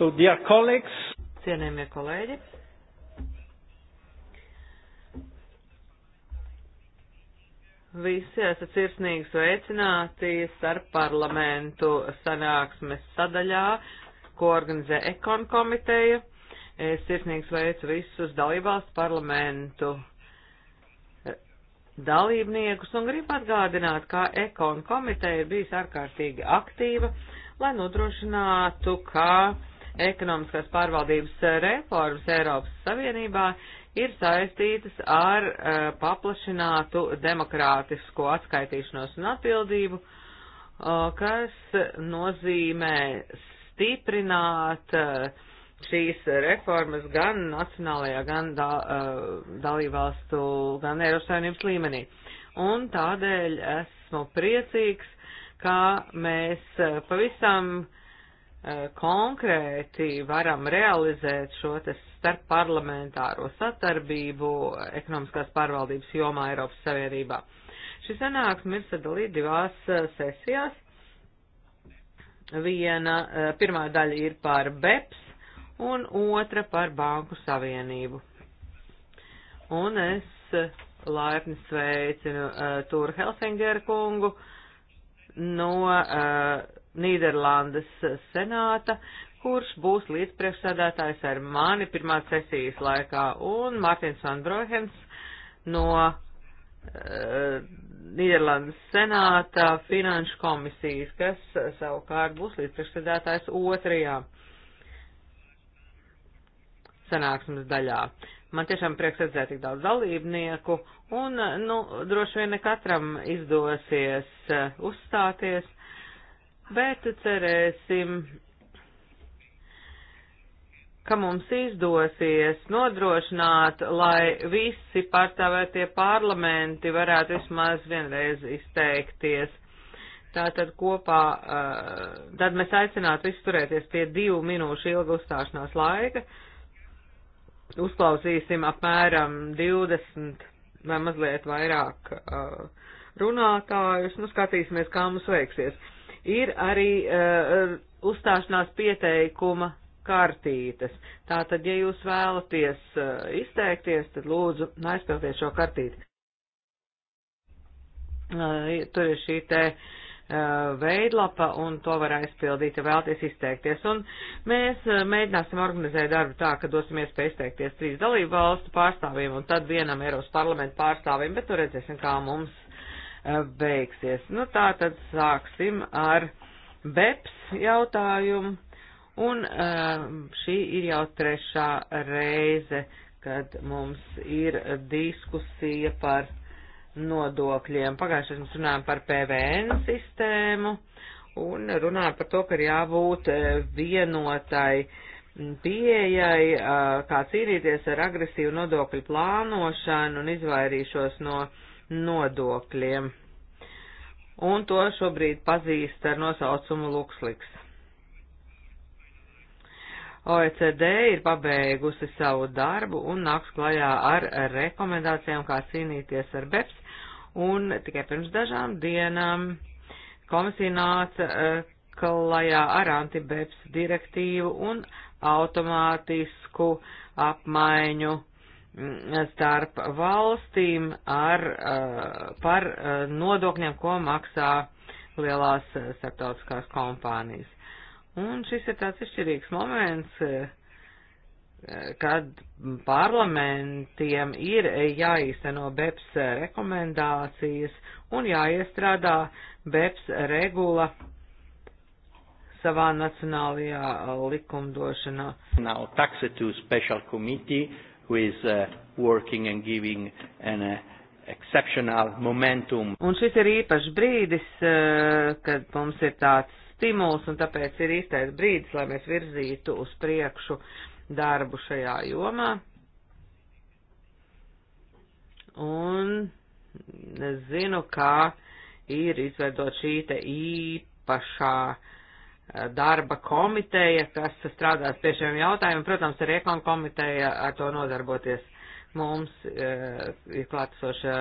So, dear colleagues, cienējamie kolēģi, visi esat sirsnīgi sveicināti starp parlamentu sanāksmes sadaļā, ko organizē Ekon komiteja. Es sirsnīgi sveicu visus dalībvalstu parlamentu dalībniekus un gribu atgādināt, ka Ekon komiteja ir bijis ārkārtīgi aktīva, lai nodrošinātu, ka ekonomiskās pārvaldības eh, reformas Eiropas Savienībā ir saistītas ar uh, paplašinātu demokrātisko atskaitīšanos un atbildību, uh, kas nozīmē stiprināt uh, šīs reformas gan nacionālajā, gan da, dalībvalstu, gan Eiropas Savienības līmenī. Un tādēļ esmu priecīgs, ka mēs pavisam uh, Eh, konkrēti varam realizēt šo starp parlamentāro satarbību ekonomiskās pārvaldības jomā Eiropas Savienībā. Šis sanāksme ir sadalīta divās eh, sesijās. Viena, eh, pirmā daļa ir par BEPS un otra par Banku Savienību. Un es laipni sveicinu uh, Tūru Helsingeru kungu no uh, Nīderlandes senāta, kurš būs līdzpriekšsēdētājs ar mani pirmās sesijas laikā, un Mārtiņš Van Brohems no uh, Nīderlandes senāta finanšu komisijas, kas savukārt būs līdzpriekšsēdētājs otrajā sanāksmes daļā. Man tiešām prieks redzēt tik daudz dalībnieku, un, nu, droši vien ne katram izdosies uh, uzstāties, bet cerēsim, ka mums izdosies nodrošināt, lai visi pārstāvētie parlamenti varētu vismaz vienreiz izteikties. Tātad kopā, eh, tad mēs aicinātu visus turēties pie divu minūšu ilga uzstāšanās laika. Uzklausīsim apmēram 20 vai mazliet vairāk eh, runātājus, nu skatīsimies, kā mums veiksies ir arī uh, uzstāšanās pieteikuma kartītes. Tātad, ja jūs vēlaties uh, izteikties, tad lūdzu aizpildiet šo kartīti. Uh, tur ir šī te uh, veidlapa, un to var aizpildīt, ja vēlties izteikties. Un mēs mēģināsim organizēt darbu tā, ka dosim iespēju izteikties trīs dalību valstu pārstāvjiem un tad vienam Eiropas parlamentu pārstāvjiem, bet tur nu redzēsim, kā mums Eh, beigsies. Nu tā tad sāksim ar BEPS jautājumu, un eh, šī ir jau trešā reize, kad mums ir diskusija par nodokļiem. Pagājušajā mēs runājām par PVN sistēmu, un runājām par to, ka ir jābūt eh, vienotai pieejai, kā cīnīties ar agresīvu nodokļu plānošanu un izvairīšos no uh, nodokļiem. Un to šobrīd pazīst ar nosaucumu Luxliks. OECD ir pabeigusi savu darbu un nāks klajā ar rekomendācijām, kā cīnīties ar BEPS, un tikai pirms dažām dienām komisija nāca eh, klajā ar anti-BEPS direktīvu un automātisku apmaiņu Mm, starp valstīm ar, eh, par eh, nodokļiem, ko maksā lielās eh, starptautiskās kompānijas. Un šis ir tāds izšķirīgs moments, kad parlamentiem ir jāīsteno BEPS rekomendācijas un jāiestrādā BEPS regula savā nacionālajā likumdošanā. Now, taxe to special committee who is uh, working and giving an uh, exceptional momentum. Un šis ir īpašs brīdis, uh, kad mums ir tāds stimuls, un tāpēc ir īstais brīdis, lai mēs virzītu uz priekšu darbu šajā jomā. Un es zinu, kā ir izveidot šī te īpašā uh, Eh, darba komiteja, kas strādās pie šiem jautājumiem. Protams, arī ekonomika komiteja ar to nodarboties. Mums uh, ir klātsoša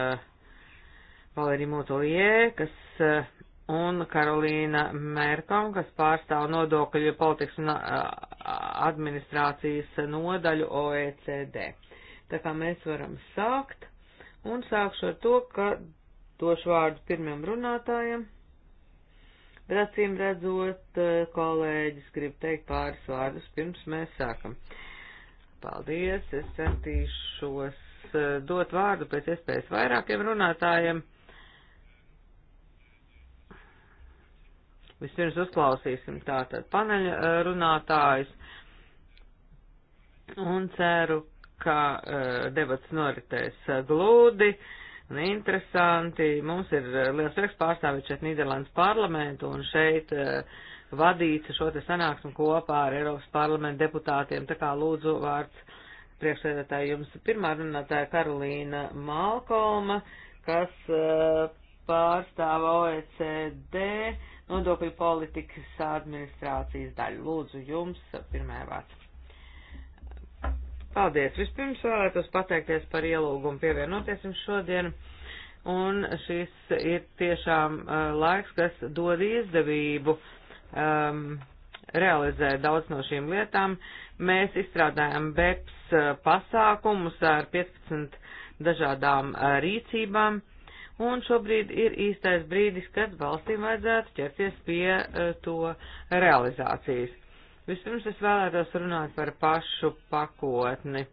Valērija Mutolie, kas uh, un Karolīna Mērkam, kas pārstāv nodokļu politikas un administrācijas nodaļu OECD. Tā kā mēs varam sākt, un sākšu ar to, ka došu vārdu pirmiem runātājiem. Bet acīm redzot, eh, kolēģis grib teikt pāris vārdus pirms mēs sākam. Paldies, es centīšos eh, dot vārdu pēc iespējas vairākiem runātājiem. Vispirms uzklausīsim tātad paneļa eh, runātājus un ceru, ka debats noritēs glūdi. Uh, Un interesanti, mums ir eh, liels prieks pārstāvēt šeit Nīderlandes parlamentu un šeit eh, vadīt šo te sanāksmu kopā ar Eiropas parlamentu deputātiem. Tā kā lūdzu vārds priekšsēdētāji jums pirmā runātāja Karolīna Malkoma, kas eh, pārstāv OECD nodokļu politikas administrācijas daļu. Lūdzu jums pirmajā vārds. Paldies! Vispirms vēlētos pateikties par ielūgumu pievienoties jums šodien. Un šis ir tiešām uh, laiks, kas dod izdevību um, realizēt daudz no šīm lietām. Mēs izstrādājam BEPS eh, pasākumus ar 15 dažādām uh, rīcībām. Un šobrīd ir īstais brīdis, kad valstīm vajadzētu ķerties pie uh, to realizācijas Vispirms es vēlētos runāt par pašu pakotni.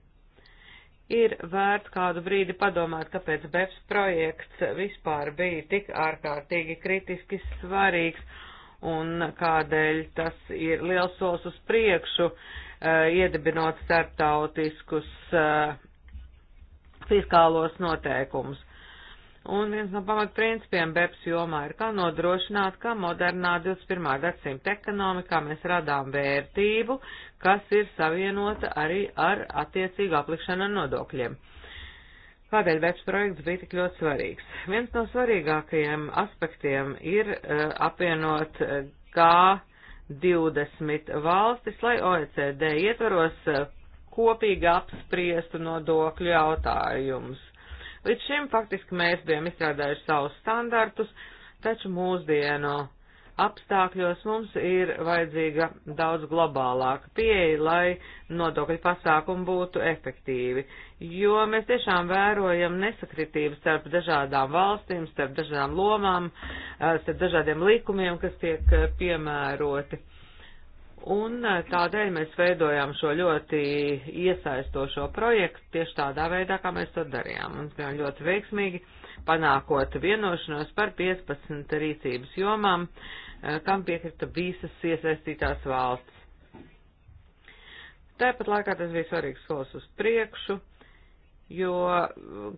Ir vērts kādu brīdi padomāt, kāpēc BEPS projekts vispār bija tik ārkārtīgi kritiski svarīgs un kādēļ tas ir liels solis uz priekšu, eh, iedibinot starptautiskus eh, fiskālos noteikumus. Un viens no pamatprincipiem BEPS jomā ir, kā nodrošināt, ka modernā 21. gadsimta ekonomikā mēs radām vērtību, kas ir savienota arī ar attiecīgu aplikšanu ar nodokļiem. Kādēļ BEPS projekts bija tik ļoti svarīgs? Viens no svarīgākajiem aspektiem ir uh, apvienot uh, eh, G20 valstis, lai OECD ietvaros uh, kopīgi apspriestu nodokļu jautājumus Līdz šim faktiski mēs bijām izstrādājuši savus standartus, taču mūsdienu apstākļos mums ir vajadzīga daudz globālāka pieeja, lai nodokļu pasākumi būtu efektīvi, jo mēs tiešām vērojam nesakritības starp dažādām valstīm, starp dažādām lomām, eh, starp dažādiem likumiem, kas tiek eh, piemēroti. Un e, tādēļ mēs veidojām šo ļoti iesaistošo projektu tieši tādā veidā, kā mēs to darījām. Mums bija ļoti veiksmīgi panākot vienošanos par 15 rīcības jomām, e, kam piekrita visas iesaistītās valsts. Tāpat laikā tas bija svarīgs solis uz priekšu, jo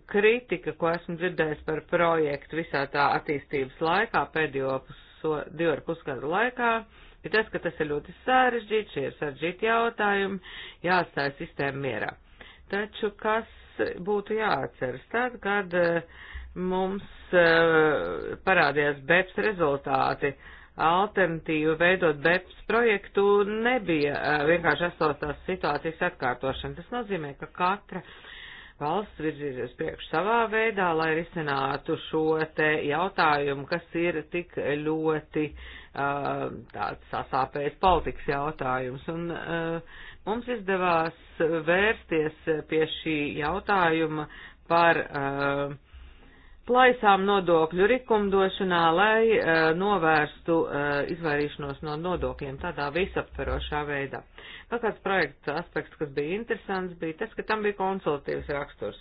kritika, ko esmu dzirdējis par projektu visā tā attīstības laikā, pēdējo so, divu ar pusgadu laikā, uh, ir tas, ka tas ir ļoti sarežģīti, šie ir sarežģīti jautājumi, jāatstāja sistēma mierā. Taču kas būtu jāatceras tad, kad eh, mums eh, parādījās BEPS rezultāti? Alternatīva veidot BEPS projektu nebija eh, vienkārši esotās situācijas atkārtošana. Tas nozīmē, ka katra uh, valsts virzīsies priekš savā veidā, lai risinātu šo te jautājumu, kas ir tik ļoti uh, tāds sasāpējis politikas jautājums. Un uh, mums izdevās vērsties pie šī jautājuma par uh, plaisām nodokļu likumdošanā, lai uh, novērstu uh, izvairīšanos no nodokļiem tādā visaptverošā veidā. Vēl kāds projekts aspekts, kas bija interesants, bija tas, ka tam bija konsultīvs raksturs.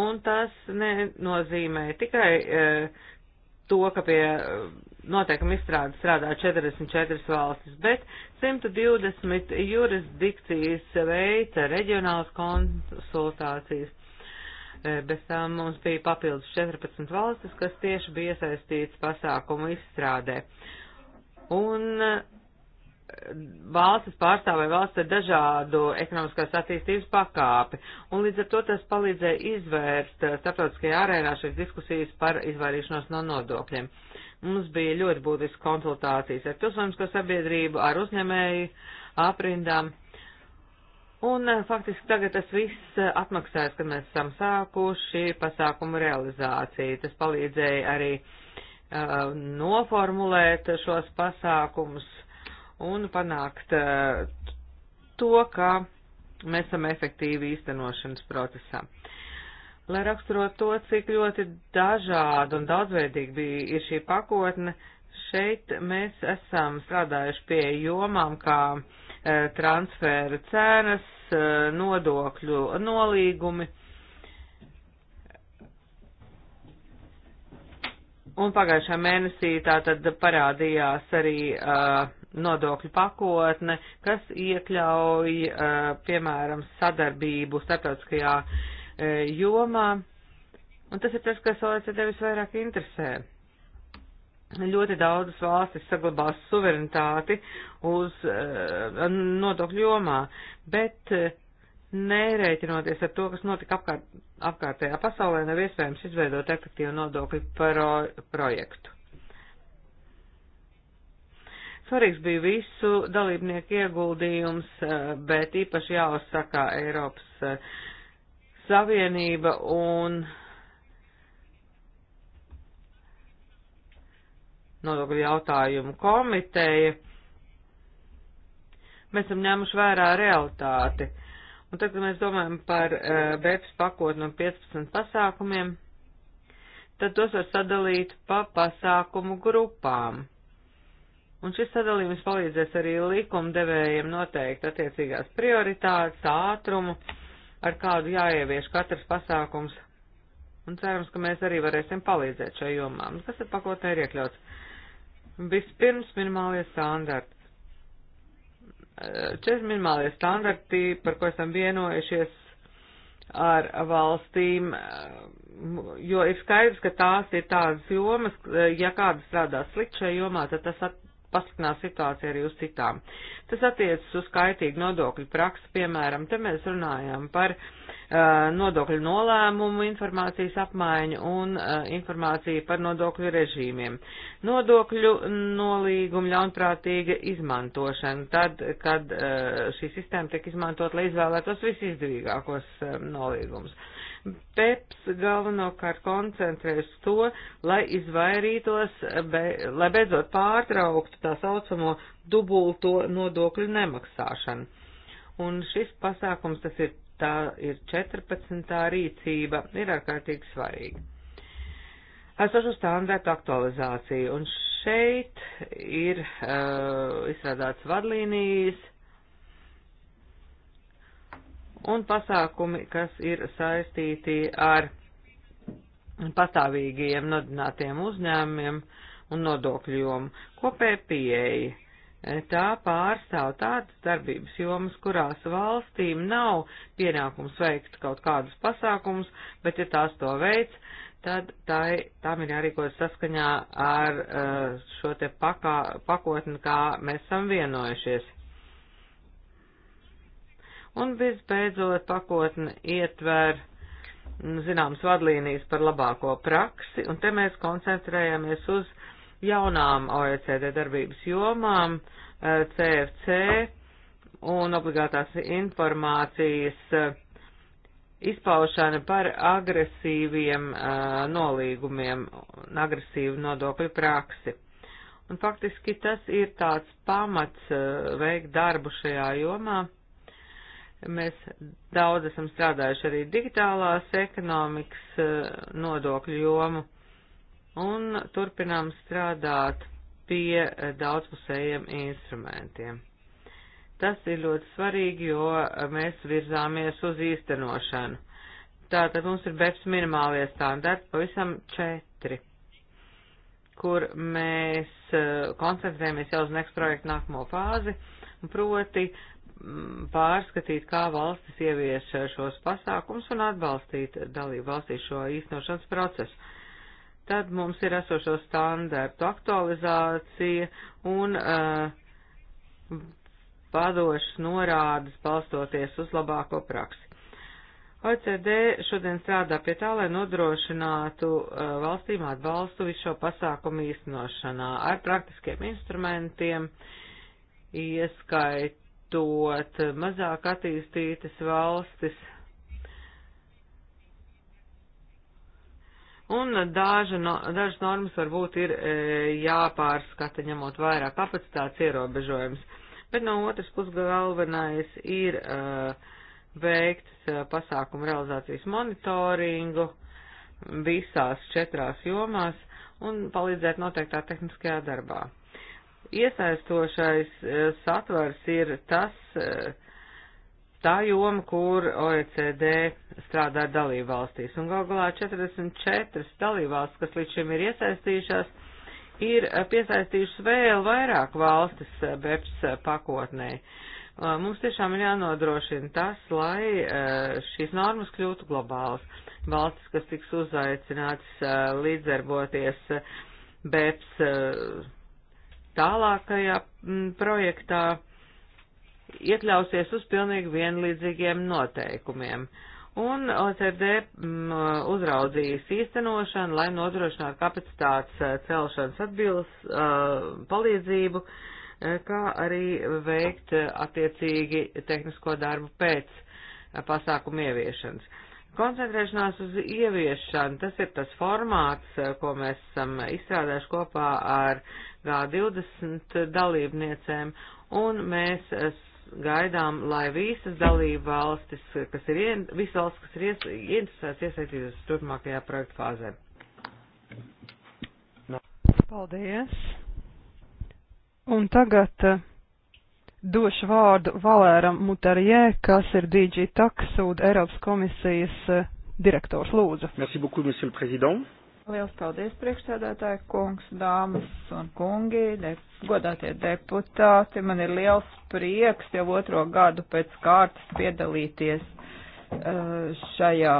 Un tas nenozīmē tikai uh, to, ka pie noteikuma izstrādes strādā 44 valstis, bet 120 jurisdikcijas veica reģionālas konsultācijas Eh, Bez tam eh, mums bija papildus 14 valstis, kas tieši bija iesaistīts pasākumu izstrādē. Un eh, valstis pārstāvēja valsts ar dažādu ekonomiskās attīstības pakāpi, un līdz ar to tas palīdzēja izvērst starptautiskajā arēnā šīs diskusijas par izvairīšanos no nodokļiem. Mums bija ļoti būtiski konsultācijas ar pilsonisko sabiedrību, ar uzņēmēju aprindām Un eh, faktiski tagad tas viss eh, atmaksājas, kad mēs esam sākuši pasākumu realizāciju. Tas palīdzēja arī uh, noformulēt šos pasākumus un panākt uh, to, ka mēs esam efektīvi īstenošanas procesā. Lai raksturot to, cik ļoti dažāda un daudzveidīga bija ir šī pakotne, šeit mēs esam strādājuši pie jomām kā uh, transfēra cenas, Eh, nodokļu nolīgumi. Un pagājušā mēnesī tātad parādījās arī uh, nodokļu pakotne, kas iekļauj, uh, piemēram, sadarbību starptautiskajā uh, jomā. Un tas ir tas, kas OECD visvairāk interesē ļoti daudzas valstis saglabās suverenitāti uz uh, nodokļu jomā, bet uh, nerēķinoties ar to, kas notika apkārt, apkārtējā pasaulē, nav iespējams izveidot efektīvu nodokļu pro, projektu. Svarīgs bija visu dalībnieku ieguldījums, eh, bet īpaši jāuzsaka Eiropas Savienība un uh, nodokļu jautājumu komiteja, mēs esam ņēmuši vērā realitāti. Un tad, kad mēs domājam par uh, BEPS pakotni un 15 pasākumiem, tad tos var sadalīt pa pasākumu grupām. Un šis sadalījums palīdzēs arī likumdevējiem noteikt attiecīgās prioritātes, ātrumu, ar kādu jāievieš katrs pasākums. Un cerams, ka mēs arī varēsim palīdzēt šai jomām, kas ir pakotnē ir iekļauts. Vispirms minimālie standarti. Četri minimālie standarti, par ko esam vienojušies ar valstīm, jo ir skaidrs, ka tās ir tādas jomas, ja kāda strādā slikt šajā jomā, tad tas pasliktinās situāciju arī uz citām. Tas attiecas uz kaitīgu nodokļu praksi, piemēram, te mēs runājam par uh, nodokļu nolēmumu, informācijas apmaiņu un informāciju par nodokļu režīmiem. Nodokļu nolīgumu ļaunprātīga izmantošana, tad, kad šī sistēma tiek izmantot, lai izvēlētos visizdevīgākos nolīgumus. PEPS galvenokārt koncentrēs to, lai izvairītos, be, lai beidzot pārtrauktu tā saucamo dubulto nodokļu nemaksāšanu. Un šis pasākums tas ir tā ir 14. rīcība, ir ārkārtīgi svarīga. Esošu standārtu aktualizācija, un šeit ir uh, izstrādāts vadlīnijas un pasākumi, kas ir saistīti ar pastāvīgiem nodinātiem uzņēmumiem un nodokļu jomu. Kopēja pieeja tā pārstāv tādas darbības jomas, kurās valstīm nav pienākums veikt kaut kādus pasākumus, bet ja tās to veids, tad tā, tām ir jārīkojas saskaņā ar eh, šo te pakā, pakotni, kā mēs esam vienojušies. Un visbeidzot, pakotne ietver nu, zināmas vadlīnijas par labāko praksi, un te mēs koncentrējamies uz uh, jaunām OECD darbības jomām, CFC eh, un obligātās informācijas eh, izpaušana par agresīviem eh, nolīgumiem un agresīvu nodokļu praksi. Un faktiski tas ir tāds pamats veikt darbu šajā jomā. Mēs daudz esam strādājuši arī digitālās ekonomikas nodokļu jomu un turpinām strādāt pie eh, daudzpusējiem instrumentiem. Tas ir ļoti svarīgi, jo eh, mēs virzāmies uz īstenošanu. Tātad mums ir BEPS minimālie standarti, pavisam četri, kur mēs eh, koncentrējamies jau uz next projektu nākamo fāzi, proti mm, pārskatīt, kā valstis ievieš šos pasākums un atbalstīt dalību valstī šo īstenošanas procesu Tad mums ir esošo standārtu aktualizācija un uh, eh, padošas norādes balstoties uz labāko praksi. OECD šodien strādā pie tā, lai nodrošinātu uh, valstīm atbalstu visu šo pasākumu īstenošanā ar praktiskiem instrumentiem, ieskaitot mazāk attīstītas valstis Un daži no, dažas normas varbūt ir e, jāpārskata, ņemot vairāk kapacitātes ierobežojums. Bet no otras puses galvenais ir e, veikt e, pasākumu realizācijas monitoringu visās četrās jomās un palīdzēt noteiktā tehniskajā darbā. Iesaistošais e, satvers ir tas, e, tā joma, kur OECD strādā dalībvalstīs. Un gal galā 44 dalībvalstis, kas līdz šim ir iesaistījušās, ir piesaistījušas vēl vairāk valstis BEPS pakotnē. Mums tiešām ir jānodrošina tas, lai šīs normas kļūtu globālas. Valstis, kas tiks uzaicināts līdzdarboties BEPS tālākajā projektā, iekļausies uz pilnīgi vienlīdzīgiem noteikumiem. Un OCD mm, uzraudzījis īstenošanu, lai nodrošinātu kapacitātes eh, celšanas atbildes eh, palīdzību, eh, kā arī veikt attiecīgi tehnisko darbu pēc pasākumu ieviešanas. Koncentrēšanās uz ieviešanu, tas ir tas formāts, ko mēs esam izstrādājuši kopā ar G20 dalībniecēm, un mēs gaidām, lai visas dalība valstis, kas ir, visas valstis, kas ir ies, interesēts, iesaistītas turpmākajā projekta fāzē. Paldies. Un tagad uh, došu vārdu Valēram Mutarjē, kas ir DG Taksūda Eiropas komisijas uh, direktors. Lūdzu. Merci beaucoup, monsieur le président. Liels paldies, priekšsēdētāji, kungs, dāmas un kungi, de, godātie deputāti. Man ir liels prieks jau otro gadu pēc kārtas piedalīties uh, šajā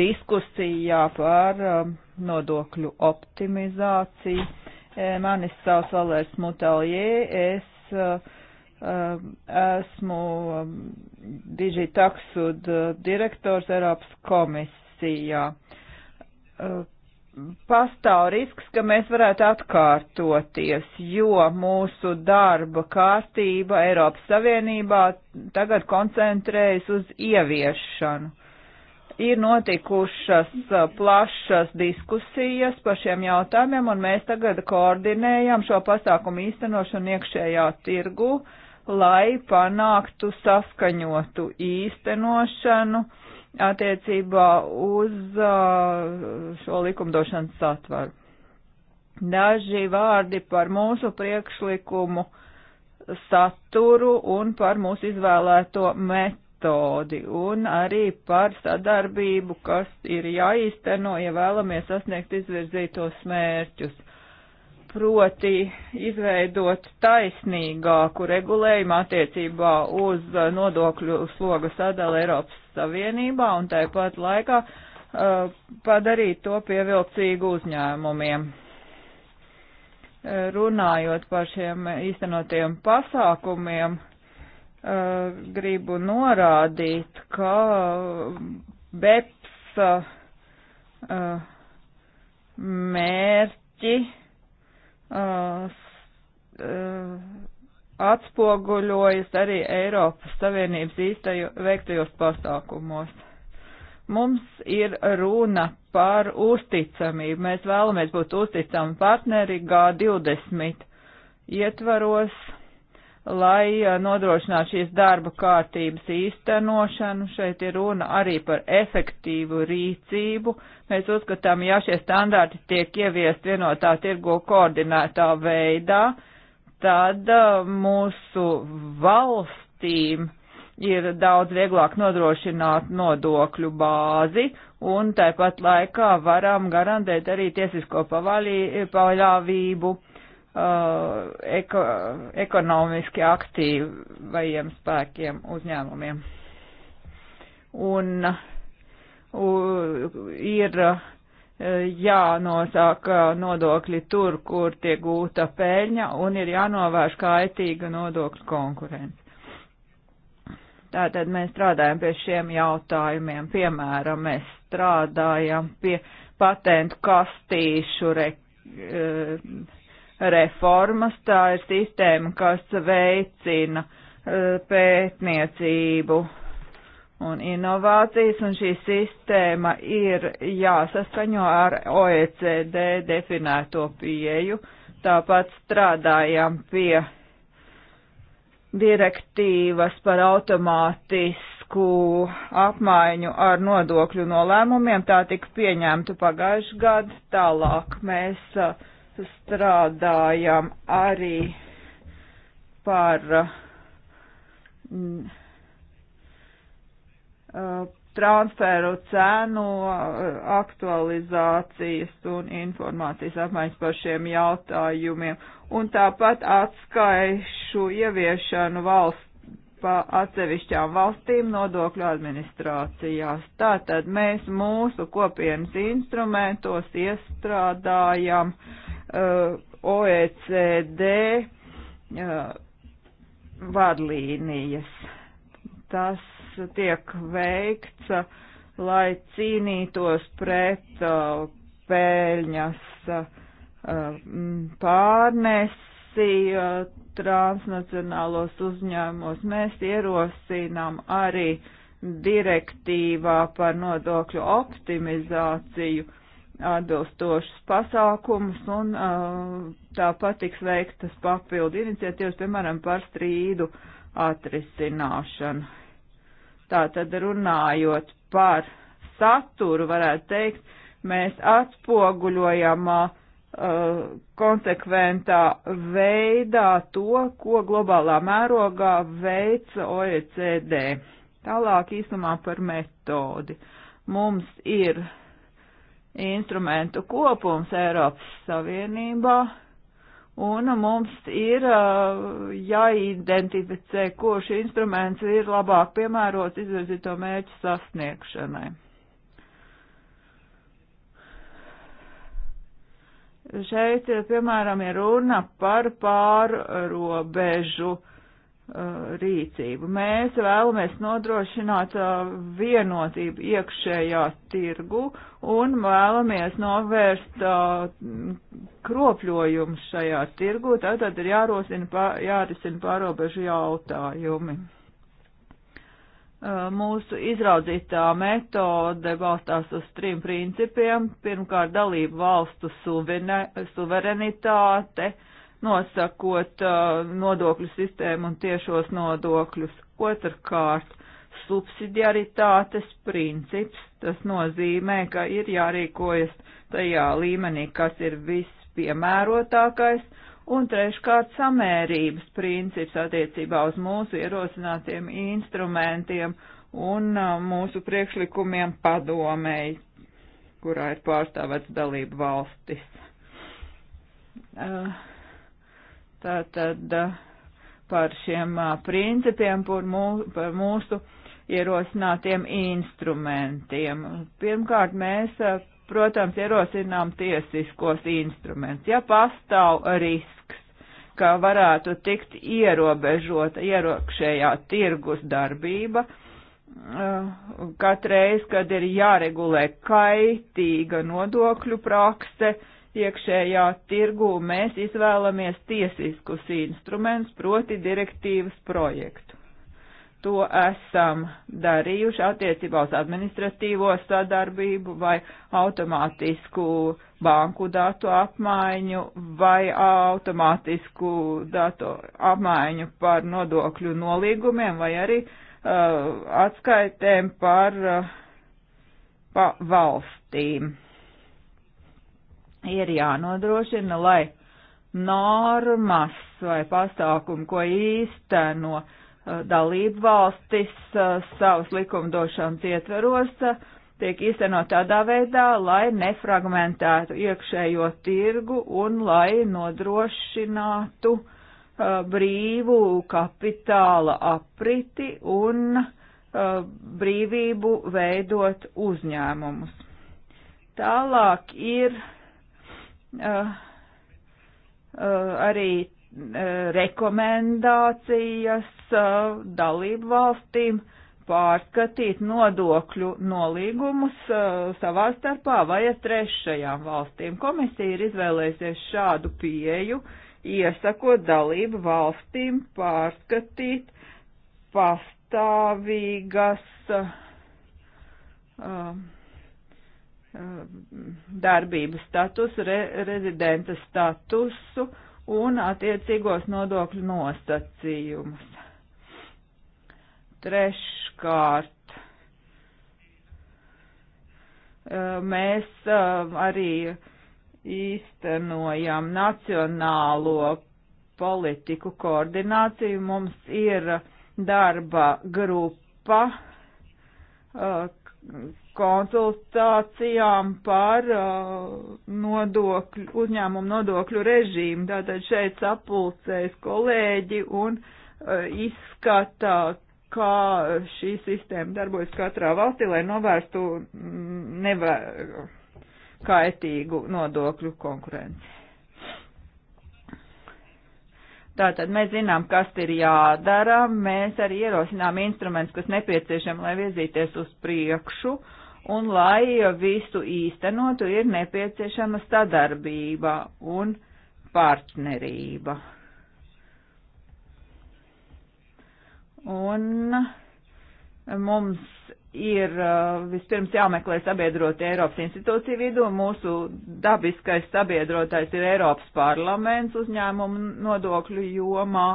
diskusijā par um, nodokļu optimizāciju. E, mani sauc Valērs Mutaljē, es uh, um, esmu um, Digitaksu uh, direktors Eiropas komisijā. Uh, pastāv risks, ka mēs varētu atkārtoties, jo mūsu darba kārtība Eiropas Savienībā tagad koncentrējas uz ieviešanu. Ir notikušas plašas diskusijas par šiem jautājumiem, un mēs tagad koordinējam šo pasākumu īstenošanu iekšējā tirgu, lai panāktu saskaņotu īstenošanu uh, attiecībā uz uh, šo likumdošanas satvaru. Daži vārdi par mūsu priekšlikumu saturu un par mūsu izvēlēto metodi un arī par sadarbību, kas ir jāīsteno, ja vēlamies sasniegt izvirzītos mērķus proti izveidot taisnīgāku regulējumu attiecībā uz uh, nodokļu sloga sadali Eiropas Savienībā un tāpat laikā uh, padarīt to pievilcīgu uzņēmumiem. Uh, runājot par šiem īstenotiem pasākumiem, uh, gribu norādīt, ka BEPS uh, uh mērķi Uh, uh, atspoguļojas arī Eiropas Savienības īstaju veiktajos pasākumos. Mums ir runa par uzticamību. Mēs vēlamies būt uzticami partneri G20 ietvaros lai nodrošinātu šīs darba kārtības īstenošanu. Šeit ir runa arī par efektīvu rīcību. Mēs uzskatām, ja šie standarti tiek ieviest vienotā tirgo koordinētā veidā, tad mūsu valstīm ir daudz vieglāk nodrošināt nodokļu bāzi un tāpat laikā varam garantēt arī tiesisko pavaļāvību. Pavaļā uh, eko, ekonomiski aktīvajiem spēkiem uzņēmumiem. Un uh, ir uh, jānosāk uh, nodokļi tur, kur tiek gūta peļņa, un ir jānovērš kaitīga nodokļu konkurence. Tātad mēs strādājam pie šiem jautājumiem. Piemēram, mēs strādājam pie patentu kastīšu re, uh, reformas, tā ir sistēma, kas veicina e, pētniecību un inovācijas, un šī sistēma ir jāsaskaņo ar OECD definēto pieeju. Tāpat strādājam pie direktīvas par automātisku apmaiņu ar nodokļu nolēmumiem. Tā tika pieņemta pagājušajā gadā. Tālāk mēs uh, strādājam arī par mm, uh, transferu cenu uh, aktualizācijas un informācijas apmaiņas par šiem jautājumiem. Un tāpat atskaišu ieviešanu valsts pa atsevišķām valstīm nodokļu administrācijās. Tātad mēs mūsu kopienas instrumentos iestrādājam uh, Uh, OECD uh, vadlīnijas. Tas tiek veikts, uh, lai cīnītos pret pēļņas mm, pārnesi transnacionālos uzņēmumos. Mēs ierosinām arī direktīvā par nodokļu optimizāciju atbilstošus pasākumus un tāpat tiks veiktas papildu iniciatīvas, piemēram, par strīdu atrisināšanu. Tātad runājot par saturu, varētu teikt, mēs atspoguļojam uh, konsekventā veidā to, ko globālā mērogā veica OECD. Tālāk īsumā par metodi. Mums ir instrumentu kopums Eiropas Savienībā, un mums ir uh, jāidentificē, kurš instruments ir labāk piemērots izvirzīto mērķu sasniegšanai. Šeit, piemēram, ir runa par pārrobežu uh, Uh, rīcību. Mēs vēlamies nodrošināt uh, vienotību iekšējā tirgu un vēlamies novērst uh, kropļojumus šajā tirgu. Tātad ir jārosina, jārisina pārobežu jautājumi. Mūsu izraudzītā metode balstās uz trim principiem. Pirmkārt, dalību valstu suverenitāte. Suveren nosakot uh, nodokļu sistēmu un tiešos nodokļus. Otrkārt, subsidiaritātes princips, tas nozīmē, ka ir jārīkojas tajā līmenī, kas ir vispiemērotākais, un treškārt samērības princips attiecībā uz mūsu ierosinātiem instrumentiem un uh, mūsu priekšlikumiem padomēji, kurā ir pārstāvēts dalību valstis. Uh Tātad par šiem principiem, par mūsu, par mūsu ierosinātiem instrumentiem. Pirmkārt, mēs, protams, ierosinām tiesiskos instrumentus. Ja pastāv risks, ka varētu tikt ierobežota ierokšējā tirgus darbība, katreiz, kad ir jāregulē kaitīga nodokļu prakse, iekšējā tirgū mēs izvēlamies tiesiskus instrumentus, proti direktīvas projektu. To esam darījuši attiecībā uz administratīvo sadarbību vai automātisku banku datu apmaiņu vai automātisku datu apmaiņu par nodokļu nolīgumiem vai arī uh, atskaitēm par uh, pa valstīm ir jānodrošina, lai normas vai pasākumi, ko īsteno uh, dalību valstis uh, savas likumdošanas ietveros, uh, tiek īstenot tādā veidā, lai nefragmentētu iekšējo tirgu un lai nodrošinātu brīvu kapitāla apriti un brīvību veidot uzņēmumus. Tālāk ir uh, uh, arī eh, rekomendācijas dalību valstīm pārskatīt nodokļu nolīgumus savā starpā vai ar trešajām valstīm. Komisija ir izvēlējusies šādu pieju, iesakot dalību valstīm pārskatīt pastāvīgas uh, um, Um, darbības statusu, re, rezidenta statusu un attiecīgos nodokļu nosacījumus. Treškārt, uh, mēs um, arī īstenojam nacionālo politiku koordināciju. Mums ir darba grupa, uh, konsultācijām par uh, nodokļu, uzņēmumu nodokļu režīmu. Tātad šeit sapulcēs kolēģi un uh, izskatā, kā šī sistēma darbojas katrā valstī, lai novērstu mm, nevē, kaitīgu nodokļu konkurenci. Tātad mēs zinām, kas ir jādara, mēs arī ierosinām instrumentus, kas nepieciešami, lai virzīties uz priekšu, un lai visu īstenotu ir nepieciešama sadarbība un partnerība. Un mums ir uh, vispirms jāmeklē sabiedrot Eiropas institūciju vidū. Mūsu dabiskais sabiedrotais ir Eiropas parlaments uzņēmumu nodokļu jomā,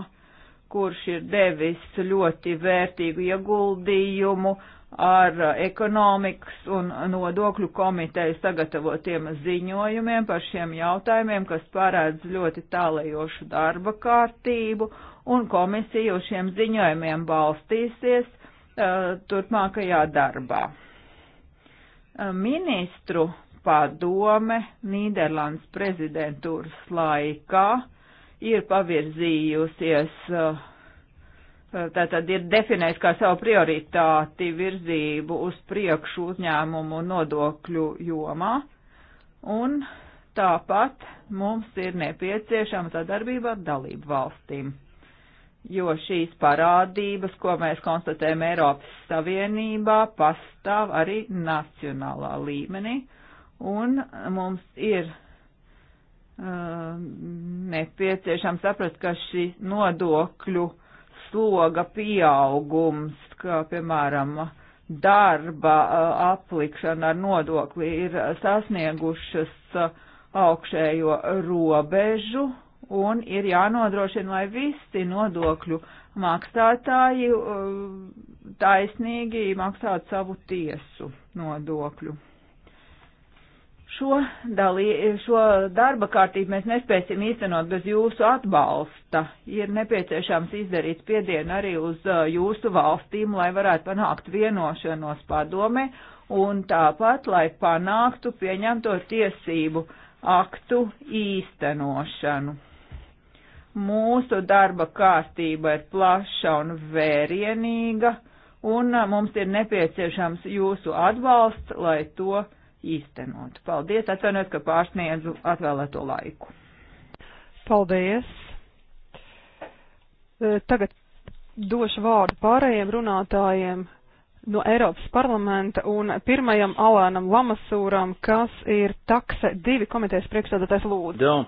kurš ir devis ļoti vērtīgu ieguldījumu ar uh, ekonomikas un nodokļu komiteju sagatavotiem ziņojumiem par šiem jautājumiem, kas parādz ļoti tālajošu darba kārtību, un komisija uz šiem ziņojumiem balstīsies Uh, turpmākajā darbā. Uh, ministru padome Nīderlandes prezidentūras laikā ir pavirzījusies, uh, tātad ir definējis kā savu prioritāti virzību uz priekšu uzņēmumu nodokļu jomā, un tāpat mums ir nepieciešama sadarbība ar dalību valstīm jo šīs parādības, ko mēs konstatējam Eiropas Savienībā, pastāv arī nacionālā līmenī, un mums ir uh, nepieciešams saprast, ka šī nodokļu sloga pieaugums, kā piemēram darba uh, aplikšana ar nodokli ir sasniegušas uh, augšējo robežu, un ir jānodrošina, lai visi nodokļu maksātāji um, taisnīgi maksātu savu tiesu nodokļu. Šo, dalī, šo darba kārtību mēs nespēsim īstenot bez jūsu atbalsta. Ir nepieciešams izdarīt spiedienu arī uz uh, jūsu valstīm, lai varētu panākt vienošanos padome un tāpat, lai panāktu pieņemto tiesību aktu īstenošanu Mūsu darba kārtība ir plaša un vērienīga, un mums ir nepieciešams jūsu atbalsts, lai to īstenot. Paldies, atvainojiet, ka pārsniedzu atvēlēto laiku. Paldies. E, tagad došu vārdu pārējiem runātājiem no Eiropas parlamenta un pirmajam Alēnam Lamasūram, kas ir takse divi komitejas priekšstādātais lūdzu. Jā.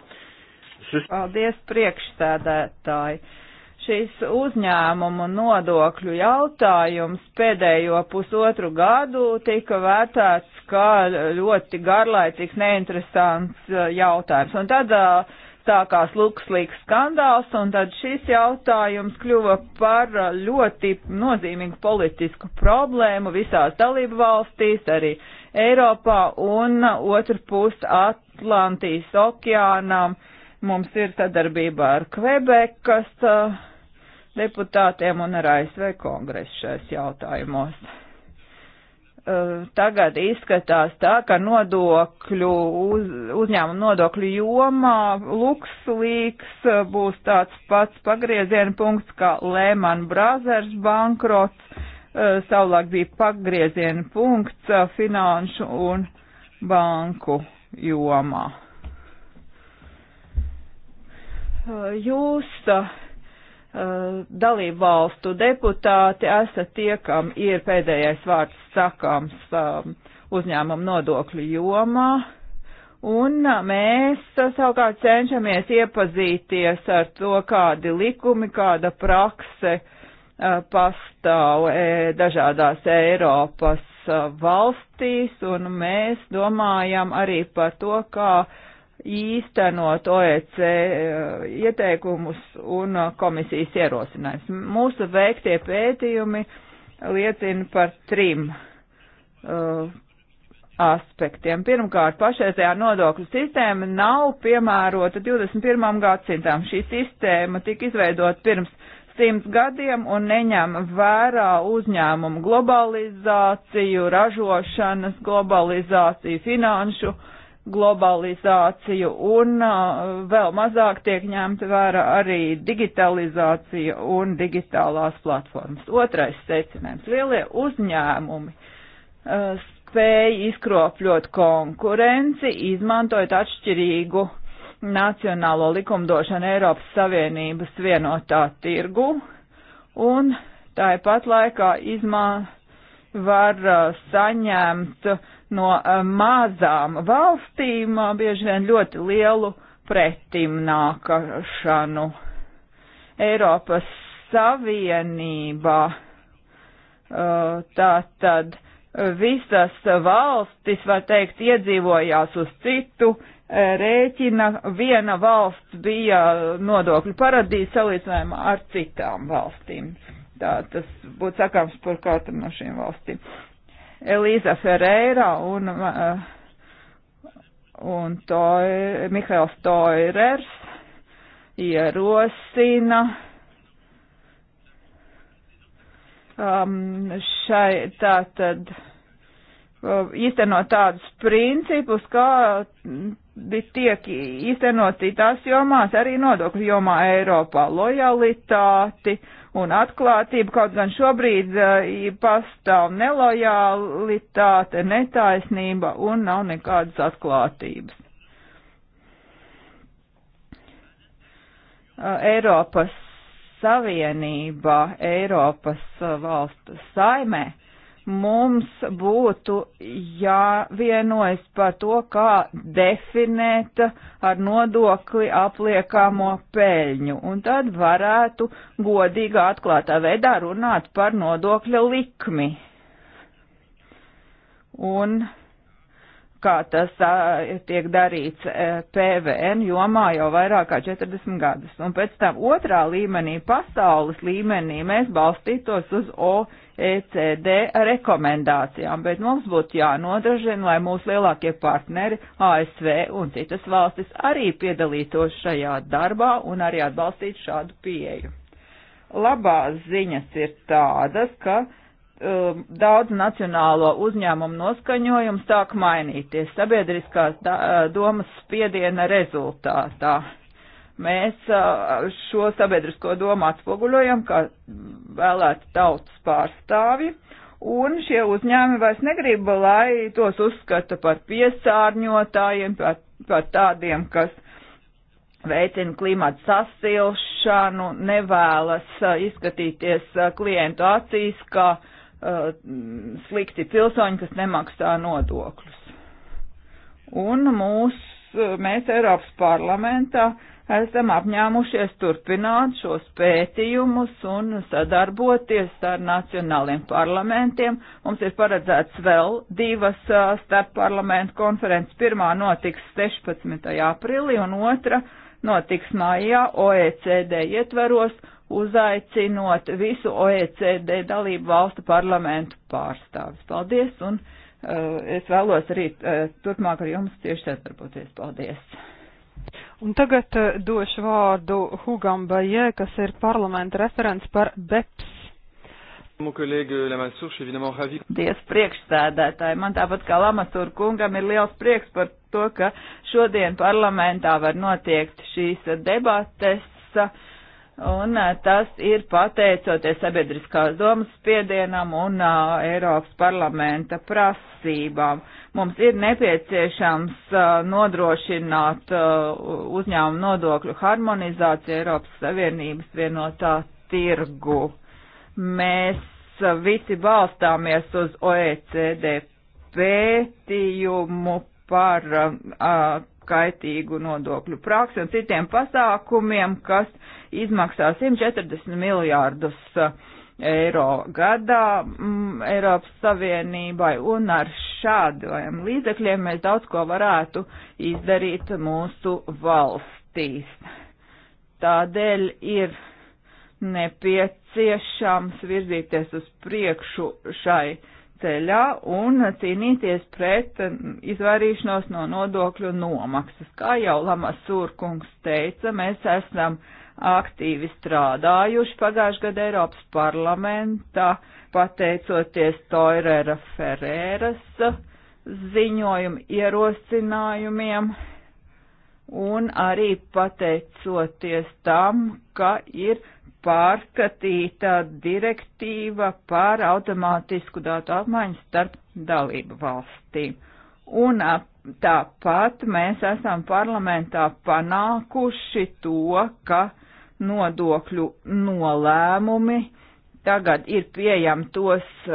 Paldies, priekšstādētāji! Šis uzņēmumu nodokļu jautājums pēdējo pusotru gadu tika vērtēts kā ļoti garlaicīgs, neinteresants uh, jautājums. Un tad uh, sākās Luxlīks skandāls, un tad šis jautājums kļuva par uh, ļoti nozīmīgu politisku problēmu visās dalību valstīs, arī Eiropā un uh, otru pusi Atlantijas okeānam. Uh, Mums ir sadarbība ar Kvebekas uh, deputātiem un ar ASV kongresu šais jautājumos. Uh, tagad izskatās tā, ka nodokļu, uz, uzņēmumu nodokļu jomā Luxlīks uh, būs tāds pats pagrieziena punkts kā Lehman Brothers bankrots, savulaik bija pagrieziena punkts finanšu un banku jomā. Jūs dalību valstu deputāti esat tie, kam ir pēdējais vārds sakāms uzņēmumu nodokļu jomā. Un mēs savukārt cenšamies iepazīties ar to, kādi likumi, kāda prakse pastāv e, dažādās Eiropas valstīs, un mēs domājam arī par to, kā uh, īstenot OEC eh, ieteikumus un eh, komisijas ierosinājums. Mūsu veiktie pētījumi liecina par trim uh, aspektiem. Pirmkārt, pašreizējā nodokļu sistēma nav piemērota 21. gadsimtam. Šī sistēma tika izveidota pirms simts gadiem un neņem vērā uzņēmumu globalizāciju, ražošanas globalizāciju, finanšu uh, globalizāciju un uh, vēl mazāk tiek ņemta vērā arī digitalizācija un digitālās platformas. Otrais secinājums - lielie uzņēmumi uh, spēja izkropļot konkurenci, izmantojot atšķirīgu nacionālo likumdošanu Eiropas Savienības vienotā tirgu un tāpat laikā izmā var uh, saņemt uh, no eh, mazām valstīm eh, bieži vien ļoti lielu pretimnākšanu. Eiropas Savienībā eh, tā tad visas valstis, var teikt, iedzīvojās uz citu rēķina. Viena valsts bija nodokļu paradīze salīdzinājumā ar citām valstīm. Tā tas būtu sakāms par katru no šīm valstīm. Uh, Elīza Ferreira un, uh, un Toi, Mihails Toirers ierosina um, šai tātad. tad Uh, īstenot tādus principus, kā mm, tiek īstenot citās jomās, arī nodokļu jomā Eiropā - lojalitāti un atklātību, kaut gan šobrīd uh, pastāv nelojalitāte, netaisnība un nav nekādas atklātības. Uh, Eiropas Savienībā, Eiropas valstu saimē mums būtu jāvienojas par to, kā definēt ar nodokli apliekamo peļņu, un tad varētu godīgā atklātā veidā runāt par nodokļa likmi. Un kā tas tiek darīts PVN jomā jau vairāk kā 40 gadus. Un pēc tam otrā līmenī, pasaules līmenī, mēs balstītos uz OECD rekomendācijām, bet mums būtu jānodrošina, lai mūsu lielākie partneri ASV un citas valstis arī piedalītos šajā darbā un arī atbalstītu šādu pieeju. Labās ziņas ir tādas, ka uh, Um, daudz nacionālo uzņēmumu noskaņojums sāk mainīties sabiedriskās uh, domas spiediena rezultātā. Mēs uh, šo sabiedrisko domu atspoguļojam, kā vēlēti tautas pārstāvi, un šie uzņēmumi vairs negrib, lai tos uzskata par piesārņotājiem, par, par tādiem, kas veicina klimatu sasilšanu, nevēlas uh, izskatīties klientu acīs, kā uh, uh, slikti pilsoņi, kas nemaksā nodokļus. Un mūs, uh, mēs Eiropas parlamentā esam apņēmušies turpināt šos pētījumus un sadarboties ar nacionāliem parlamentiem. Mums ir paredzēts vēl divas uh, starpparlamentu konferences. Pirmā notiks 16. aprīlī un otra notiks mājā OECD ietveros uzaicinot visu OECD dalību valstu parlamentu pārstāvis. Paldies, un uh, es vēlos arī uh, turpmāk ar jums tieši sadarboties. Paldies! Un tagad uh, došu vārdu Hugam Bajē, kas ir parlamenta referents par BEPS. Dievs priekšsēdētāji, man tāpat kā Lamasur kungam ir liels prieks par to, ka šodien parlamentā var notiekt šīs debates. Uh, Un tas ir pateicoties sabiedriskās domas spiedienam un uh, Eiropas parlamenta prasībām. Mums ir nepieciešams uh, nodrošināt uh, uzņēmumu nodokļu harmonizāciju Eiropas Savienības vienotā tirgu. Mēs uh, visi balstāmies uz OECD pētījumu par uh, kaitīgu nodokļu praksi un citiem pasākumiem, kas izmaksā 140 miljārdus eh, eiro gadā mm, Eiropas Savienībai, un ar šādiem līdzekļiem mēs daudz ko varētu izdarīt mūsu valstīs. Tādēļ ir nepieciešams virzīties uz priekšu šai ceļā un cīnīties pret um, izvairīšanos no nodokļu nomaksas. Kā jau Lamas Sūrkungs teica, mēs esam aktīvi strādājuši pagājušajā gadā Eiropas parlamentā, pateicoties Toirera Ferēras ziņojumu ierosinājumiem un arī pateicoties tam, ka ir pārskatīta direktīva par automātisku datu apmaiņu starp dalību valstīm. Un tāpat mēs esam parlamentā panākuši to, ka nodokļu nolēmumi tagad ir pieejami tos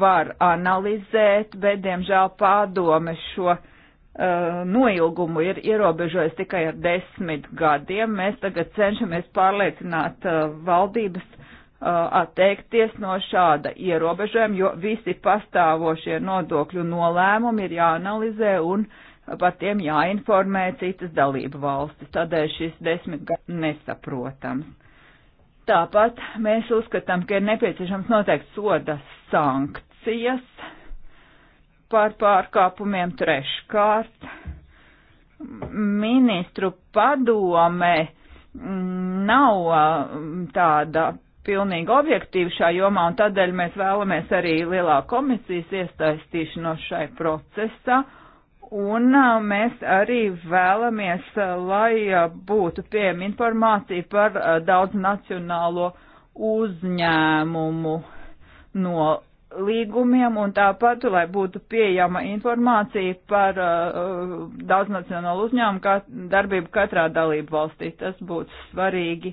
var analizēt, bet diemžēl pārdome šo Uh, noilgumu ir ierobežojis tikai ar desmit gadiem. Mēs tagad cenšamies pārliecināt uh, valdības uh, atteikties no šāda ierobežojuma, jo visi pastāvošie nodokļu nolēmumi ir jāanalizē un par tiem jāinformē citas dalību valstis. Tādēļ šis desmit gads nesaprotams. Tāpat mēs uzskatām, ka ir nepieciešams noteikti soda sankcijas par pārkāpumiem treškārt. Ministru padome nav tāda pilnīgi objektīva šā jomā, un tādēļ mēs vēlamies arī lielā komisijas iesaistīšanos šai procesā. Un mēs arī vēlamies, lai būtu pieejama informācija par daudz nacionālo uzņēmumu no līgumiem un tāpat, lai būtu pieejama informācija par uh, daudznacionālu uzņēmumu kā darbību katrā dalību valstī. Tas būtu svarīgi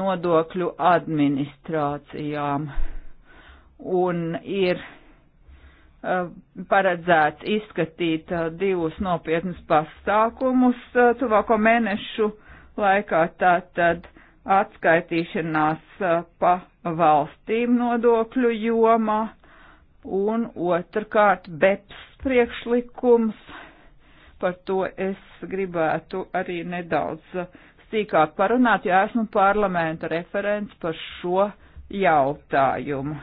nodokļu administrācijām. Un ir uh, paredzēts izskatīt uh, divus nopietnus pasākumus uh, tuvāko mēnešu laikā, tātad atskaitīšanās uh, pa valstīm nodokļu jomā Un otrkārt, BEPS priekšlikums, par to es gribētu arī nedaudz sīkāk parunāt, jo esmu parlamenta referents par šo jautājumu.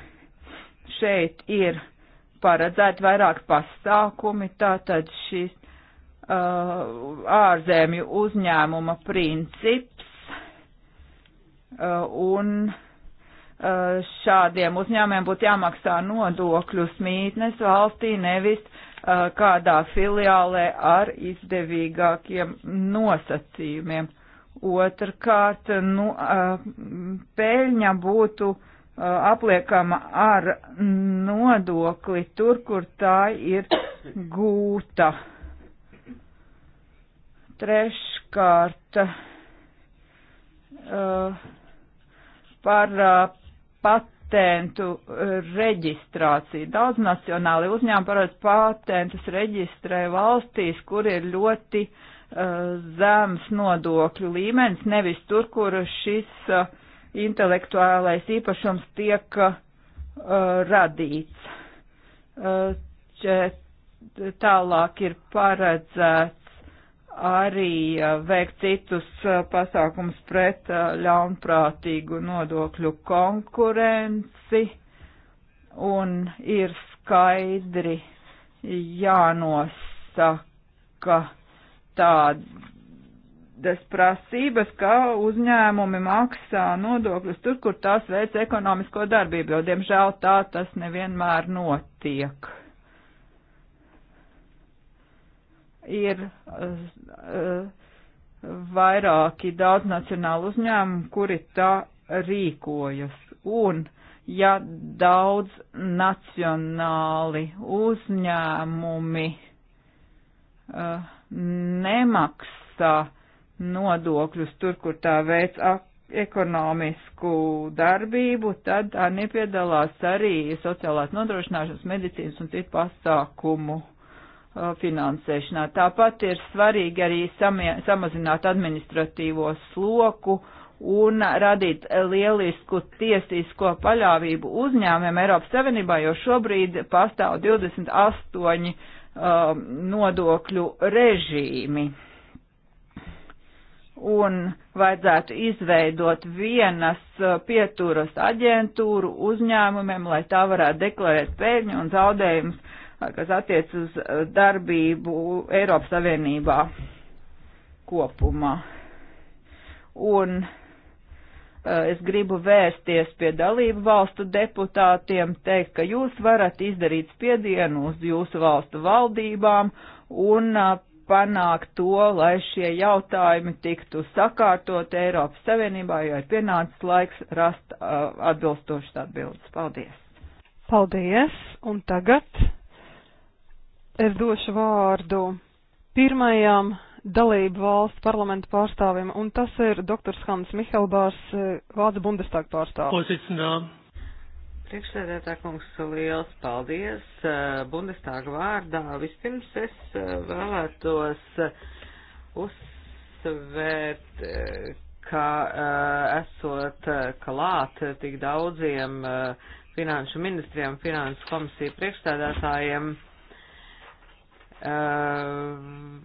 Šeit ir paredzēti vairāk pasākumi, tātad šis uh, ārzemju uzņēmuma princips uh, un uh, Eh, šādiem uzņēmiem būtu jāmaksā nodokļus mītnes valstī, nevis eh, kādā filiālē ar izdevīgākiem nosacījumiem. Otrkārt, nu, eh, peļņa būtu apliekama ar nodokli tur, kur tā ir gūta. Treškārt, par patentu eh, reģistrāciju. Daudz nacionāli uzņēmumi parasti patentus reģistrē valstīs, kur ir ļoti uh, zems nodokļu līmenis, nevis tur, kur šis uh, intelektuālais īpašums tiek uh, radīts. Uh, tālāk ir paredzēts arī veikt citus pasākums pret ļaunprātīgu nodokļu konkurenci un ir skaidri jānosaka tādas prasības, ka uzņēmumi maksā nodokļus tur, kur tās veids ekonomisko darbību, jo, diemžēl, tā tas nevienmēr notiek ir eh, eh, vairāki daudznacionāli uzņēmumi, kuri tā rīkojas. Un, ja daudz nacionāli uzņēmumi uh, nemaksā nodokļus tur, kur tā veic ekonomisku darbību, tad nepiedalās arī sociālās nodrošināšanas, medicīnas un citu pasākumu Uh, finansēšanā. Tāpat ir svarīgi arī samie, samazināt administratīvo sloku un radīt lielisku tiesisko paļāvību uzņēmumiem Eiropas Savienībā, jo šobrīd pastāv 28 um, uh, nodokļu režīmi. Un vajadzētu izveidot vienas uh, pieturas aģentūru uzņēmumiem, lai tā varētu deklarēt pēļņu un zaudējumus kas attiec uz eh, darbību Eiropas Savienībā kopumā. Un eh, es gribu vērsties pie dalību valstu deputātiem, teikt, ka jūs varat izdarīt spiedienu uz jūsu valstu valdībām un eh, panākt to, lai šie jautājumi tiktu sakārtot Eiropas Savienībā, jo ir pienācis laiks rast atbilstošas atbildes. Paldies! Paldies! Un tagad Es došu vārdu pirmajam dalību valstu parlamentu pārstāvim, un tas ir dr. Hans Mihelbārs, eh, Vācu Bundestāga pārstāvis. Pozicinā. Priekšsēdētā kungs, liels paldies eh, Bundestāga vārdā. Vispirms es eh, vēlētos uzsvērt, ka esot klāt tik daudziem finanšu ministriem, finanšu komisiju priekšstādātājiem, Eh,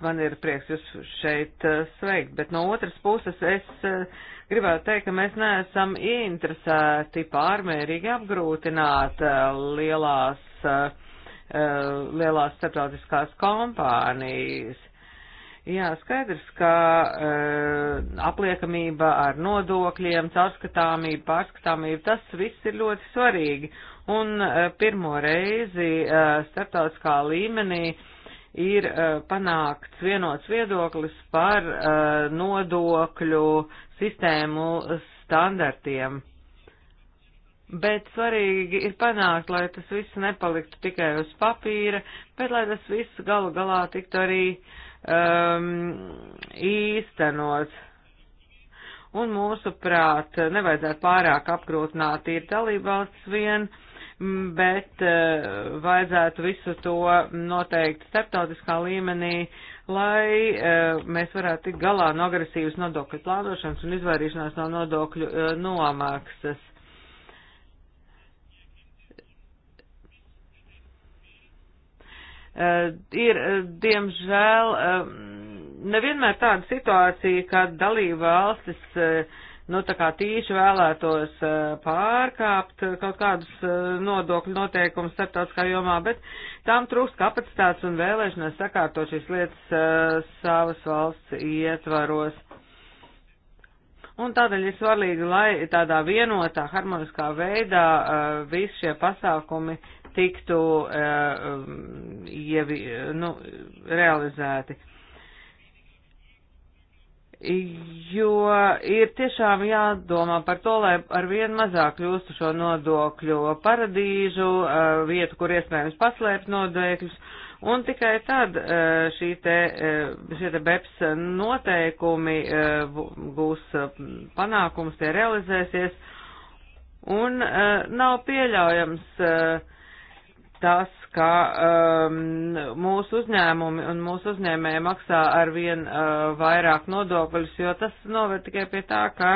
man ir prieks jūs šeit eh, sveikt, bet no otras puses es eh, gribētu teikt, ka mēs neesam ieinteresēti pārmērīgi apgrūtināt lielās, lielās starptautiskās kompānijas. Jā, skaidrs, ka uh, apliekamība ar nodokļiem, caurskatāmība, pārskatāmība, tas viss ir ļoti svarīgi. Un uh, pirmo reizi uh, starptautiskā līmenī uh, ir uh, panākts vienots viedoklis par uh, nodokļu sistēmu standartiem. Bet svarīgi ir panākt, lai tas viss nepaliktu tikai uz papīra, bet lai tas viss galu galā tiktu arī um, īstenots. Un mūsuprāt, nevajadzētu pārāk apgrūtināt ir dalībvalsts vien, uh, bet uh, vajadzētu visu to noteikt starptautiskā līmenī, lai uh, mēs varētu tikt galā no agresīvas nodokļu plānošanas un izvairīšanās no nodokļu uh, eh, nomākstas. Ir, diemžēl, nevienmēr tāda situācija, kad dalība valstis uh, nu tā kā tīši vēlētos eh, pārkāpt eh, kaut kādus eh, nodokļu noteikumus starptautiskā jomā, bet tām trūkst kapacitātes un vēlēšanās sakārtot šīs lietas savas valsts ietvaros. Un tādēļ ir svarīgi, lai tādā vienotā, harmoniskā veidā visi šie pasākumi tiktu um, ievi, nu, realizēti jo ir tiešām jādomā par to, lai ar vien mazāk kļūstu šo nodokļu paradīžu, eh, vietu, kur iespējams paslēpt nodokļus, un tikai tad eh, šī te, eh, šie te BEPS noteikumi būs panākums, tie realizēsies, un nav pieļaujams tas, ka um, mūsu uzņēmumi un mūsu uzņēmēji maksā ar vien uh, vairāk nodokļus, jo tas noved tikai pie tā, ka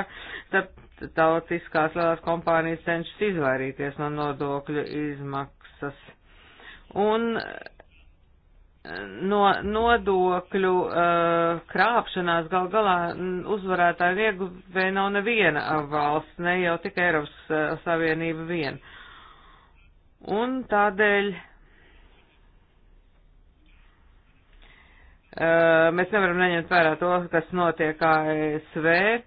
starptautiskās lielās kompānijas cenšas izvairīties no nodokļu izmaksas. Un no nodokļu uh, krāpšanās gal galā uzvarētāja vieguvē nav neviena valsts, ne jau tikai Eiropas uh, Savienība vien. Un tādēļ Eh, mēs nevaram neņemt vērā to, kas notiek ASV eh,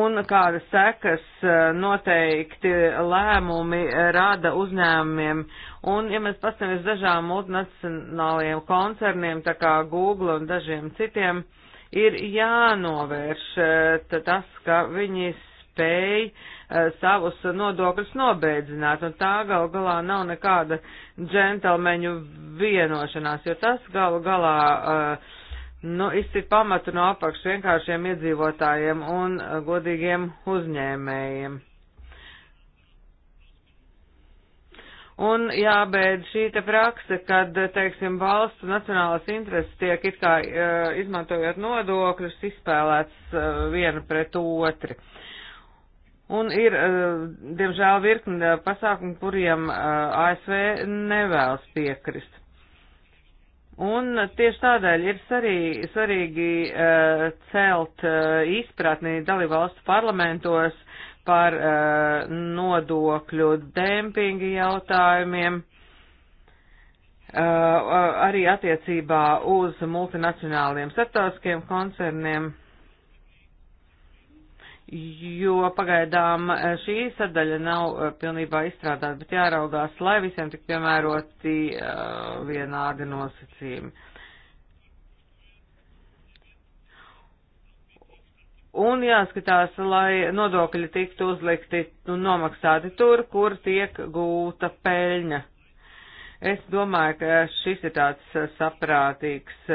un kādas sekas eh, noteikti lēmumi rada uzņēmumiem. Un, ja mēs paskatāmies dažām multinacionālajiem koncerniem, tā kā Google un dažiem citiem, ir jānovērš tas, ka viņi spēj uh, Eh, savus nodokļus nobēdzināt, un tā gal galā nav nekāda džentelmeņu vienošanās, jo tas galu galā uh, nu, izcik pamatu no apakš vienkāršiem iedzīvotājiem un eh, godīgiem uzņēmējiem. Un jābēd šī te prakse, kad, teiksim, valsts nacionālas intereses tiek it kā izmantojot nodokļus, izspēlēts viena pret otru. Uh, Un ir, eh, diemžēl, virkni eh, pasākumi, kuriem eh, ASV nevēlas piekrist. Un tieši tādēļ ir svarīgi, svarīgi celt izpratni dalībvalstu parlamentos par nodokļu dempingu jautājumiem, arī attiecībā uz multinacionāliem starptautiskiem koncerniem jo pagaidām e, šī sadaļa nav e, pilnībā izstrādāta, bet jāraugās, lai visiem tik piemēroti uh, vienādi nosacījumi. Un jāskatās, lai nodokļi tiktu uzlikti un nomaksāti tur, kur tiek gūta peļņa. Es domāju, ka šis ir tāds saprātīgs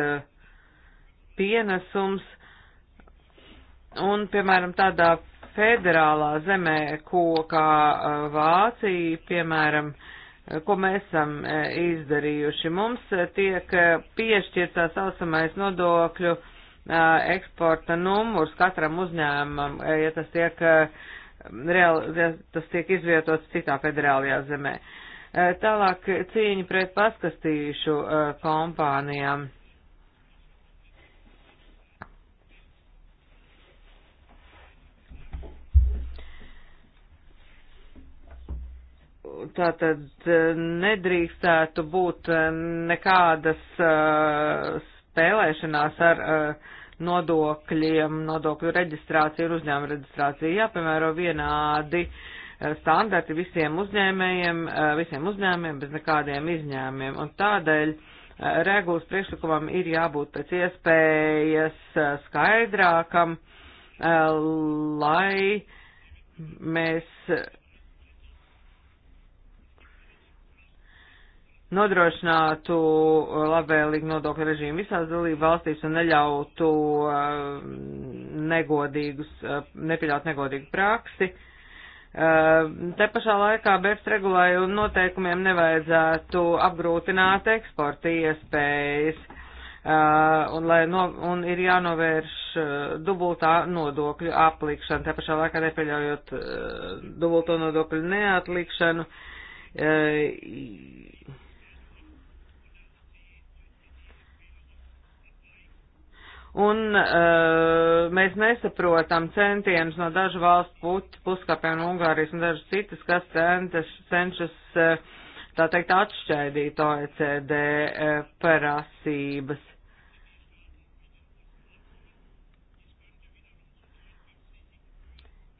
pienesums, uh, Un, piemēram, tādā federālā zemē, ko kā Vācija, piemēram, ko mēs esam izdarījuši, mums tiek piešķirts tā saucamais nodokļu eksporta numurs katram uzņēmumam, ja tas tiek, reāli, ja tas tiek izvietots citā federālajā zemē. Tālāk cīņa pret paskastījušu kompānijām. tā tad e, nedrīkstētu būt e, nekādas uh, spēlēšanās ar uh, nodokļiem, nodokļu reģistrāciju un uzņēmumu reģistrāciju. Jāpiemēro vienādi standarti visiem uzņēmējiem, visiem uzņēmējiem bez nekādiem izņēmumiem. Un tādēļ regulas priekšlikumam ir jābūt pēc iespējas skaidrākam, lai mēs nodrošinātu uh, labvēlīgu nodokļu režīmu visās dalību valstīs un neļautu uh, negodīgus, uh, nepieļaut negodīgu praksi. Te pašā laikā BEPS regulējumu noteikumiem nevajadzētu apgrūtināt eksporta iespējas, un, lai no, un ir jānovērš dubultā nodokļu aplikšana, te pašā laikā nepieļaujot dubulto nodokļu neatlikšanu un uh, mēs nesaprotam centienus no dažu valstu put, puskapiem no Ungārijas un dažas citas, kas centas, cenšas, uh, tā teikt, atšķaidīt OECD uh, eh, prasības.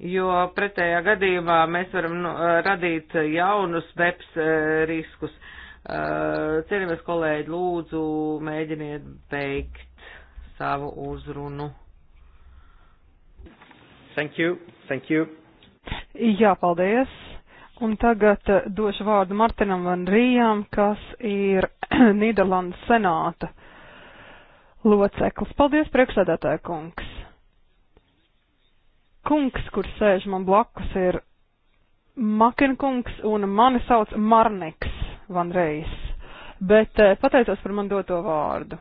Jo pretējā gadījumā mēs varam nu, radīt jaunus BEPS uh, riskus. Uh, Cienījamies kolēģi, lūdzu, mēģiniet beigt savu uzrunu. Thank you, thank you. Jā, paldies. Un tagad eh, došu vārdu Martinam Van Rījām, kas ir Nīderlandes senāta loceklis. Paldies, priekšsēdētāja kungs. Kungs, kur sēž man blakus, ir Makinkungs un mani sauc Marniks Van Rījs. Bet eh, pateicos par man doto vārdu.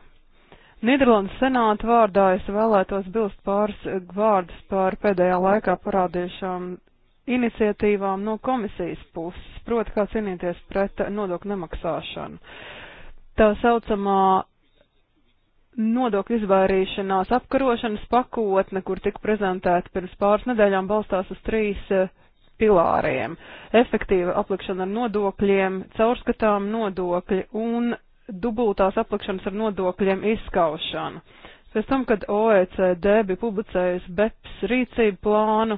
Nīderlandes senāta vārdā es vēlētos bilst pāris vārdus par pēdējā laikā parādījušām iniciatīvām no komisijas puses, proti, kā cīnīties pret nodokļu nemaksāšanu. Tā saucamā nodokļu izvairīšanās apkarošanas pakotne, kur tika prezentēta pirms pāris nedēļām, balstās uz trīs eh, pilāriem - efektīva aplikšana ar nodokļiem, caurskatām nodokļi un dubultās aplikšanas ar nodokļiem izskaušanu. Pēc tam, kad OECD bija publicējusi BEPS rīcību plānu,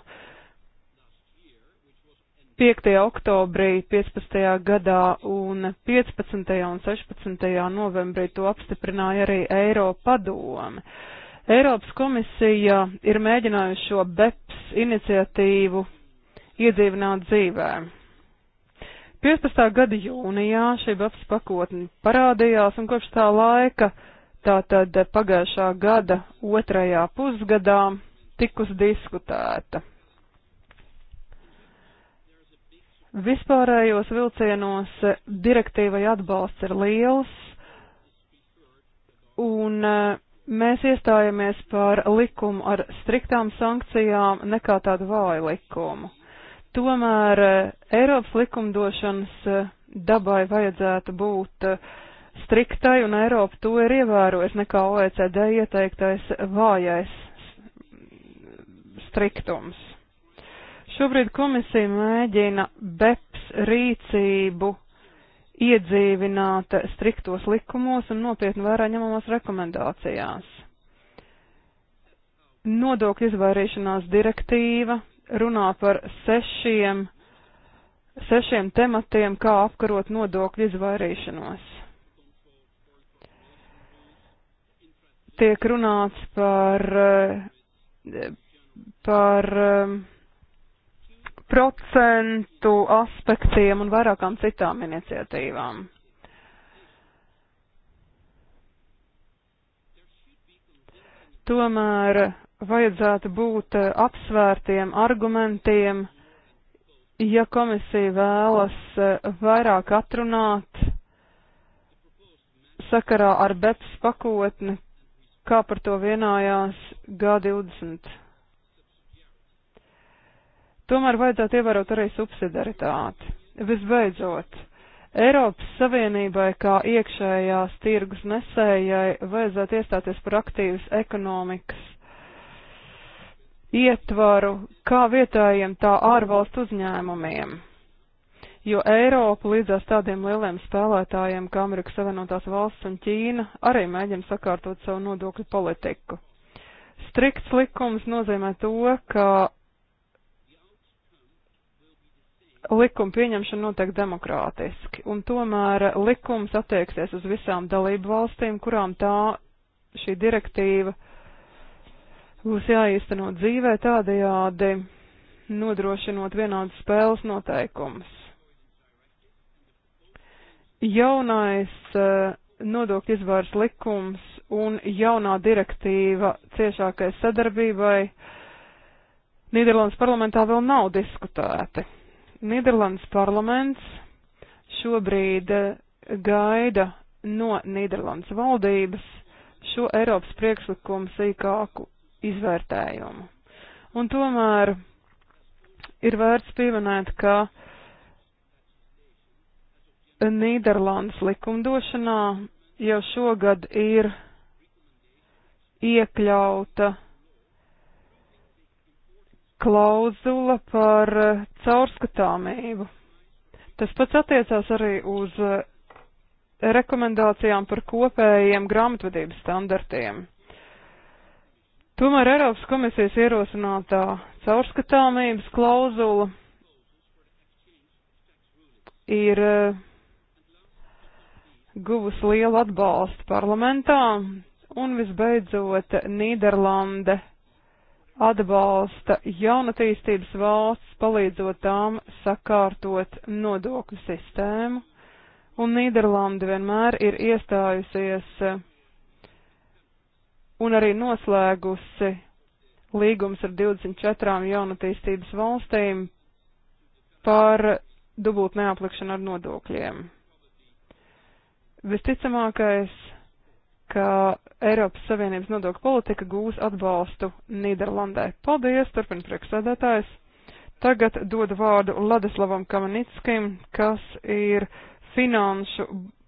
5. oktobrī 15. gadā un 15. un 16. novembrī to apstiprināja arī Eiropa padome. Eiropas komisija ir mēģinājusi šo BEPS iniciatīvu iedzīvināt dzīvēm. 15. gada jūnijā šī BAPS pakotne parādījās, un kopš tā laika, tātad pagājušā gada otrajā pusgadā, tikus diskutēta. Vispārējos vilcienos direktīvai atbalsts ir liels, un e, mēs iestājamies par likumu ar striktām sankcijām nekā tādu vāju likumu. Tomēr eh, Eiropas likumdošanas eh, dabai vajadzētu būt eh, striktai, un Eiropa to ir ievērojusi nekā OECD ieteiktais vājais striktums. Šobrīd komisija mēģina BEPS rīcību iedzīvināt striktos likumos un nopietni vērā ņemamās rekomendācijās. Nodokļu izvairīšanās direktīva, runā par sešiem, sešiem tematiem, kā apkarot nodokļu izvairīšanos. Tiek runāts par, par um, procentu aspektiem un vairākām citām iniciatīvām. Tomēr vajadzētu būt eh, apsvērtiem argumentiem, ja komisija vēlas eh, vairāk atrunāt sakarā ar BEPS pakotni, kā par to vienājās G20. Tomēr vajadzētu ievērot arī subsidaritāti. Visbeidzot, Eiropas Savienībai kā iekšējās tirgus nesējai vajadzētu iestāties par aktīvas ekonomikas ietvaru kā vietējiem, tā ārvalstu uzņēmumiem. Jo Eiropa līdzās tādiem lieliem spēlētājiem kā Amerikas Savienotās valsts un Ķīna arī mēģina sakārtot savu nodokļu politiku. Strikts likums nozīmē to, ka likuma pieņemšana notiek demokrātiski, un tomēr likums attieksies uz visām dalību valstīm, kurām tā šī direktīva būs jāīsteno dzīvē tādajādi, nodrošinot vienādas spēles noteikumus. Jaunais eh, nodokļu izvairs likums un jaunā direktīva ciešākai sadarbībai Nīderlandes parlamentā vēl nav diskutēti. Nīderlandes parlaments šobrīd eh, gaida no Nīderlandes valdības šo Eiropas priekšlikumu sīkāku izvērtējumu. Un tomēr ir vērts pieminēt, ka Nīderlandes likumdošanā jau šogad ir iekļauta klauzula par eh, caurskatāmību. Tas pats attiecās arī uz eh, rekomendācijām par kopējiem grāmatvedības standartiem. Tomēr Eiropas komisijas ierosinātā caurskatāmības klauzula ir eh, guvusi lielu atbalstu parlamentā, un visbeidzot Nīderlande atbalsta jaunatīstības valsts, palīdzot tām sakārtot nodokļu sistēmu, un Nīderlande vienmēr ir iestājusies uh, un arī noslēgusi līgums ar 24 jaunatīstības valstīm par dubult neaplikšanu ar nodokļiem. Visticamākais, ka Eiropas Savienības nodokļu politika gūs atbalstu Nīderlandē. Paldies, turpina priekšsēdētājs. Tagad dodu vārdu Ladislavam Kamanickim, kas ir finanšu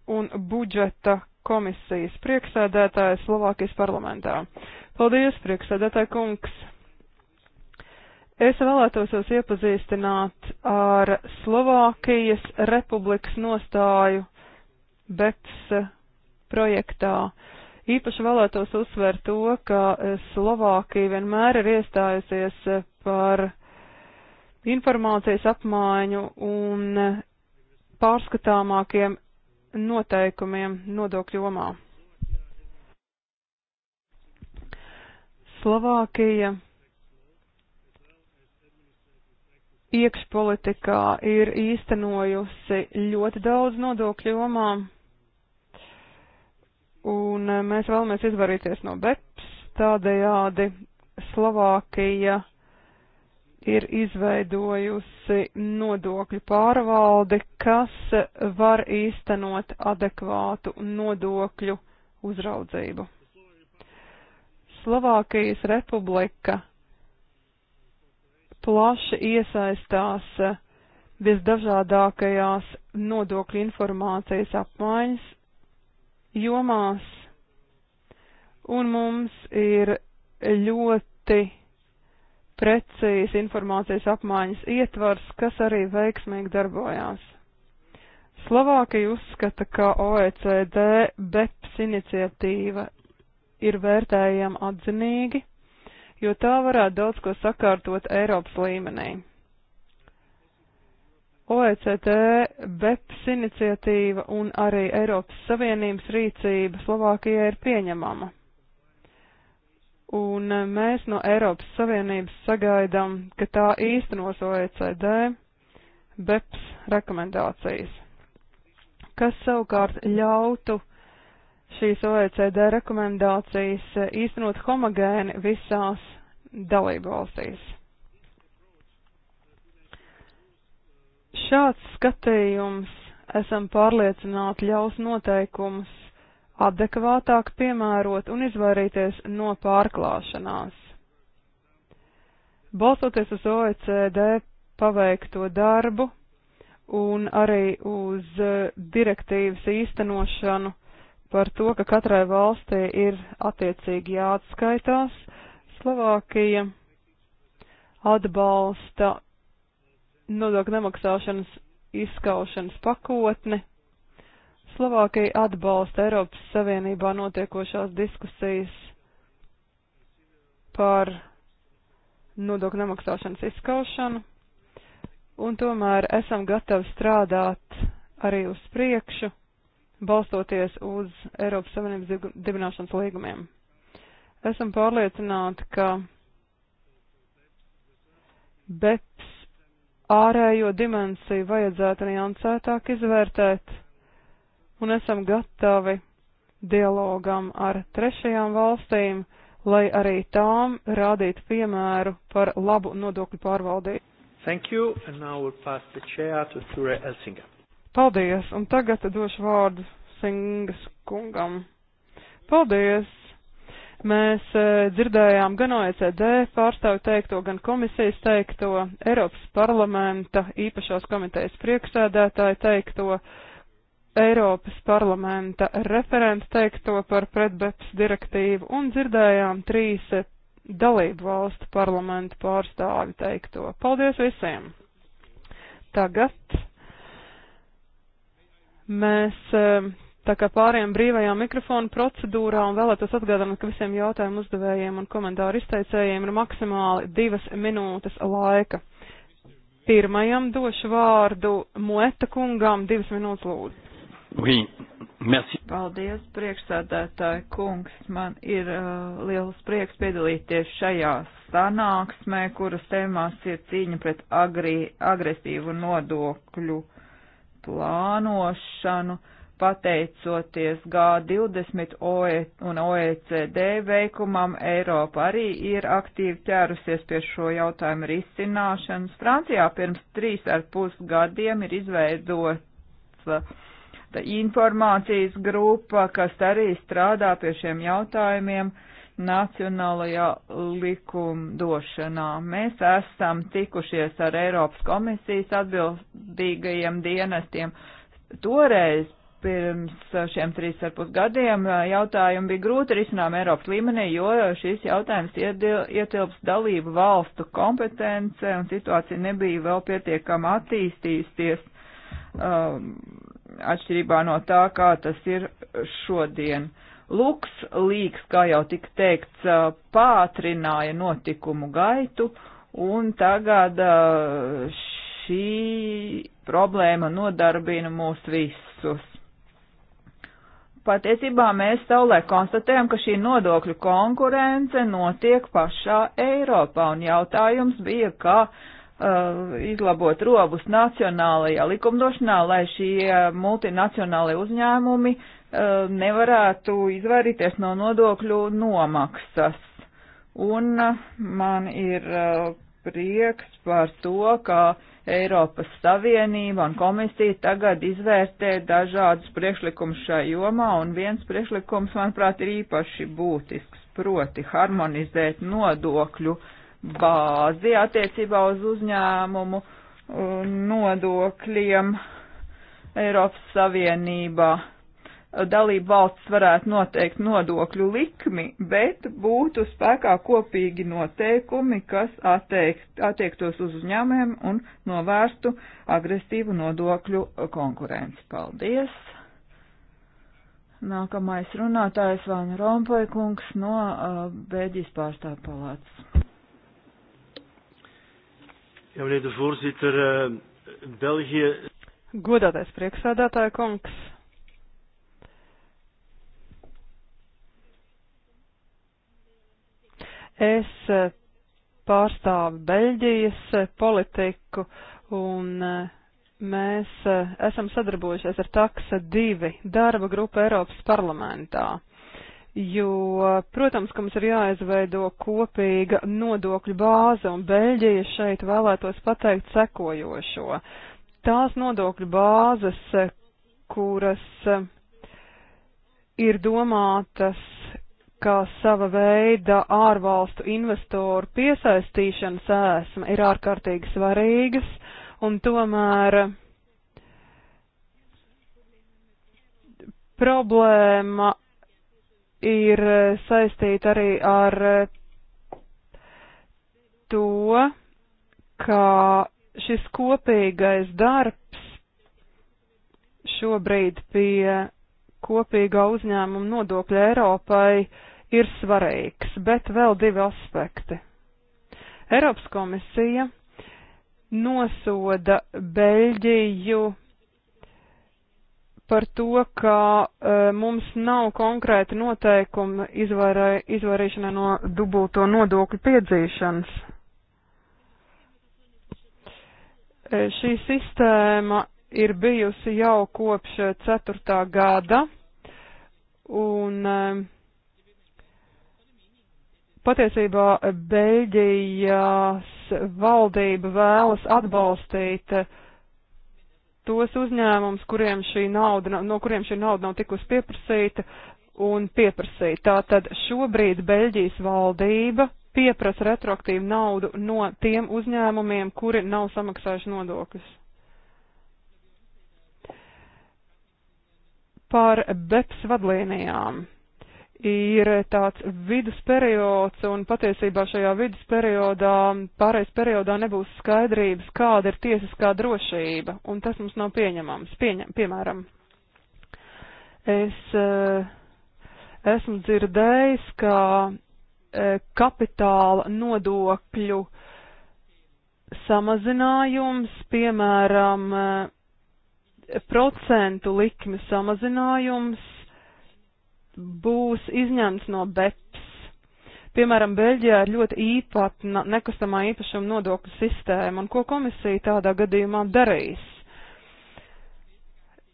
un budžeta komisijas prieksēdētāja Slovākijas parlamentā. Paldies, prieksēdētāja kungs! Es vēlētos jūs iepazīstināt ar Slovākijas republikas nostāju BEPS projektā. Īpaši vēlētos uzsvērt to, ka Slovākija vienmēr ir iestājusies par informācijas apmaiņu un pārskatāmākiem noteikumiem nodokļu jomā. Slovākija iekšpolitikā ir īstenojusi ļoti daudz nodokļu jomā, un mēs vēlamies izvarīties no BEPS, tādējādi Slovākija ir izveidojusi nodokļu pārvaldi, kas var īstenot adekvātu nodokļu uzraudzību. Slovākijas republika plaši iesaistās visdažādākajās nodokļu informācijas apmaiņas jomās, un mums ir ļoti precīzi informācijas apmaiņas ietvars, kas arī veiksmīgi darbojās. Slovākija uzskata, ka OECD BEPS iniciatīva ir vērtējama atzinīgi, jo tā varētu daudz ko sakārtot Eiropas līmenī. OECD BEPS iniciatīva un arī Eiropas Savienības rīcība Slovākijai ir pieņemama un eh, mēs no Eiropas Savienības sagaidām, ka tā īstenos OECD BEPS rekomendācijas, kas savukārt ļautu šīs OECD rekomendācijas eh, īstenot homogēni visās dalībvalstīs. Šāds skatījums esam pārliecināti ļaus noteikumus adekvātāk piemērot un izvairīties no pārklāšanās. Balstoties uz OECD paveikto darbu un arī uz e, direktīvas īstenošanu par to, ka katrai valstī ir attiecīgi jāatskaitās, Slovākija atbalsta nodokļu nemaksāšanas izskaušanas pakotni Slovākija atbalsta Eiropas Savienībā notiekošās diskusijas par nodokļu nemaksāšanas izskaušanu, un tomēr esam gatavi strādāt arī uz priekšu, balstoties uz Eiropas Savienības dibināšanas līgumiem. Esam pārliecināti, ka BEPS ārējo dimensiju vajadzētu niansētāk izvērtēt un esam gatavi dialogam ar trešajām valstīm, lai arī tām rādītu piemēru par labu nodokļu pārvaldību. Thank you, and now we'll pass the chair to Ture Elsinger. Paldies, un tagad došu vārdu Singas kungam. Paldies! Mēs e, dzirdējām gan OECD pārstāvi teikto, gan komisijas teikto, Eiropas parlamenta īpašās komitejas priekšsēdētāju teikto, Eiropas parlamenta referents teikto par pretbeps direktīvu un dzirdējām trīs dalību valstu parlamentu pārstāvi teikto. Paldies visiem! Tagad mēs e, tā kā pāriem brīvajā mikrofona procedūrā un vēlētos atgādināt, ka visiem jautājumu uzdevējiem un komentāru izteicējiem ir maksimāli divas minūtes laika. Pirmajam došu vārdu Mueta kungam divas minūtes lūdzu. Oui, merci. Paldies, priekšsādātāji kungs. Man ir uh, liels prieks piedalīties šajā sanāksmē, kuras tēmās ir cīņa pret agri, agresīvu nodokļu plānošanu. Pateicoties G20 OE un OECD veikumam, Eiropa arī ir aktīvi ķērusies pie šo jautājumu risināšanas. Francijā pirms trīs ar pus gadiem ir izveidots uh, informācijas grupa, kas arī strādā pie šiem jautājumiem nacionālajā likumdošanā. Mēs esam tikušies ar Eiropas komisijas atbildīgajiem dienestiem. Toreiz pirms šiem trīs ar pus gadiem jautājumi bija grūti risinām Eiropas līmenī, jo šis jautājums ietilps dalību valstu kompetence un situācija nebija vēl pietiekama attīstījusies. Um, atšķirībā no tā, kā tas ir šodien. Luks līgs, kā jau tik teikts, pātrināja notikumu gaitu, un tagad šī problēma nodarbina mūs visus. Patiesībā mēs saulē konstatējam, ka šī nodokļu konkurence notiek pašā Eiropā, un jautājums bija, kā uh, Uh, izlabot robus nacionālajā likumdošanā, lai šie multinacionālie uzņēmumi uh, nevarētu izvairīties no nodokļu nomaksas. Un uh, man ir prieks par to, ka Eiropas Savienība un komisija tagad izvērtē dažādus priekšlikumus šai jomā, un viens priekšlikums, manuprāt, ir īpaši būtisks, proti harmonizēt nodokļu uh, bāzi attiecībā uz uzņēmumu uh, nodokļiem Eiropas Savienībā. Dalība valsts varētu noteikt nodokļu likmi, bet būtu spēkā kopīgi noteikumi, kas atteikt, attiektos uz uzņēmumiem un novērstu agresīvu nodokļu konkurenci. Paldies! Nākamais runātājs Vāna Rompoja kungs no uh, Bēģijas pārstāvpalātas. Ja, meneer de voorzitter, eh, België. Godātais priekšsēdētāja kungs. Es eh, pārstāvu Beļģijas eh, politiku un mēs esam sadarbojušies ar taksa divi darba grupu Eiropas parlamentā jo, protams, ka mums ir jāizveido kopīga nodokļu bāze, un Beļģija šeit vēlētos pateikt sekojošo. Tās nodokļu bāzes, kuras ir domātas kā sava veida ārvalstu investoru piesaistīšanas ēsma, ir ārkārtīgi svarīgas, un tomēr problēma ir e, saistīta arī ar e, to, ka šis kopīgais darbs šobrīd pie kopīgā uzņēmuma nodokļa Eiropai ir svarīgs, bet vēl divi aspekti. Eiropas komisija nosoda Beļģiju par to, ka uh, mums nav konkrēta noteikuma izvairē, izvairīšanai no dubulto nodokļu piedzīšanas. Uh, šī sistēma ir bijusi jau kopš 4. gada, un uh, patiesībā Beļģijas valdība vēlas atbalstīt uh, tos uzņēmumus, kuriem šī nauda, no kuriem šī nauda nav tikus pieprasīta un pieprasīta. Tātad šobrīd Beļģijas valdība pieprasa retroaktīvu naudu no tiem uzņēmumiem, kuri nav samaksājuši nodokļus. Par BEPS vadlīnijām ir tāds vidusperiods, un patiesībā šajā vidusperiodā, pārējais periodā nebūs skaidrības, kāda ir tiesiskā drošība, un tas mums nav pieņemams. Pieņem, piemēram, es eh, esmu dzirdējis, ka eh, kapitāla nodokļu samazinājums, piemēram, eh, procentu likmi samazinājums būs izņemts no BEPS. Piemēram, Beļģijā ir ļoti īpatna nekustamā īpašuma nodokļu sistēma, un ko komisija tādā gadījumā darīs?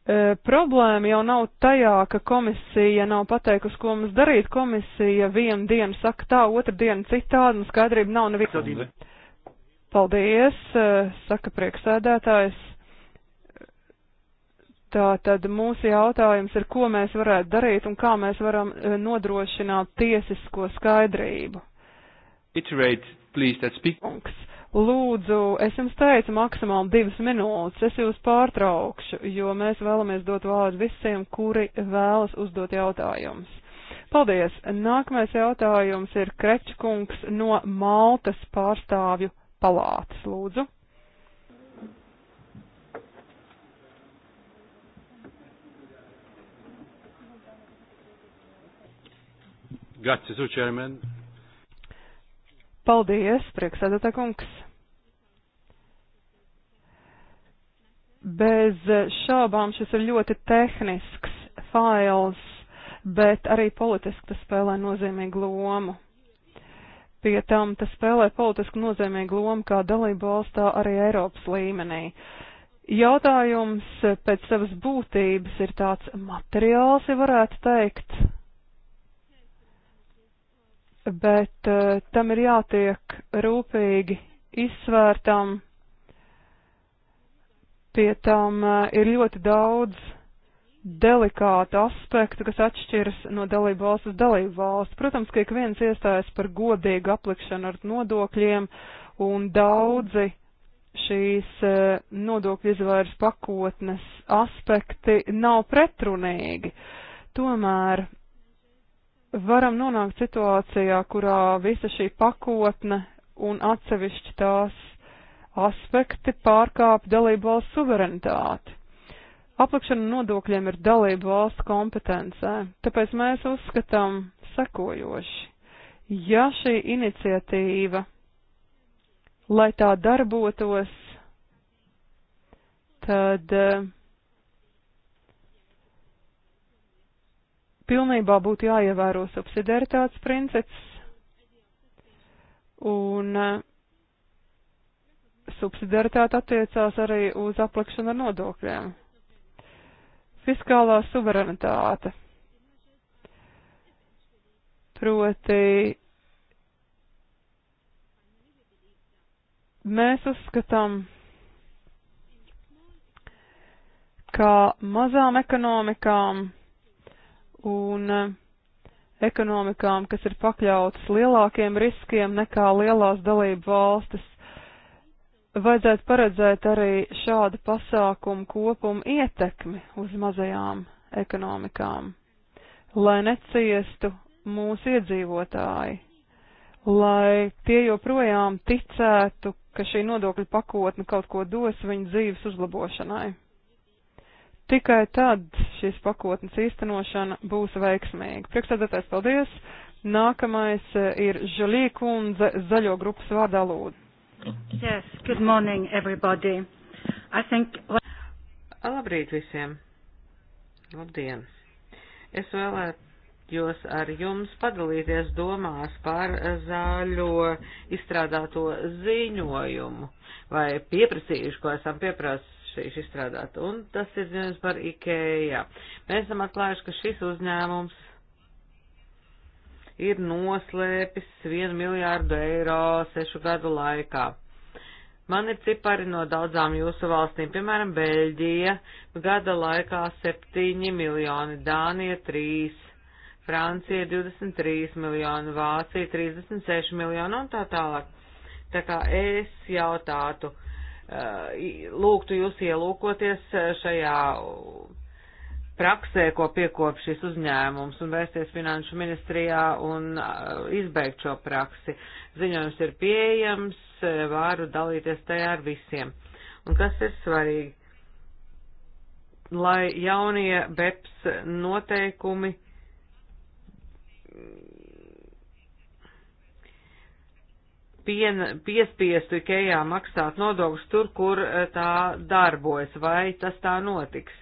E, problēma jau nav tajā, ka komisija nav pateikusi, ko mums darīt. Komisija vienu dienu saka tā, otru dienu citādi, un skaidrība nav neviena. Paldies, e, saka prieksēdētājs. Tā tad mūsu jautājums ir, ko mēs varētu darīt un kā mēs varam eh, nodrošināt tiesisko skaidrību. Iterate, please, that speak. Lūdzu, es jums teicu maksimāli divas minūtes, es jūs pārtraukšu, jo mēs vēlamies dot vārdu visiem, kuri vēlas uzdot jautājumus. Paldies! Nākamais jautājums ir Krečkungs no Maltas pārstāvju palātas. Lūdzu! Grazie, su chairman. Paldies, prieksēdētā kungs. Bez šābām šis ir ļoti tehnisks fails, bet arī politiski tas spēlē nozīmīgu lomu. Pie tam tas spēlē politiski nozīmīgu lomu kā dalību valstā arī Eiropas līmenī. Jautājums pēc savas būtības ir tāds materiāls, ja varētu teikt, bet uh, tam ir jātiek rūpīgi izsvērtam. Pie tam uh, ir ļoti daudz delikātu aspektu, kas atšķiras no dalību valsts uz dalību valsts. Protams, ka ik viens iestājas par godīgu aplikšanu ar nodokļiem, un daudzi šīs uh, nodokļu izvairs pakotnes aspekti nav pretrunīgi. Tomēr varam nonākt situācijā, kurā visa šī pakotne un atsevišķi tās aspekti pārkāp dalību valsts suverenitāti. Aplikšana nodokļiem ir dalību valsts kompetencē, tāpēc mēs uzskatām sekojoši. Ja šī iniciatīva, lai tā darbotos, tad uh, pilnībā būtu jāievēro subsidiaritātes princips un eh, subsidiaritāte attiecās arī uz aplikšanu ar nodokļiem. Fiskālā suverenitāte. Proti, mēs uzskatām, ka mazām ekonomikām un eh, ekonomikām, kas ir pakļautas lielākiem riskiem nekā lielās dalību valstis, vajadzētu paredzēt arī šādu pasākumu kopumu ietekmi uz mazajām ekonomikām, lai neciestu mūsu iedzīvotāji, lai tie joprojām ticētu, ka šī nodokļu pakotne kaut ko dos viņu dzīves uzlabošanai. Tikai tad šīs pakotnes īstenošana būs veiksmīga. Priekšsēdētājs, paldies! Nākamais eh, ir Žalī kundze zaļo grupas vārdā lūdzu. Yes, good morning everybody. I think... Labrīt visiem! Labdien! Es vēlētos ar jums padalīties domās par zaļo izstrādāto ziņojumu vai pieprasījuši, ko esam piepras, šīs izstrādāt. Un tas ir ziņojums par IKEA. Mēs esam atklājuši, ka šis uzņēmums ir noslēpis 1 miljārdu eiro sešu gadu laikā. Man ir cipari no daudzām jūsu valstīm, piemēram, Beļģija, gada laikā 7 miljoni, Dānija 3, Francija 23 miljoni, Vācija 36 miljoni un tā tālāk. Tā kā es jautātu, uh, lūgtu jūs ielūkoties eh, šajā praksē, ko piekop šis uzņēmums un vērsties finanšu ministrijā un eh, izbeigt šo praksi. Ziņojums ir pieejams, eh, varu dalīties tajā ar visiem. Un kas ir svarīgi? Lai jaunie BEPS noteikumi pien, piespiestu Ikejā maksāt nodokļus tur, kur eh, tā darbojas, vai tas tā notiks.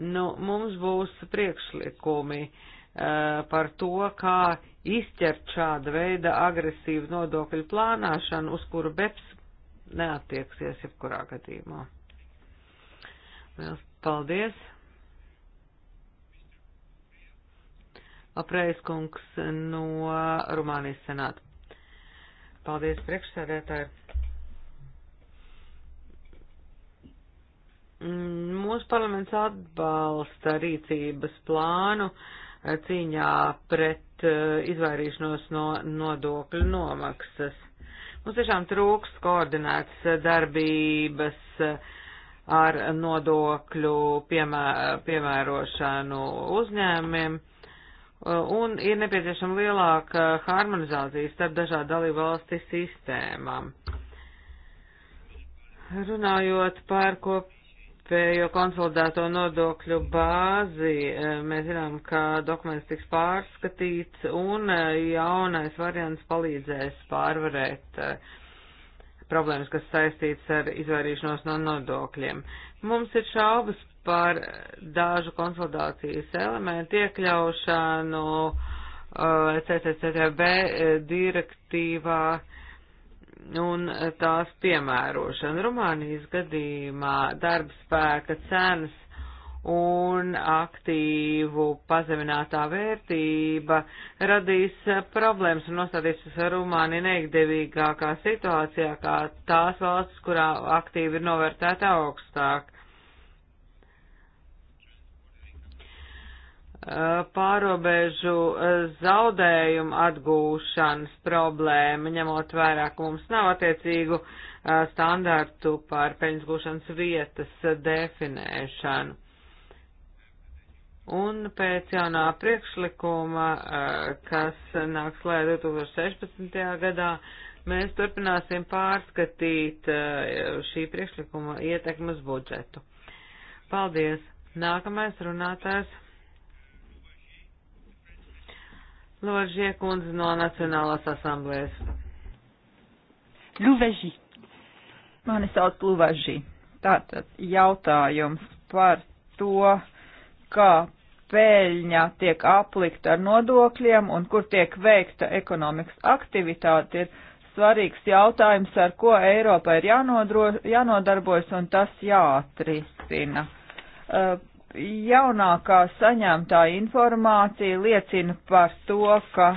Nu, mums būs priekšlikumi uh, par to, kā izķert šāda veida agresīvu nodokļu plānāšanu, uz kuru BEPS neattieksies jebkurā gadījumā. Liels paldies! Apreiz kungs no Rumānijas senāta. Paldies, priekšsēdētāji. Mm, mūsu parlaments atbalsta rīcības plānu eh, cīņā pret eh, izvairīšanos no nodokļu nomaksas. Mums tiešām trūkst koordinētas eh, darbības ar nodokļu piemē, piemērošanu uzņēmumiem un ir nepieciešama lielāka harmonizācija starp dažādu dalību valsti sistēmām. Runājot par kopējo konsolidēto nodokļu bāzi, eh, mēs zinām, ka dokuments tiks pārskatīts un eh, jaunais variants palīdzēs pārvarēt eh, problēmas, kas saistīts ar izvairīšanos no nodokļiem. Mums ir šaubas par dažu konsolidācijas elementu iekļaušanu eh, CCCTB eh, direktīvā un eh, tās piemērošanu. Rumānijas gadījumā darba spēka cenas un aktīvu pazeminātā vērtība radīs problēmas un nostādīs uz Rumāni neikdevīgākā situācijā, kā tās valsts, kurā aktīvi ir novērtēta augstāk. pārobežu eh, zaudējumu atgūšanas problēma, ņemot vērā, ka mums nav attiecīgu eh, standartu par peļņas gūšanas vietas eh, definēšanu. Un pēc jaunā priekšlikuma, kas nāks lē 2016. gadā, mēs turpināsim pārskatīt šī priekšlikuma ietekmas budžetu. Paldies! Nākamais runātājs Loržie kundze no Nacionālās asamblēs. Luvežī. Mani sauc Luvežī. Tātad jautājums par to, kā pēļņa tiek aplikta ar nodokļiem un kur tiek veikta ekonomikas aktivitāte, ir svarīgs jautājums, ar ko Eiropai ir jānodro, jānodarbojas un tas jāatrisina. Uh, jaunākā saņemtā informācija liecina par to, ka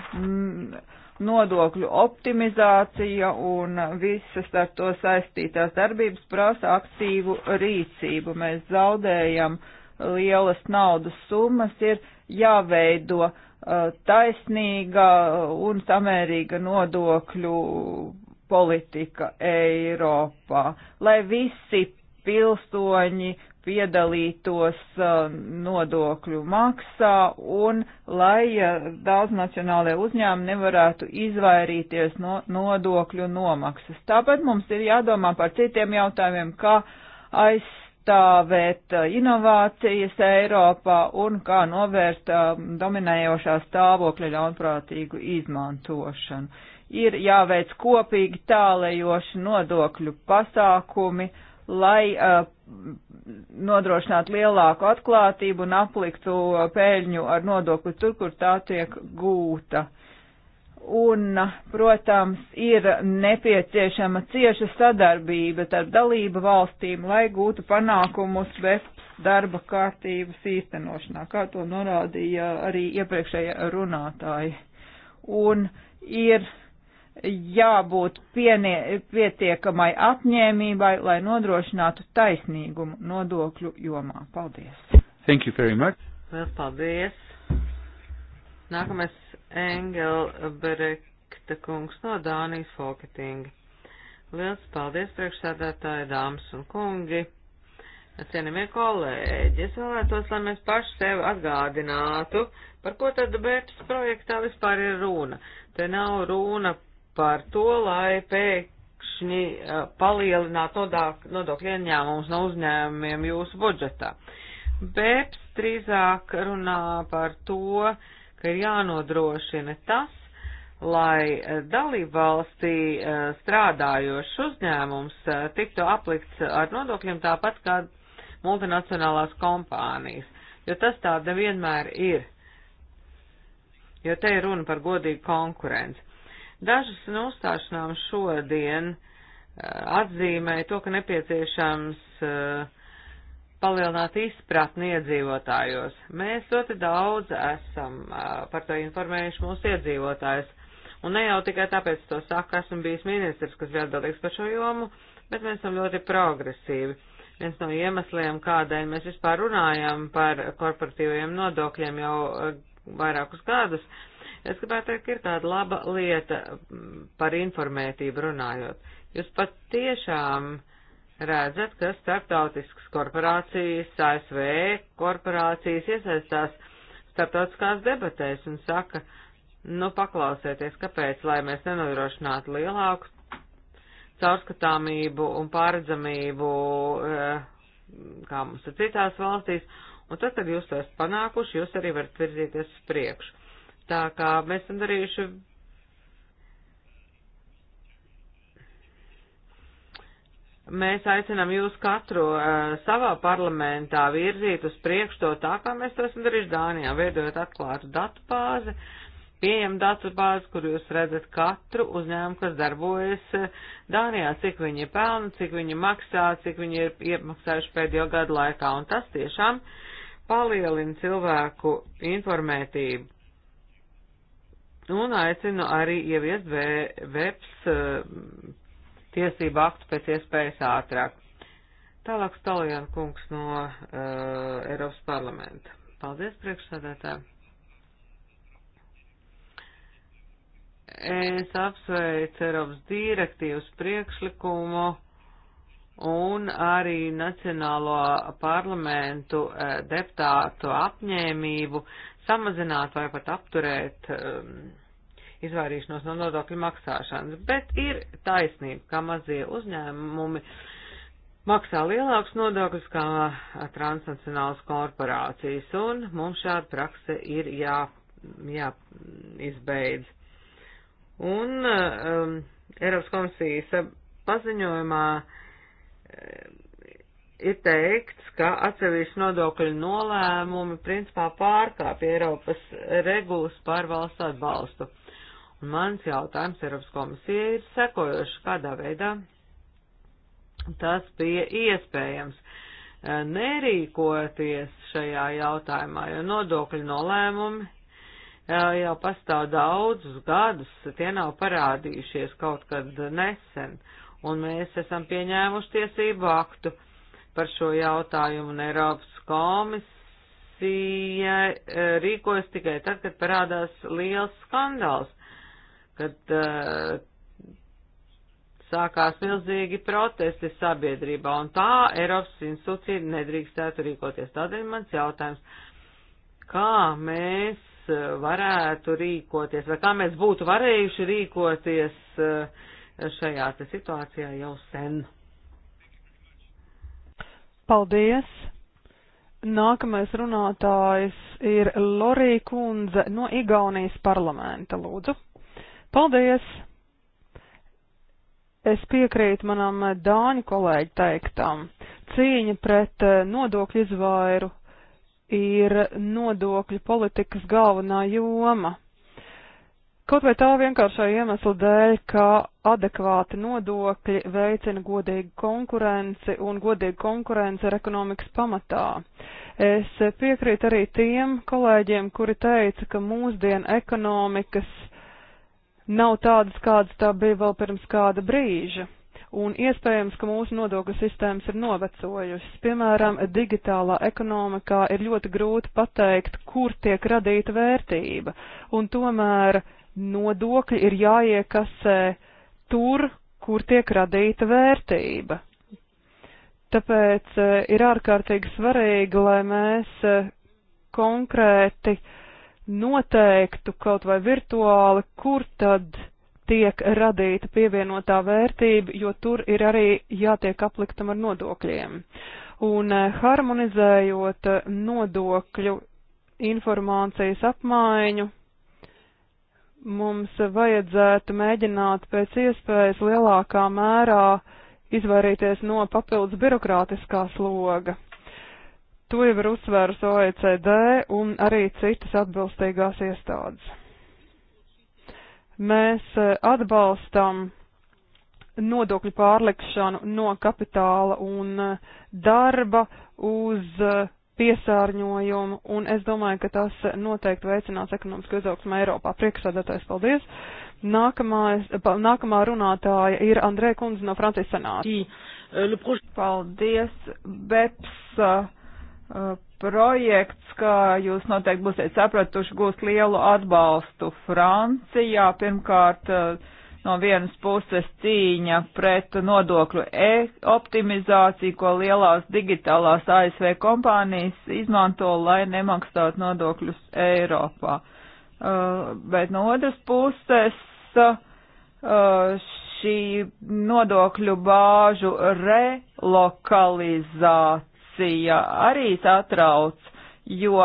nodokļu optimizācija un visas ar to saistītās darbības prasa aktīvu rīcību. Mēs zaudējam lielas naudas summas, ir jāveido uh, taisnīga un samērīga nodokļu politika Eiropā, lai visi pilsoņi uh, piedalītos uh, nodokļu maksā un lai uh, daudznacionālajie uzņēmumi nevarētu izvairīties no nodokļu nomaksas. Tāpat mums ir jādomā par citiem jautājumiem, kā aizstāvēt uh, inovācijas Eiropā un kā novērst um, dominējošā stāvokļa ļaunprātīgu izmantošanu. Ir jāveic kopīgi tālējoši nodokļu pasākumi, uh, lai uh, nodrošinātu lielāku atklātību un apliktu uh, pēļņu ar nodokli tur, kur tā tiek gūta. Un, protams, ir nepieciešama cieša sadarbība starp dalību valstīm, lai gūtu panākumus BEPS darba kārtības īstenošanā, kā to norādīja arī iepriekšējie runātāji. Un ir jābūt pienie, pietiekamai apņēmībai, lai nodrošinātu taisnīgumu nodokļu jomā. Paldies! Thank you very much! Vēl paldies! Nākamais Engelbrekta kungs no Dānijas Folketinga. Liels paldies priekšsādātāji, dāmas un kungi! Cienījamie kolēģi, es vēlētos, lai mēs paši sev atgādinātu, par ko tad BEPS projektā vispār ir runa. Te nav runa par to, lai pēkšņi palielinātu nodokļu ieņēmumus no uzņēmumiem jūsu budžetā. BEPS drīzāk runā par to, ka ir jānodrošina tas, lai dalībvalstī strādājošs uzņēmums tiktu aplikts ar nodokļiem tāpat kā multinacionālās kompānijas, jo tas tāda vienmēr ir, jo te ir runa par godīgu konkurenci. Dažas no uzstāšanām šodien eh, atzīmēja to, ka nepieciešams eh, palielināt izpratni iedzīvotājos. Mēs ļoti daudz esam eh, par to informējuši mūsu iedzīvotājus. Un ne jau tikai tāpēc to saka, esmu bijis ministrs, kas bija atbildīgs par šo jomu, bet mēs esam ļoti progresīvi. Viens no iemesliem, kādēļ mēs vispār runājam par korporatīviem nodokļiem jau vairākus gadus, uh, Es gribētu teikt, ka ir tāda laba lieta mm, par informētību runājot. Jūs pat tiešām redzat, ka starptautiskas korporācijas, ASV korporācijas iesaistās starptautiskās debatēs un saka, nu paklausieties, kāpēc, lai mēs nenodrošinātu lielāku caurskatāmību un pārredzamību, eh, kā mums ir citās valstīs, un tad, kad jūs to esat panākuši, jūs arī varat virzīties uz priekšu. Tā kā mēs esam darījuši mēs aicinām jūs katru uh, savā parlamentā virzīt uz priekšu to tā, kā mēs to esam darījuši Dānijā, veidojot atklātu datu bāzi, pieejam datu bāzi, kur jūs redzat katru uzņēmumu, kas darbojas eh, Dānijā, cik viņi ir pelni, cik viņi maksā, cik viņi ir iemaksājuši pēdējo gadu laikā, un tas tiešām palielina cilvēku informētību un aicinu arī ieviest VEPS eh, tiesību aktu pēc iespējas ātrāk. Tālāk Stalijāna kungs no uh, Eiropas parlamenta. Paldies, priekšsādātāji! Es apsveicu Eiropas direktīvas priekšlikumu un arī Nacionālo parlamentu eh, deputātu apņēmību samazināt vai pat apturēt um, izvairīšanos no nodokļu maksāšanas. Bet ir taisnība, ka mazie uzņēmumi maksā lielākus nodokļus kā transnacionālas korporācijas, un mums šāda prakse ir jā, jāizbeidz. Un um, Eiropas komisijas paziņojumā um, ir teikts, ka atsevišķi nodokļu nolēmumi principā pārkāpja Eiropas regulas par valsts atbalstu. Un mans jautājums Eiropas komisijai ir sekojoši, kādā veidā tas bija iespējams e, nerīkoties šajā jautājumā, jo nodokļu nolēmumi e, jau pastāv daudzus gadus, tie nav parādījušies kaut kad nesen, un mēs esam pieņēmuši tiesību aktu par šo jautājumu, un Eiropas komisija e, rīkojas tikai tad, kad parādās liels skandāls, kad uh, sākās milzīgi protesti sabiedrībā, un tā Eiropas institūcija nedrīkstētu rīkoties. Tādēļ mans jautājums, kā mēs varētu rīkoties, vai kā mēs būtu varējuši rīkoties e, šajā situācijā jau sen? Paldies! Nākamais runātājs ir Lorija Kundze no Igaunijas parlamenta. Lūdzu! Paldies! Es piekrītu manam dāņu kolēģi teiktam. Cīņa pret eh, nodokļu izvairu ir nodokļu politikas galvenā joma. Kaut vai tā vienkāršā iemesla dēļ, ka adekvāti nodokļi veicina godīgu konkurenci un godīgu konkurenci ir ekonomikas pamatā. Es piekrītu arī tiem kolēģiem, kuri teica, ka mūsdienu ekonomikas nav tādas, kādas tā bija vēl pirms kāda brīža un iespējams, ka mūsu nodokļu sistēmas ir novecojušas. Piemēram, digitālā ekonomikā ir ļoti grūti pateikt, kur tiek radīta vērtība, un tomēr nodokļi ir jāiekasē tur, kur tiek radīta vērtība. Tāpēc e, ir ārkārtīgi svarīgi, lai mēs e, konkrēti noteiktu kaut vai virtuāli, kur tad tiek radīta pievienotā vērtība, jo tur ir arī jātiek apliktam ar nodokļiem. Un e, harmonizējot nodokļu informācijas apmaiņu, mums vajadzētu mēģināt pēc iespējas lielākā mērā izvairīties no papildus birokrātiskā sloga. To jau ir uzsvērs OECD un arī citas atbilstīgās iestādes. Mēs eh, atbalstam nodokļu pārlikšanu no kapitāla un eh, darba uz eh, piesārņojumu, un es domāju, ka tas noteikti veicinās ekonomisku izaugsmu Eiropā. Priekšsēdētājs, paldies! Nākamā, nākamā runātāja ir Andrē Kundze no Francijas senāta. E, paldies, BEPS e, e, projekts, kā jūs noteikti būsiet sapratuši, gūs lielu atbalstu Francijā. Pirmkārt, uh, no vienas puses cīņa pret nodokļu e optimizāciju, ko lielās digitālās ASV kompānijas izmanto, lai nemaksātu nodokļus Eiropā. Uh, bet no otras puses uh, šī nodokļu bāžu relokalizācija arī satrauc, jo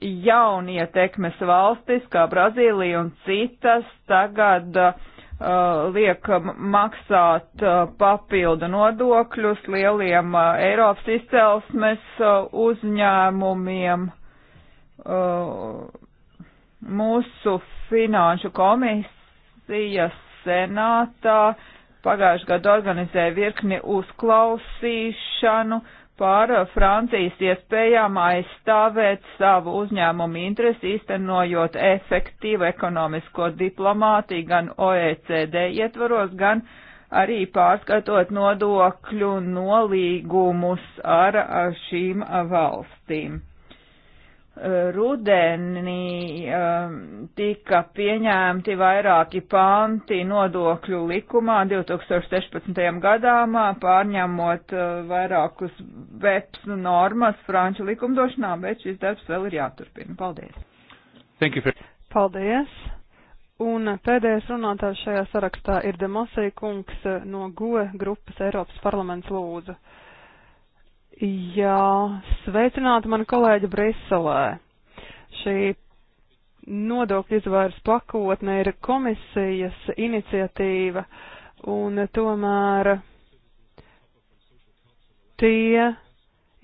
jaunietekmes valstis kā Brazīlija un citas tagad uh, Uh, liek maksāt uh, papildu nodokļus lieliem uh, Eiropas izcelsmes uzņēmumiem. Mūsu finanšu komisijas senātā pagājušajā gadā organizēja virkni uzklausīšanu, uh, par eh, Francijas iespējām aizstāvēt savu uzņēmumu interesi, īstenojot efektīvu ekonomisko diplomātiju gan OECD ietvaros, gan arī pārskatot nodokļu nolīgumus ar šīm eh, valstīm rudenī um, tika pieņemti vairāki panti nodokļu likumā 2016. gadām, pārņemot uh, vairākus BEPS normas franču likumdošanā, bet šis darbs vēl ir jāturpina. Paldies! Thank you for... Paldies! Un pēdējais runātājs šajā sarakstā ir Demosei kungs no GOE grupas Eiropas parlaments lūdzu. Jā, sveicināti mani kolēģi Briselē. Šī nodokļu izvairs pakotne ir komisijas iniciatīva, un tomēr tie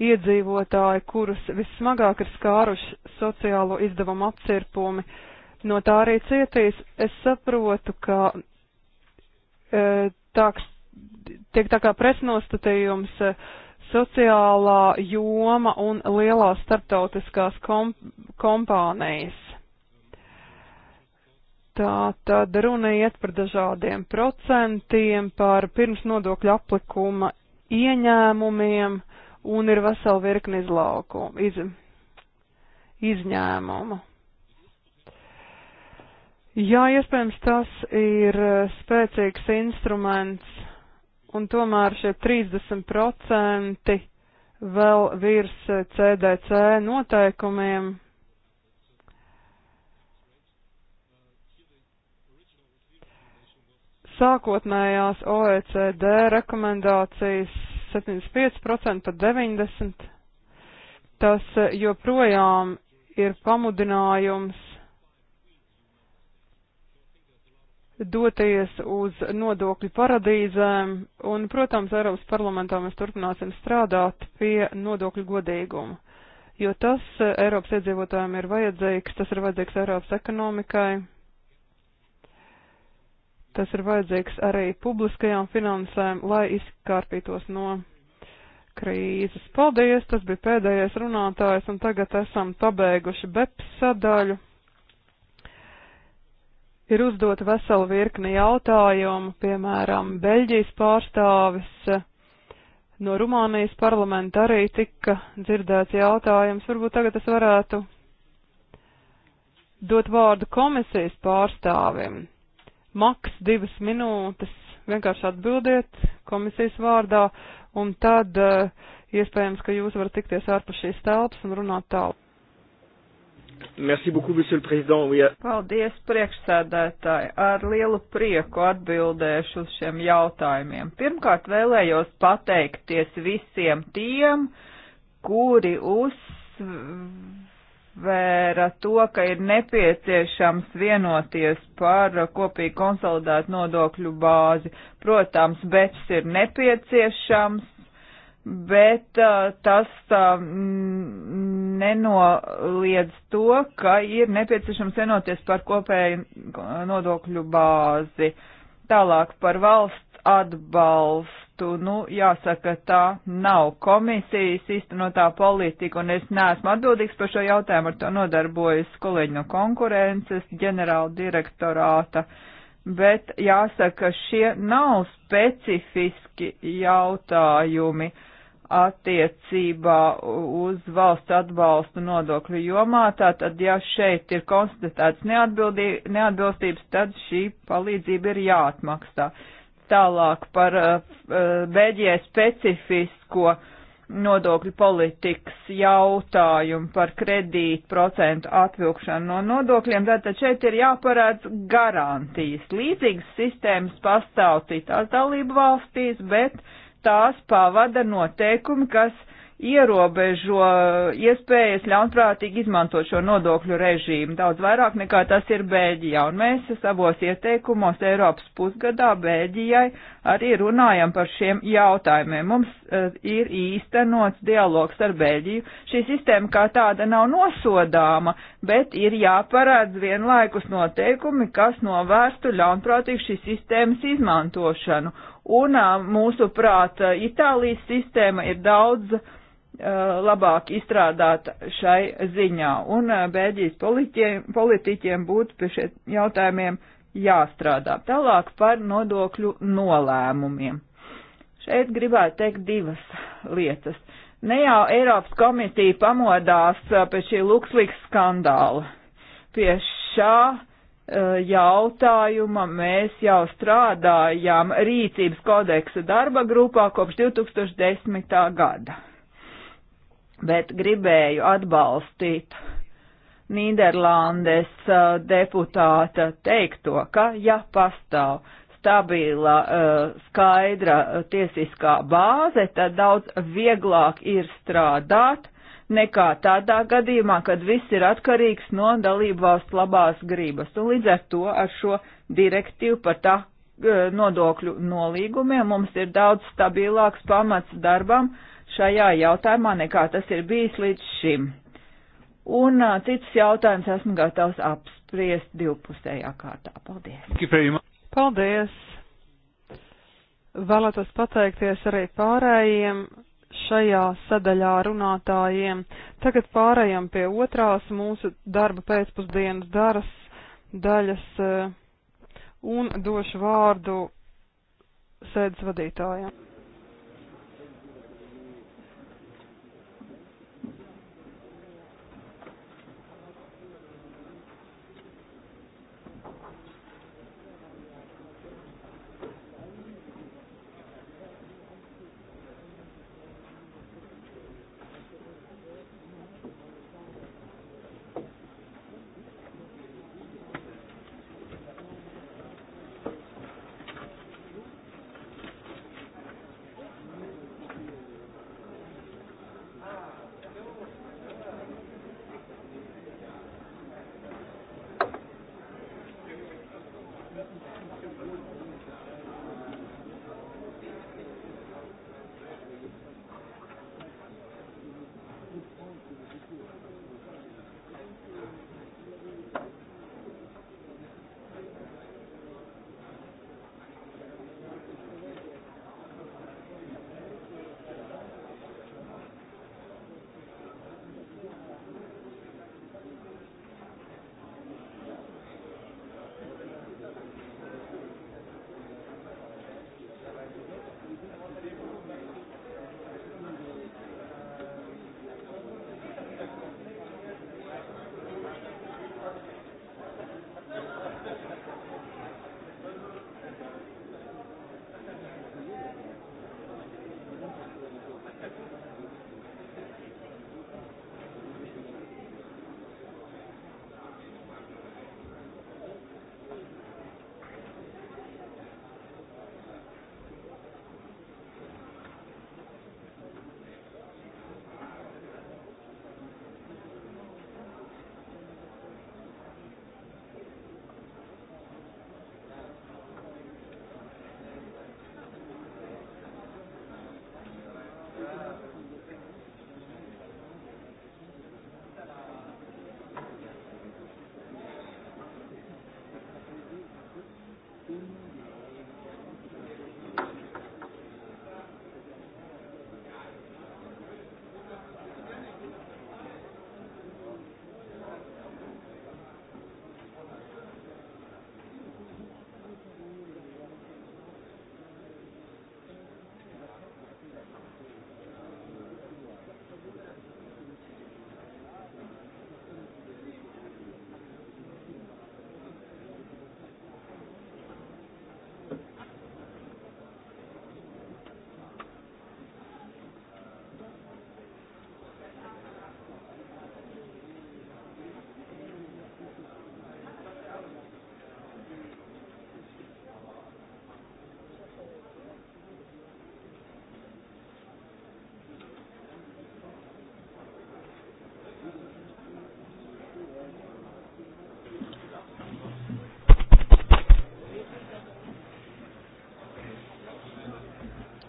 iedzīvotāji, kurus vissmagāk ir skāruši sociālo izdevumu apcirpumi, no tā arī cietīs. Es saprotu, ka e, eh, tā, tiek tā kā presnostatījums. E, eh, sociālā joma un lielās starptautiskās komp kompānijas. Tā tad runa iet par dažādiem procentiem, par pirms nodokļa aplikuma ieņēmumiem un ir vesela virkni izlaukumu, iz, izņēmumu. Jā, iespējams, tas ir spēcīgs instruments un tomēr šie 30% vēl virs CDC eh, noteikumiem. Sākotnējās OECD rekomendācijas 75% pat 90%, tas eh, joprojām ir pamudinājums doties uz nodokļu paradīzēm, un, protams, Eiropas parlamentā mēs turpināsim strādāt pie nodokļu godīguma, jo tas Eiropas iedzīvotājiem ir vajadzīgs, tas ir vajadzīgs Eiropas ekonomikai, tas ir vajadzīgs arī publiskajām finansēm, lai izkārpītos no krīzes. Paldies, tas bija pēdējais runātājs, un tagad esam pabeiguši BEPS sadaļu. Ir uzdot veselu virkni jautājumu, piemēram, Beļģijas pārstāvis no Rumānijas parlamenta arī tika dzirdēts jautājums. Varbūt tagad es varētu dot vārdu komisijas pārstāvim. Maks divas minūtes, vienkārši atbildiet komisijas vārdā, un tad eh, iespējams, ka jūs varat tikties ārpus šīs telpas un runāt tālāk. Merci beaucoup, monsieur le président. Oui. Paldies, priekšsēdētāji. Ar lielu prieku atbildēšu uz šiem jautājumiem. Pirmkārt, vēlējos pateikties visiem tiem, kuri uzsvēra to, ka ir nepieciešams vienoties par kopīgi konsolidētu nodokļu bāzi. Protams, BEPS ir nepieciešams bet uh, tas uh, mm, nenoliedz to, ka ir nepieciešams vienoties par kopēju uh, nodokļu bāzi. Tālāk par valsts atbalstu, nu, jāsaka, tā nav komisijas īstenotā politika, un es neesmu atbildīgs par šo jautājumu, ar to nodarbojas kolēģi no konkurences, ģenerāla direktorāta. Uh, bet jāsaka, šie nav specifiski jautājumi attiecībā uz valsts atbalstu nodokļu jomā. Tātad, ja šeit ir konstatēts neatbilstības, tad šī palīdzība ir jāatmaksā. Tālāk par eh, Bēģijai specifisko nodokļu politikas jautājumu par kredītu procentu atvilkšanu no nodokļiem, tātad šeit ir jāparāds garantijas. Līdzīgas sistēmas pastāv citās dalību valstīs, bet uh, tās pavada noteikumi, kas ierobežo iespējas ļaunprātīgi izmantot šo nodokļu režīmu daudz vairāk nekā tas ir Bēļģijā. Un mēs savos ieteikumos Eiropas pusgadā Bēļģijai arī runājam par šiem jautājumiem. Mums uh, ir īstenots dialogs ar Beļģiju. Šī sistēma kā tāda nav nosodāma, bet ir jāparādz vienlaikus noteikumi, kas novērstu ļaunprātīgu šīs sistēmas izmantošanu. Un uh, eh, mūsuprāt, Itālijas sistēma ir daudz uh, labāk izstrādāt šai ziņā. Un Bēļģijas politiķiem, politiķiem būtu pie šiem jautājumiem uh, jāstrādā. Tālāk par nodokļu nolēmumiem. Šeit gribētu teikt divas lietas. Ne jau Eiropas komisija pamodās uh, pēc šī luksusīga skandāla. Pie šā uh, jautājuma mēs jau strādājām rīcības kodeksa darba grupā kopš 2010. gada. Bet gribēju atbalstīt uh, Nīderlandes uh, deputāta teikto, ka ja pastāv stabila, uh, skaidra uh, tiesiskā bāze, tad daudz vieglāk ir strādāt nekā tādā gadījumā, kad viss ir atkarīgs no dalību valsts labās gribas. Un līdz ar to ar šo direktīvu par tā nodokļu nolīgumiem mums ir daudz stabilāks pamats darbam šajā jautājumā nekā tas ir bijis līdz šim. Un uh, cits jautājums esmu gatavs apspriest divpusējā kārtā. Paldies! Paldies! Vēlētos pateikties arī pārējiem šajā sadaļā runātājiem. Tagad pārējām pie otrās mūsu darba pēcpusdienas daras daļas un došu vārdu sēdes vadītājiem.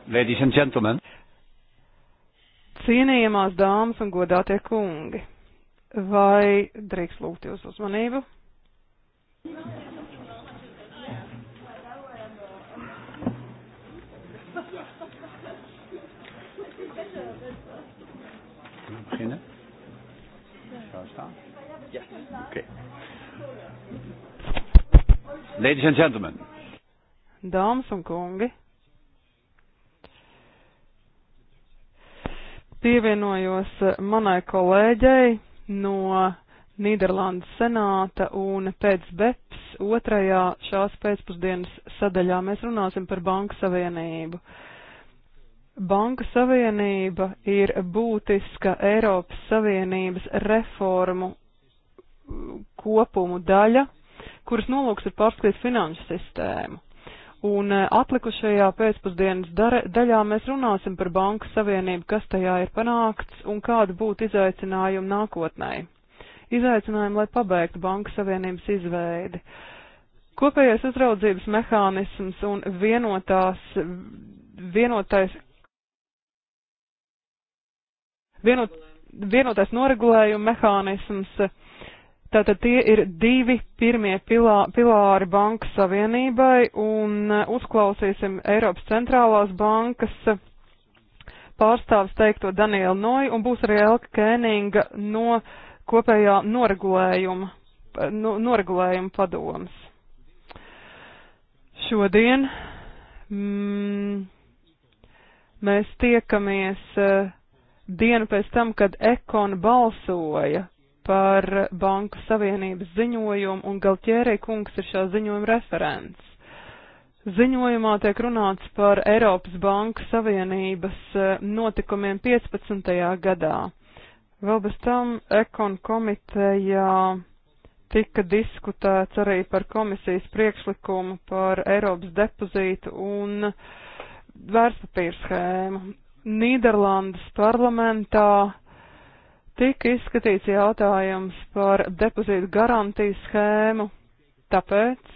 Ladies and gentlemen. Cienījamās dāmas un godātie kungi, vai drīkst lūgt jūsu uzmanību? beginnen? Zou staan? Ja. Oké. Okay. Ladies and gentlemen. Dāmas un kungi. pievienojos eh, manai kolēģei no Nīderlandes senāta un pēc BEPS otrajā šās pēcpusdienas sadaļā mēs runāsim par Banku Savienību. Banku Savienība ir būtiska Eiropas Savienības reformu mm, kopumu daļa, kuras nolūks ir pārskatīt finanšu sistēmu. Un eh, atlikušajā pēcpusdienas daļā mēs runāsim par Banku Savienību, kas tajā ir panākts un kāda būtu izaicinājuma nākotnē. Izaicinājumi, lai pabeigtu Banku Savienības izveidi. Kopējais uzraudzības mehānisms un vienotās, vienotais, vienot, vienotais noregulējuma mehānisms Tātad tie ir divi pirmie pilā, pilāri Bankas Savienībai un uh, uzklausīsim Eiropas centrālās bankas uh, pārstāvis teikto Danielu Noju un būs arī Elka Kēninga no kopējā noregulējuma, uh, no, noregulējuma padomas. Šodien mm, mēs tiekamies uh, dienu pēc tam, kad Ekon balsoja par Banku Savienības ziņojumu, un Galtjērī kungs ir šā ziņojuma referents. Ziņojumā tiek runāts par Eiropas Banku Savienības eh, notikumiem 15. gadā. Vēl bez tam Ekon komitejā tika diskutēts arī par komisijas priekšlikumu par Eiropas depozītu un vērtspapīru schēmu. Nīderlandes parlamentā Tik izskatīts jautājums par depozītu garantijas schēmu, tāpēc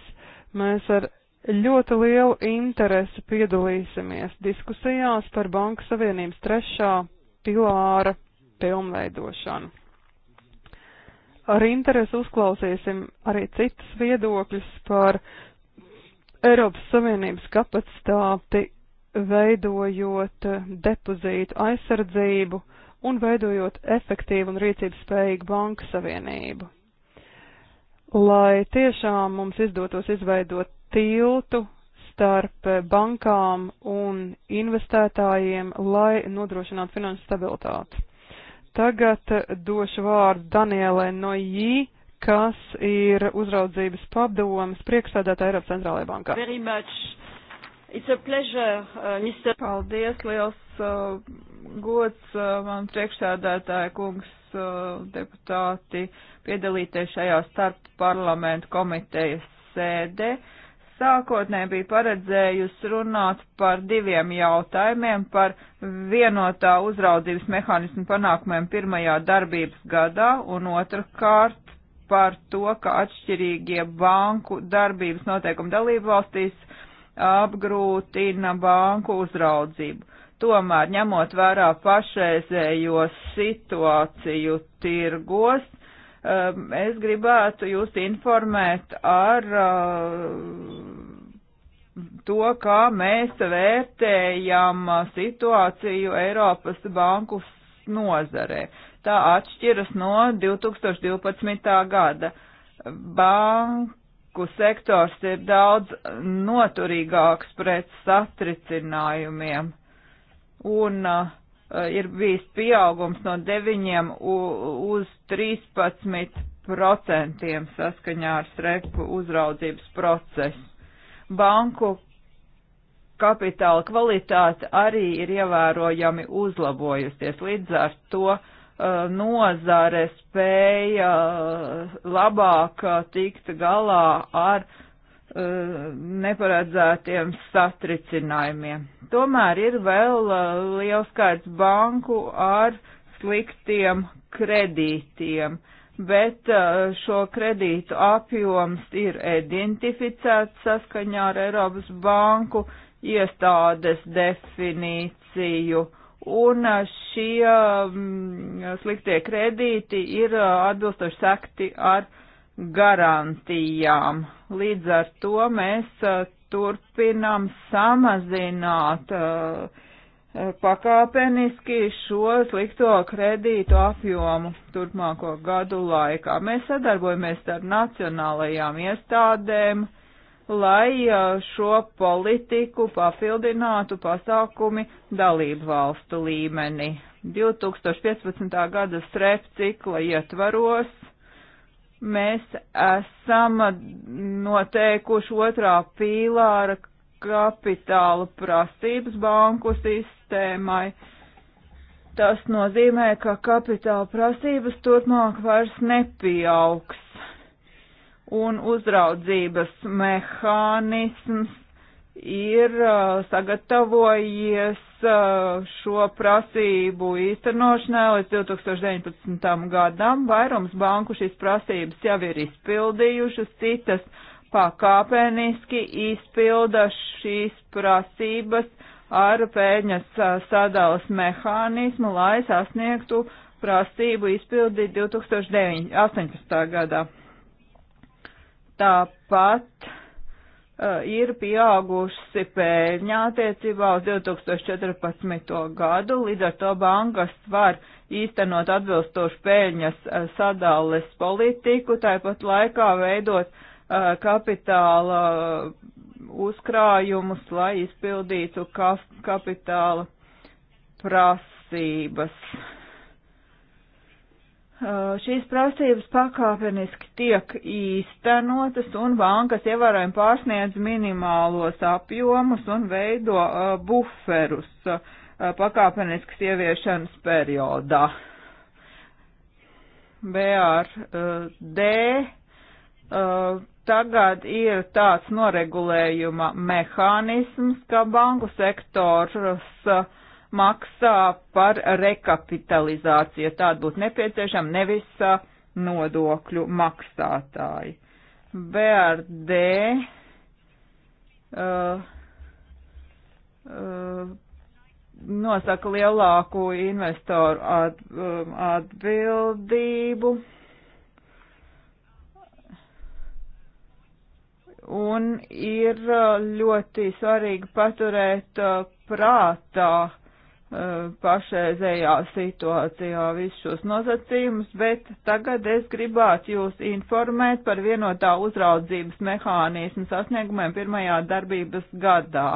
mēs ar ļoti lielu interesi piedalīsimies diskusijās par Banka Savienības trešā pilāra pilnveidošanu. Ar interesi uzklausīsim arī citas viedokļas par Eiropas Savienības kapacitāti veidojot depozītu aizsardzību un veidojot efektīvu un rīcības spējīgu banku savienību. Lai tiešām mums izdotos izveidot tiltu starp bankām un investētājiem, lai nodrošinātu finanšu stabilitāti. Tagad došu vārdu Danielai Nojī, kas ir uzraudzības padomas priekšsēdētāja Eiropas centrālajā bankā. Very much. It's a pleasure, uh, Mr. Paldies, liels uh, gods uh, man priekšsēdētāja kungs uh, deputāti piedalīties šajā starp parlamentu komitejas sēdē. Sākotnēji bija paredzējusi runāt par diviem jautājumiem - par vienotā uzraudzības mehānismu panākumiem pirmajā darbības gadā un otrkārt par to, ka atšķirīgie banku darbības noteikumi dalību valstīs apgrūtina banku uzraudzību. Tomēr, ņemot vērā pašreizējo situāciju tirgos, um, es gribētu jūs informēt ar uh, to, kā mēs vērtējam situāciju Eiropas banku nozarē. Tā atšķiras no 2012. gada. Banku sektors ir daudz noturīgāks pret satricinājumiem un uh, ir bijis pieaugums no 9 uz 13 procentiem saskaņā ar strepu uzraudzības procesu. Banku kapitāla kvalitāte arī ir ievērojami uzlabojusies, līdz ar to uh, nozare spēja uh, labāk uh, tikt galā ar uh, neparedzētiem satricinājumiem. Tomēr ir vēl uh, liels skaits banku ar sliktiem kredītiem, bet uh, šo kredītu apjoms ir identificēts saskaņā ar Eiropas banku iestādes definīciju. Un uh, šie mm, sliktie kredīti ir atbilstoši sekti ar uh, garantijām. Līdz ar to mēs uh, turpinām samazināt uh, pakāpeniski šo slikto kredītu apjomu turpmāko gadu laikā. Mēs sadarbojamies ar nacionālajām iestādēm, lai uh, šo politiku papildinātu pasākumi dalību valstu līmenī. 2015. gada strep cikla ietvaros mēs esam noteikuši otrā pīlāra kapitāla prasības banku sistēmai. Tas nozīmē, ka kapitāla prasības turpmāk vairs nepieaugs. Un uzraudzības mehānisms ir sagatavojies šo prasību īstenošanai līdz 2019. gadam. Vairums banku šīs prasības jau ir izpildījušas, citas pakāpeniski izpilda šīs prasības ar pēļņas sadalas mehānismu, lai sasniegtu prasību izpildīt 2018. gadā. Tāpat Eh, ir pieaugusi pēļņā attiecībā uz 2014. gadu, līdz ar to bankas var īstenot atbilstošu pēļņas eh, sadales politiku, tāpat laikā veidot eh, kapitāla uzkrājumus, lai izpildītu kapitāla prasības Eh, šīs prasības pakāpeniski tiek īstenotas un bankas ievērojami pārsniedz minimālos apjomus un veido uh, buferus uh, pakāpeniskas ieviešanas periodā. BRD uh, tagad ir tāds noregulējuma mehānisms, ka banku sektors uh, maksā par rekapitalizāciju. Tāda būtu nepieciešama nevis nodokļu maksātāji. BRD uh, uh, nosaka lielāku investoru at, uh, atbildību. Un ir ļoti svarīgi paturēt prātā, pašreizējā situācijā visus šos nozacījumus, bet tagad es gribētu jūs informēt par vienotā uzraudzības mehānismu sasniegumiem pirmajā darbības gadā.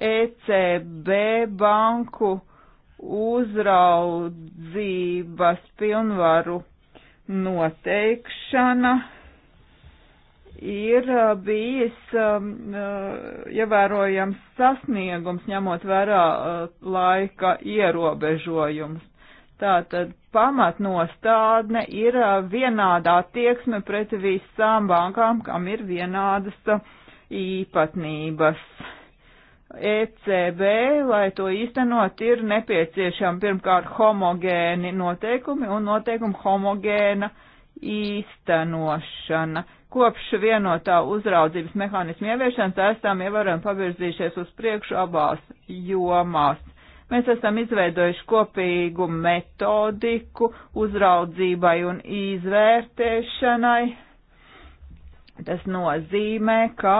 ECB banku uzraudzības pilnvaru noteikšana ir uh, bijis um, uh, ievērojams sasniegums, ņemot vērā uh, laika ierobežojums. Tātad pamatnostādne ir uh, vienādā tieksme pret visām bankām, kam ir vienādas uh, īpatnības. ECB, lai to īstenot, ir nepieciešama pirmkārt homogēni noteikumi un noteikumi homogēna īstenošana Kopš vienotā uzraudzības mehānismu ieviešanas esam ievērojami pavirzījušies uz priekšu abās jomās. Mēs esam izveidojuši kopīgu metodiku uzraudzībai un izvērtēšanai. Tas nozīmē, ka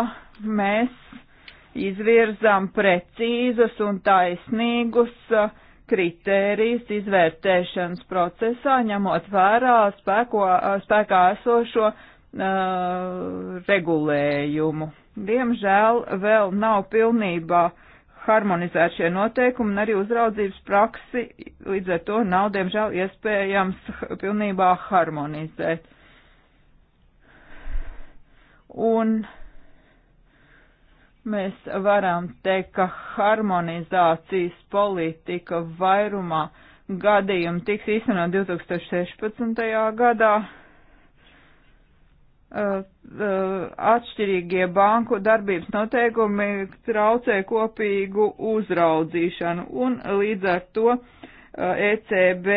mēs izvirzām precīzus un taisnīgus uh, kritērijas izvērtēšanas procesā, ņemot vērā spēko, spēkā esošo regulējumu. Diemžēl vēl nav pilnībā harmonizēt šie noteikumi un arī uzraudzības praksi, līdz ar to nav, diemžēl, iespējams pilnībā harmonizēt. Un mēs varam teikt, ka harmonizācijas politika vairumā gadījumu tiks īstenot 2016. gadā Uh, uh, atšķirīgie banku darbības noteikumi traucē kopīgu uzraudzīšanu un līdz ar to uh, ECB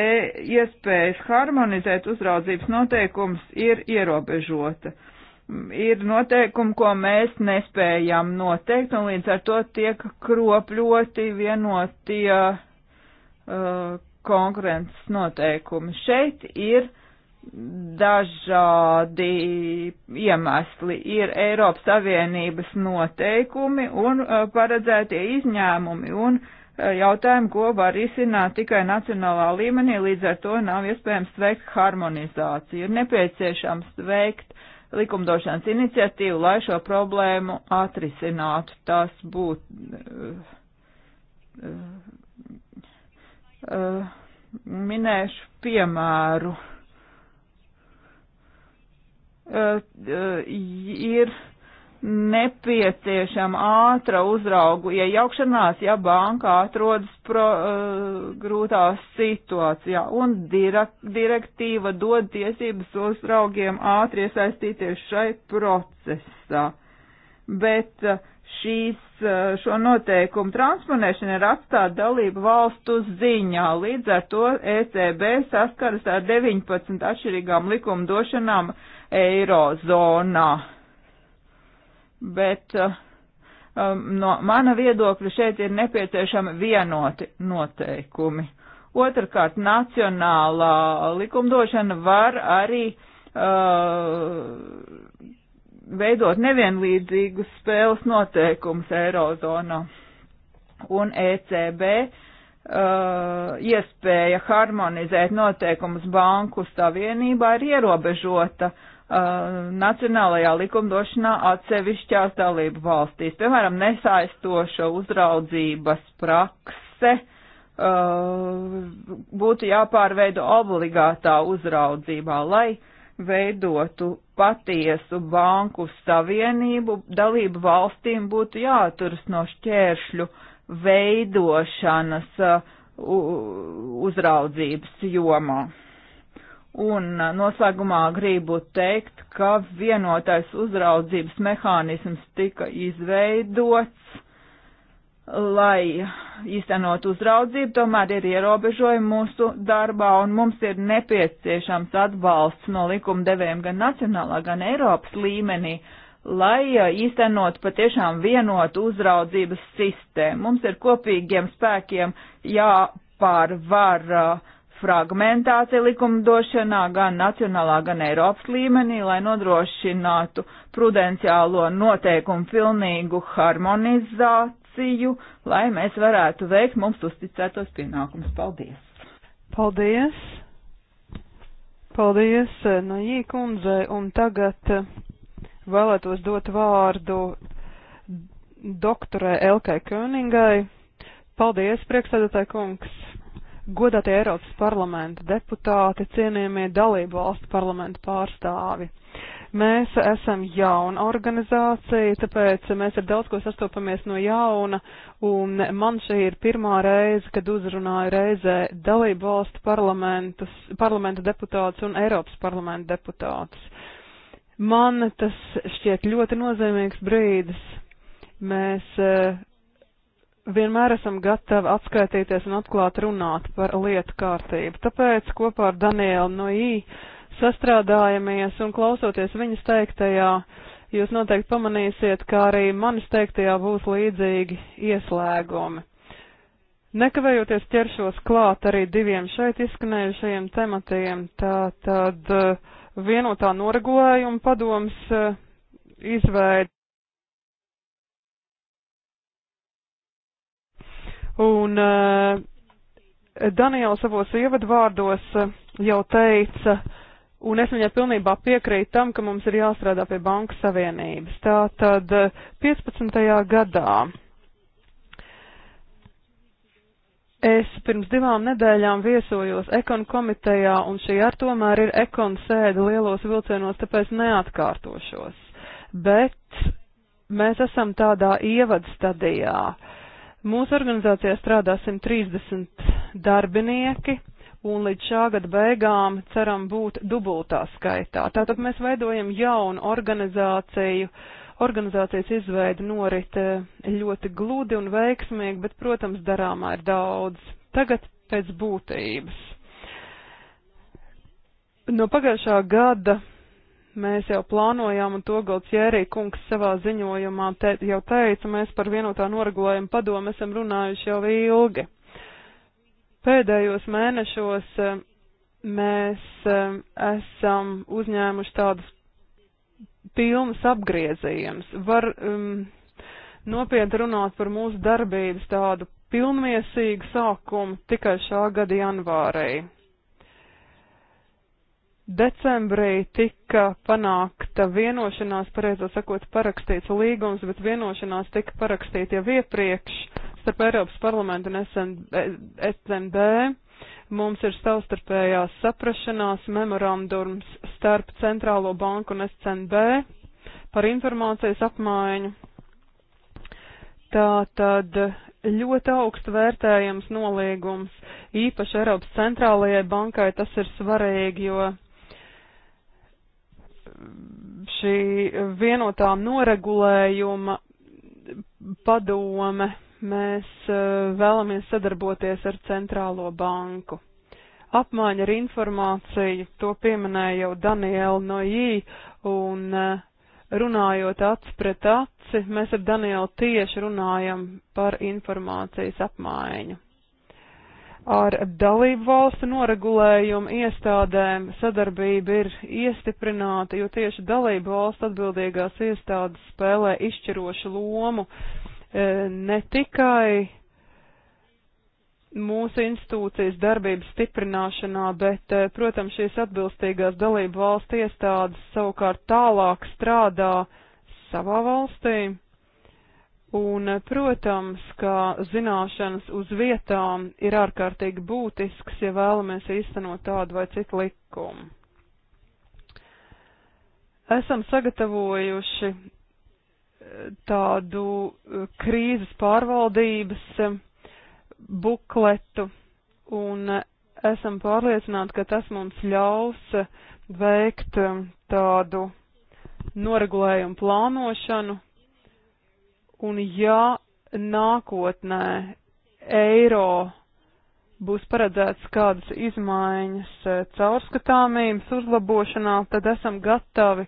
iespējas harmonizēt uzraudzības noteikumus ir ierobežota. Mm, ir noteikumi, ko mēs nespējam noteikt, un līdz ar to tiek kropļoti vienotie uh, konkurences noteikumi. Šeit ir uh, dažādi iemesli. Ir Eiropas Savienības noteikumi un uh, paredzētie izņēmumi un uh, jautājumi, ko var izsināt tikai nacionālā līmenī, līdz ar to nav iespējams veikt harmonizāciju. Ir nepieciešams veikt likumdošanas iniciatīvu, lai šo problēmu atrisinātu. Tas būtu. Uh, uh, uh, minēšu piemēru. Uh, Eh, eh, ir nepieciešama ātra uzraugu iejaukšanās, ja, ja banka atrodas pro, uh, grūtā situācijā. Un direktīva dod tiesības uzraugiem ātri iesaistīties šai procesā. Bet šīs, šo noteikumu transponēšana ir atstāta dalību valstu ziņā. Līdz ar to ECB saskaras ar 19 atšķirīgām likumdošanām uh, eirozonā. Bet eh, um, no mana viedokļa šeit ir nepieciešami vienoti noteikumi. Otrakārt, nacionālā likumdošana var arī uh, veidot nevienlīdzīgus spēles noteikumus Eirozonā. Un ECB uh, eh, iespēja harmonizēt noteikumus banku savienībā ir ierobežota. Uh, Uh, nacionālajā likumdošanā atsevišķās dalību valstīs. Piemēram, nesaistoša uzraudzības prakse uh, būtu jāpārveido obligātā uzraudzībā, lai veidotu patiesu banku savienību, dalību valstīm būtu jāturas no šķēršļu veidošanas uh, uzraudzības jomā. Un noslēgumā gribu teikt, ka vienotais uzraudzības mehānisms tika izveidots, lai īstenot uzraudzību, tomēr ir ierobežojumi mūsu darbā un mums ir nepieciešams atbalsts no likumdevējiem gan nacionālā, gan Eiropas līmenī, lai īstenot patiešām vienotu uzraudzības sistēmu. Mums ir kopīgiem spēkiem jāpārvar. Uh, fragmentācija likumdošanā gan nacionālā, gan Eiropas līmenī, lai nodrošinātu prudenciālo noteikumu pilnīgu harmonizāciju, lai mēs varētu veikt mums uzticētos pienākumus. Paldies! Paldies! Paldies, eh, Naī no kundze, un tagad eh, vēlētos dot vārdu doktorai Elkai Köningai. Paldies, priekšsēdētāji kungs! godātie Eiropas parlamenta deputāti, cienījamie dalību valstu parlamenta pārstāvi. Mēs esam jauna organizācija, tāpēc mēs ar daudz ko sastopamies no jauna, un man šī ir pirmā reize, kad uzrunāju reizē dalību valstu parlamenta deputātus un Eiropas parlamenta deputātus. Man tas šķiet ļoti nozīmīgs brīdis. Mēs eh, vienmēr esam gatavi atskaitīties un atklāt runāt par lietu kārtību. Tāpēc kopā ar Danielu no I sastrādājamies un klausoties viņas teiktajā, jūs noteikti pamanīsiet, ka arī manis teiktajā būs līdzīgi ieslēgumi. Nekavējoties ķeršos klāt arī diviem šeit izskanējušajiem tematiem, tā tad eh, vienotā noregulējuma padoms eh, izveida Un uh, Daniela savos ievadvārdos eh, jau teica, un es viņai pilnībā piekrītu tam, ka mums ir jāstrādā pie Bankas Savienības. Tā tad 15. gadā. Es pirms divām nedēļām viesojos ekon komitejā, un šī ar tomēr ir ekon sēde lielos vilcienos, tāpēc neatkārtošos. Bet mēs esam tādā ievadstadijā. Uh, Mūsu organizācijā strādā 130 darbinieki, un līdz šā gada beigām ceram būt dubultā skaitā. Tātad mēs veidojam jaunu organizāciju. Organizācijas izveida norit eh, ļoti gludi un veiksmīgi, bet, protams, darāmā ir daudz. Tagad pēc būtības. No pagājušā gada Mēs jau plānojām, un to Galtjērī kungs savā ziņojumā te, jau teica, mēs par vienotā noregulējuma padomu esam runājuši jau ilgi. Pēdējos mēnešos eh, mēs eh, esam uzņēmuši tādus pilnus apgriezienus. Var um, nopietni runāt par mūsu darbības tādu pilnmiesīgu sākumu tikai šā gada janvārī. Decembrī tika panākta vienošanās, pareizā sakot, parakstīts līgums, bet vienošanās tika parakstīta jau iepriekš starp Eiropas parlamentu un SNB. Mums ir savstarpējās saprašanās memorandums starp Centrālo banku un SNB par informācijas apmaiņu. Tā tad ļoti augstu vērtējams nolīgums, īpaši Eiropas centrālajai bankai tas ir svarīgi, jo šī vienotā noregulējuma padome mēs eh, vēlamies sadarboties ar centrālo banku. Apmaiņa ar informāciju, to pieminēja jau Daniela Noī, un eh, runājot acs pret aci, mēs ar Danielu tieši runājam par informācijas apmaiņu. Ar dalību valstu noregulējumu iestādēm sadarbība ir iestiprināta, jo tieši dalību valstu atbildīgās iestādes spēlē izšķirošu lomu e, ne tikai mūsu institūcijas darbības stiprināšanā, bet, e, protams, šīs atbilstīgās dalību valstu iestādes savukārt tālāk strādā savā valstī Un, eh, protams, ka zināšanas uz vietām ir ārkārtīgi būtisks, ja vēlamies īstenot tādu vai citu likumu. Esam sagatavojuši eh, tādu eh, krīzes pārvaldības bukletu, un esam pārliecināti, ka tas mums ļaus veikt tādu noregulējumu plānošanu, Un ja nākotnē eiro būs paredzēts kādas izmaiņas e, caurskatāmības uzlabošanā, tad esam gatavi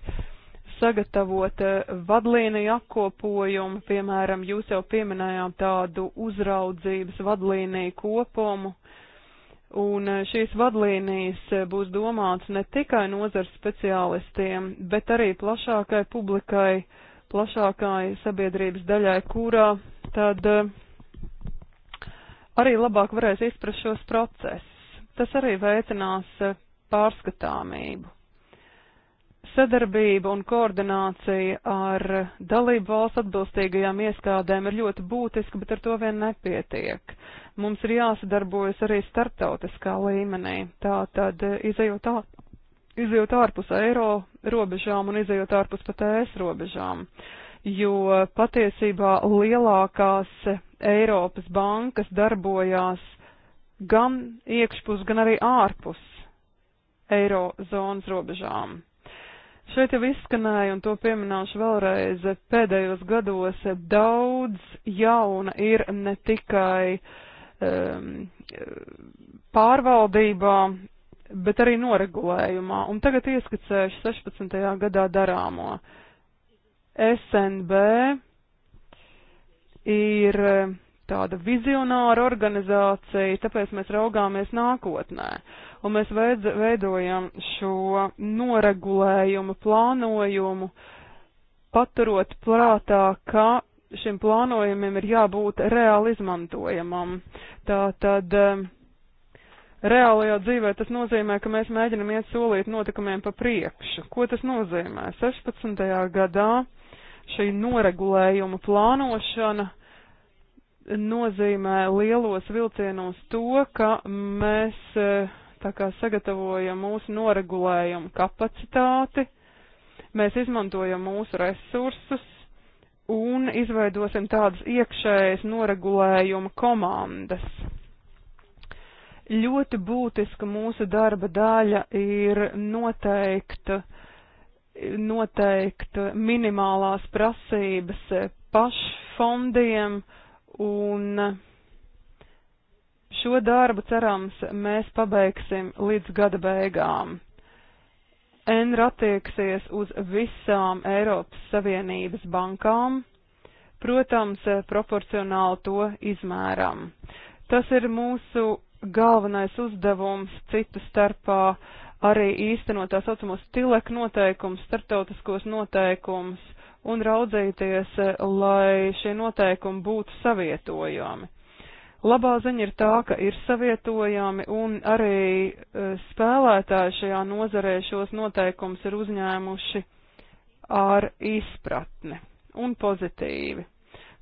sagatavot e, vadlīniju apkopojumu, piemēram, jūs jau pieminējām tādu uzraudzības vadlīniju kopumu, un e, šīs vadlīnijas būs domāts ne tikai nozars speciālistiem, bet arī plašākai publikai plašākai sabiedrības daļai, kurā tad eh, arī labāk varēs izprast šos procesus. Tas arī veicinās eh, pārskatāmību. Sadarbība un koordinācija ar dalību valsts atbilstīgajām ieskādēm ir ļoti būtiska, bet ar to vien nepietiek. Mums ir jāsadarbojas arī starptautiskā līmenī, tā tad eh, izējot izjūt ārpus eiro robežām un izjūt ārpus pat ēs robežām, jo patiesībā lielākās Eiropas bankas darbojās gan iekšpus, gan arī ārpus eiro zonas robežām. Šeit jau izskanēja, un to pieminēšu vēlreiz, pēdējos gados daudz jauna ir ne tikai um, pārvaldībā, bet arī noregulējumā. Un tagad ieskicēšu 16. gadā darāmo. SNB ir eh, tāda vizionāra organizācija, tāpēc mēs raugāmies nākotnē. Un mēs veidz, veidojam šo noregulējumu plānojumu, paturot prātā, ka šim plānojumam ir jābūt reāli izmantojamam. Tā tad eh, Reālajā dzīvē tas nozīmē, ka mēs mēģinam iet solīt notikumiem pa priekšu. Ko tas nozīmē? 16. gadā šī noregulējuma plānošana nozīmē lielos vilcienos to, ka mēs e, tā kā sagatavojam mūsu noregulējumu kapacitāti, mēs izmantojam mūsu resursus un izveidosim tādas iekšējas noregulējuma komandas. Ļoti būtiska mūsu darba daļa ir noteikta, noteikta minimālās prasības pašfondiem un šo darbu cerams mēs pabeigsim līdz gada beigām. ENR attieksies uz visām Eiropas Savienības bankām, protams, proporcionāli to izmēram. Tas ir mūsu galvenais uzdevums citu starpā arī īstenot tā saucamos tilek noteikumus, starptautiskos noteikumus un raudzīties, lai šie noteikumi būtu savietojami. Labā ziņa ir tā, ka ir savietojami un arī e, spēlētāji šajā nozarē šos noteikumus ir uzņēmuši ar izpratni un pozitīvi.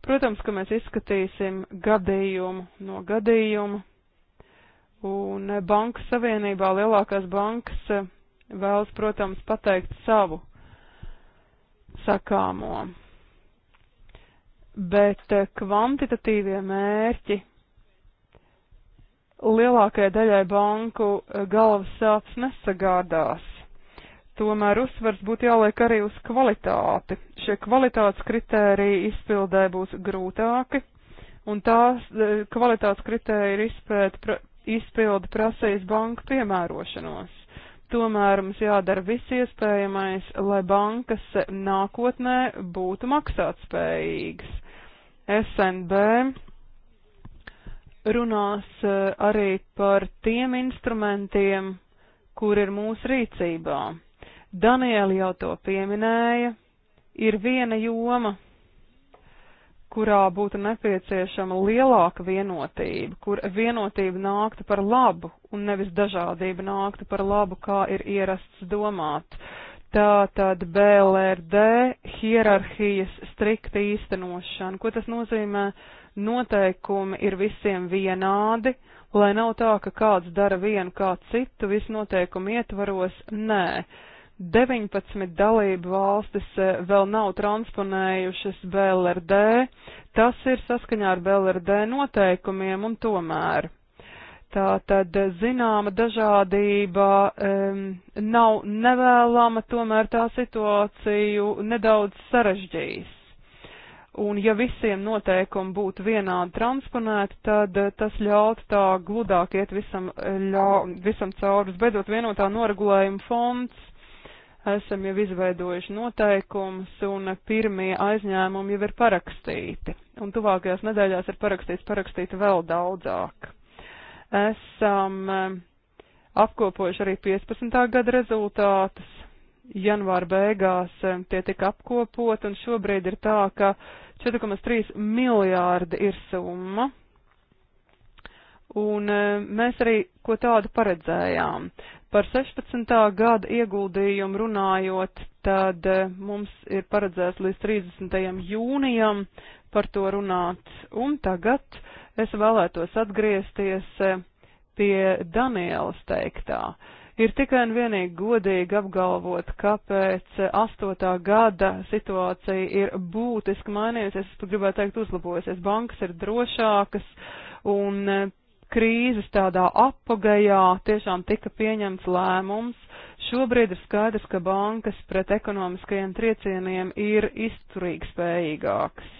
Protams, ka mēs izskatīsim gadījumu no gadījuma, Un Banku Savienībā lielākās bankas vēlas, protams, pateikt savu sakāmo. Bet eh, kvantitatīvie mērķi lielākajai daļai banku eh, galvas sāps nesagādās. Tomēr uzsvars būtu jāliek arī uz kvalitāti. Šie kvalitātes kritēriji izpildē būs grūtāki, un tās eh, kvalitātes kritērija izpēta izpildi prasīs banku piemērošanos. Tomēr mums jādara viss iespējamais, lai bankas nākotnē būtu maksātspējīgas. SNB runās eh, arī par tiem instrumentiem, kur ir mūsu rīcībā. Daniela jau to pieminēja, ir viena joma, kurā būtu nepieciešama lielāka vienotība, kur vienotība nāktu par labu un nevis dažādība nāktu par labu, kā ir ierasts domāt. Tātad BLRD hierarhijas strikta īstenošana. Ko tas nozīmē? Noteikumi ir visiem vienādi, lai nav tā, ka kāds dara vienu kā citu, visu noteikumu ietvaros. Nē, 19 dalību valstis eh, vēl nav transponējušas BLRD, tas ir saskaņā ar BLRD noteikumiem un tomēr. Tā tad eh, zināma dažādība um, nav nevēlama, tomēr tā situāciju nedaudz sarežģīs. Un ja visiem noteikumi būtu vienādi transponēti, tad eh, tas ļautu tā gludāk iet visam, ļau, visam cauri, bet dot vienotā noregulējuma fonds esam jau izveidojuši noteikumus un pirmie aizņēmumi jau ir parakstīti. Un tuvākajās nedēļās ir parakstīts parakstīt vēl daudzāk. Esam eh, apkopojuši arī 15. gada rezultātus. Janvāra beigās eh, tie tika apkopot un šobrīd ir tā, ka 4,3 miljārdi ir summa, Un eh, mēs arī ko tādu paredzējām. Par 16. gada ieguldījumu runājot, tad eh, mums ir paredzēts līdz 30. jūnijam par to runāt. Un tagad es vēlētos atgriezties eh, pie Danielas teiktā. Ir tikai un vienīgi godīgi apgalvot, kāpēc astotā gada situācija ir būtiski mainījusies, es pat gribētu teikt uzlabojusies. Bankas ir drošākas un eh, krīzes tādā apagajā tiešām tika pieņemts lēmums. Šobrīd ir skaidrs, ka bankas pret ekonomiskajiem triecieniem ir izturīgi spējīgākas.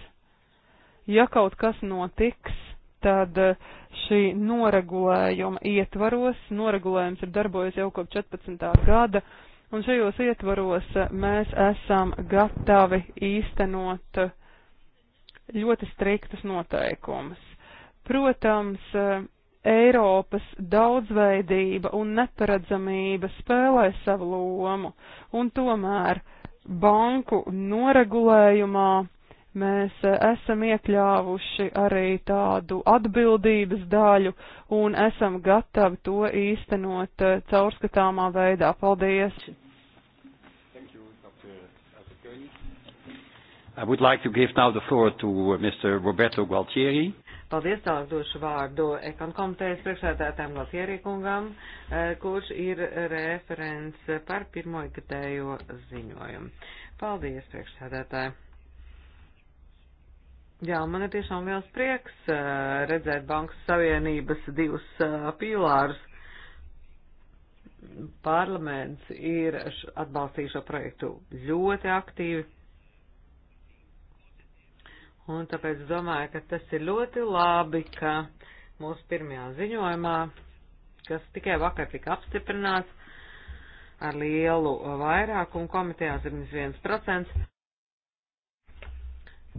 Ja kaut kas notiks, tad eh, šī noregulējuma ietvaros, noregulējums ir darbojies jau kopš 14. gada, un šajos ietvaros eh, mēs esam gatavi īstenot eh, ļoti striktus noteikumus. Protams, Eiropas daudzveidība un neparedzamība spēlē savu lomu, un tomēr banku noregulējumā mēs e, esam iekļāvuši arī tādu atbildības daļu un esam gatavi to īstenot e, caurskatāmā veidā. Paldies! I would like to give now the floor to uh, Mr. Roberto Gualtieri. Paldies, tālāk došu vārdu ekonkomitejas priekšsēdētājiem Latierīkungam, eh, kurš ir referents par pirmo ikgadējo ziņojumu. Paldies, priekšsēdētāji! Jā, man ir tiešām liels prieks eh, redzēt Bankas Savienības divus eh, pīlārus. Parlaments ir atbalstījis šo projektu ļoti aktīvi. Un tāpēc domāju, ka tas ir ļoti labi, ka mūsu pirmajā ziņojumā, kas tikai vakar tika apstiprināts ar lielu vairākumu komitejā 71%,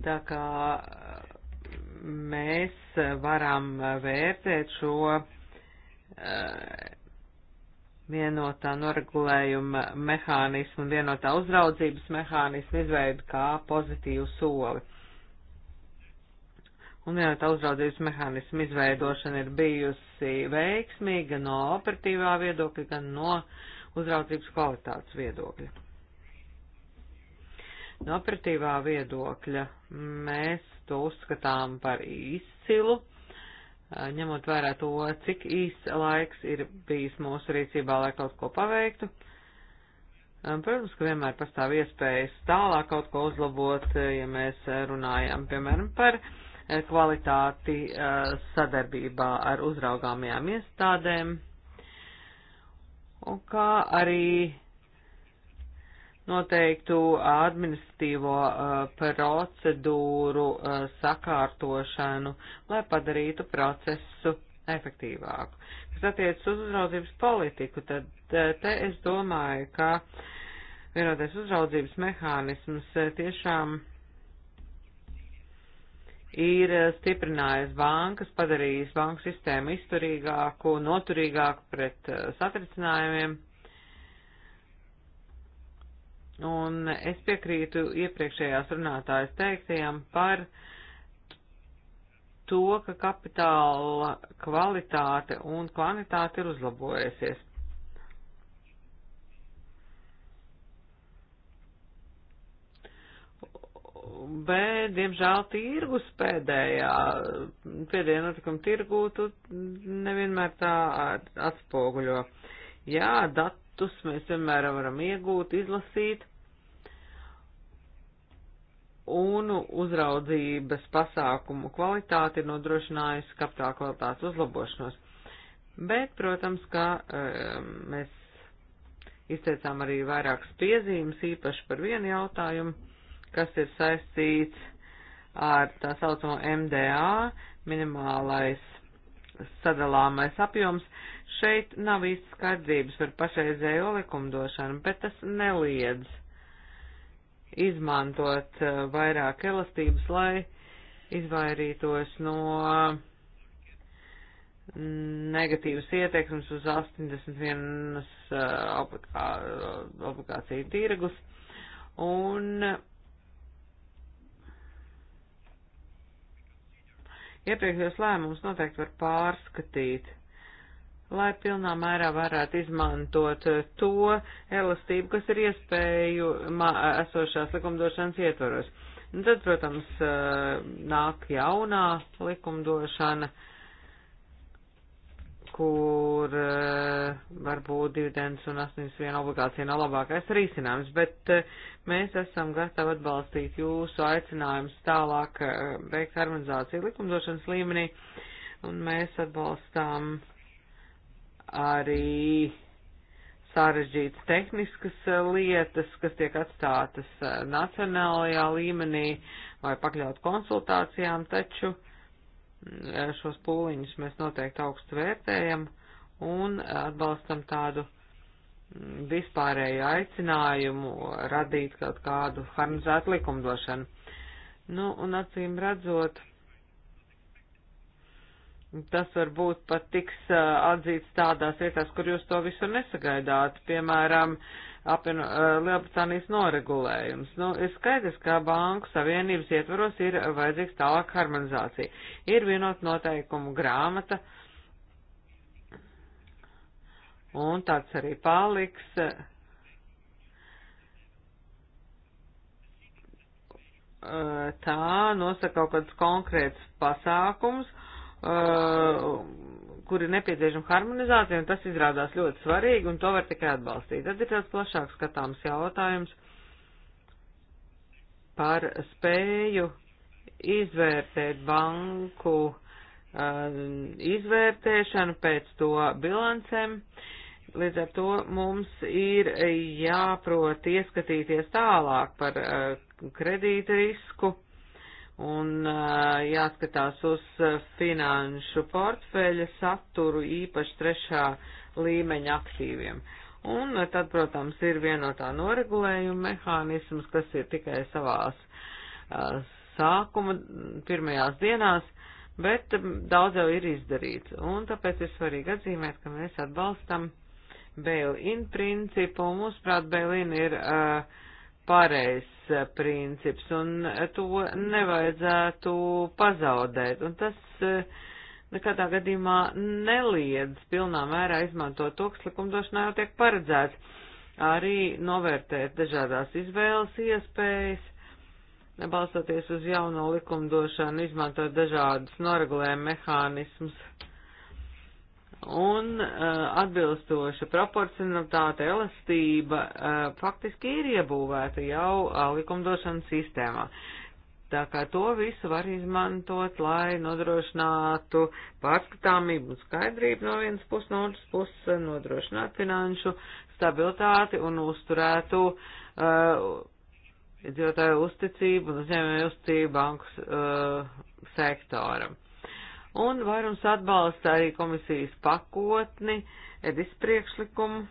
tā kā mēs varam vērtēt šo eh, vienotā noregulējuma mehānismu un vienotā uzraudzības mehānismu izveidu kā pozitīvu soli un jā, tā uzraudzības mehānismu izveidošana ir bijusi veiksmīga no operatīvā viedokļa, gan no uzraudzības kvalitātes viedokļa. No operatīvā viedokļa mēs to uzskatām par izcilu, ņemot vērā to, cik īsts laiks ir bijis mūsu rīcībā, lai kaut ko paveiktu. Protams, ka vienmēr pastāv iespējas tālāk kaut ko uzlabot, ja mēs runājam, piemēram, par uh, kvalitāti eh, sadarbībā ar uzraugāmajām iestādēm, un kā arī noteiktu administratīvo eh, procedūru eh, sakārtošanu, lai padarītu procesu efektīvāku. Kas attiecas uz uzraudzības politiku, tad te es domāju, ka vienoties uzraudzības mehānisms tiešām ir eh, stiprinājusi bankas, padarījusi banku sistēmu izturīgāku, noturīgāku pret eh, satricinājumiem. Un es piekrītu iepriekšējās runātājas teiktajam par to, ka kapitāla kvalitāte un kvantitāte ir uzlabojusies. bet, diemžēl, tirgus pēdējā, pēdējā notikuma tirgū tu nevienmēr tā atspoguļo. Jā, datus mēs vienmēr varam iegūt, izlasīt, un uzraudzības pasākumu kvalitāte ir nodrošinājusi kapitāla kvalitātes uzlabošanos. Bet, protams, kā ehm, mēs izteicām arī vairākas piezīmes, īpaši par vienu jautājumu kas ir saistīts ar tā saucamo MDA, minimālais sadalāmais apjoms. Šeit nav īsti skaidrības par pašreizējo likumdošanu, bet tas neliedz izmantot uh, vairāk elastības, lai izvairītos no negatīvas ietekmes uz 81 uh, obligāciju tirgus. Un Iepriekšējos lēmumus noteikti var pārskatīt, lai pilnā mērā varētu izmantot to elastību, kas ir iespēju esošās likumdošanas ietvaros. Un tad, protams, nāk jaunā likumdošana, uh, kur eh, varbūt dividends un 81 obligācija nav labākais risinājums, bet eh, mēs esam gatavi atbalstīt jūsu aicinājumus tālāk eh, veikt harmonizāciju likumdošanas līmenī, un mēs atbalstām arī sarežģītas tehniskas lietas, kas tiek atstātas nacionālajā līmenī vai pakļaut konsultācijām, taču Eh, šos pūliņus mēs noteikti augstu vērtējam un atbalstam tādu mm, vispārēju aicinājumu radīt kaut kādu harmonizētu likumdošanu. Nu, un acīm redzot, tas varbūt pat tiks eh, atzīts tādās vietās, kur jūs to visu nesagaidāt. Piemēram, uh, apvieno eh, Lielbritānijas noregulējums. Nu, ir skaidrs, ka Banku Savienības ietvaros ir vajadzīgs tālāk harmonizācija. Ir vienot noteikumu grāmata, un tāds arī paliks. Eh, tā nosaka kaut kāds konkrēts pasākums, eh, kur ir nepieciešama harmonizācija, un tas izrādās ļoti svarīgi, un to var tikai atbalstīt. Tad ir tāds plašāks skatāms jautājums par spēju izvērtēt banku uh, izvērtēšanu pēc to bilancēm. Līdz ar to mums ir jāprot ieskatīties tālāk par uh, kredīta risku un jāskatās uz finanšu portfeļa saturu īpaši trešā līmeņa aktīviem. Un tad, protams, ir vienotā noregulējuma mehānisms, kas ir tikai savās sākuma pirmajās dienās, bet daudz jau ir izdarīts. Un tāpēc ir svarīgi atzīmēt, ka mēs atbalstam bail-in principu, un mūsuprāt, bail-in ir uh, pareizs Eh, princips, un eh, to nevajadzētu pazaudēt. Un tas eh, nekādā gadījumā neliedz pilnā mērā izmantot to, kas likumdošanā jau tiek paredzēts, arī novērtēt dažādās izvēles iespējas, nebalstoties uz jauno likumdošanu, izmantot dažādus noregulējumu mehānismus un uh, atbilstoša proporcionalitāte, elastība uh, faktiski ir iebūvēta jau uh, likumdošanas sistēmā. Tā kā to visu var izmantot, lai nodrošinātu pārskatāmību un skaidrību no vienas puses, no otras puses, nodrošinātu finanšu stabilitāti un uzturētu uh, iedzīvotāju uzticību un uzņēmēju uzticību banku uh, sektoram un vairums atbalsta arī komisijas pakotni, Edis priekšlikumu.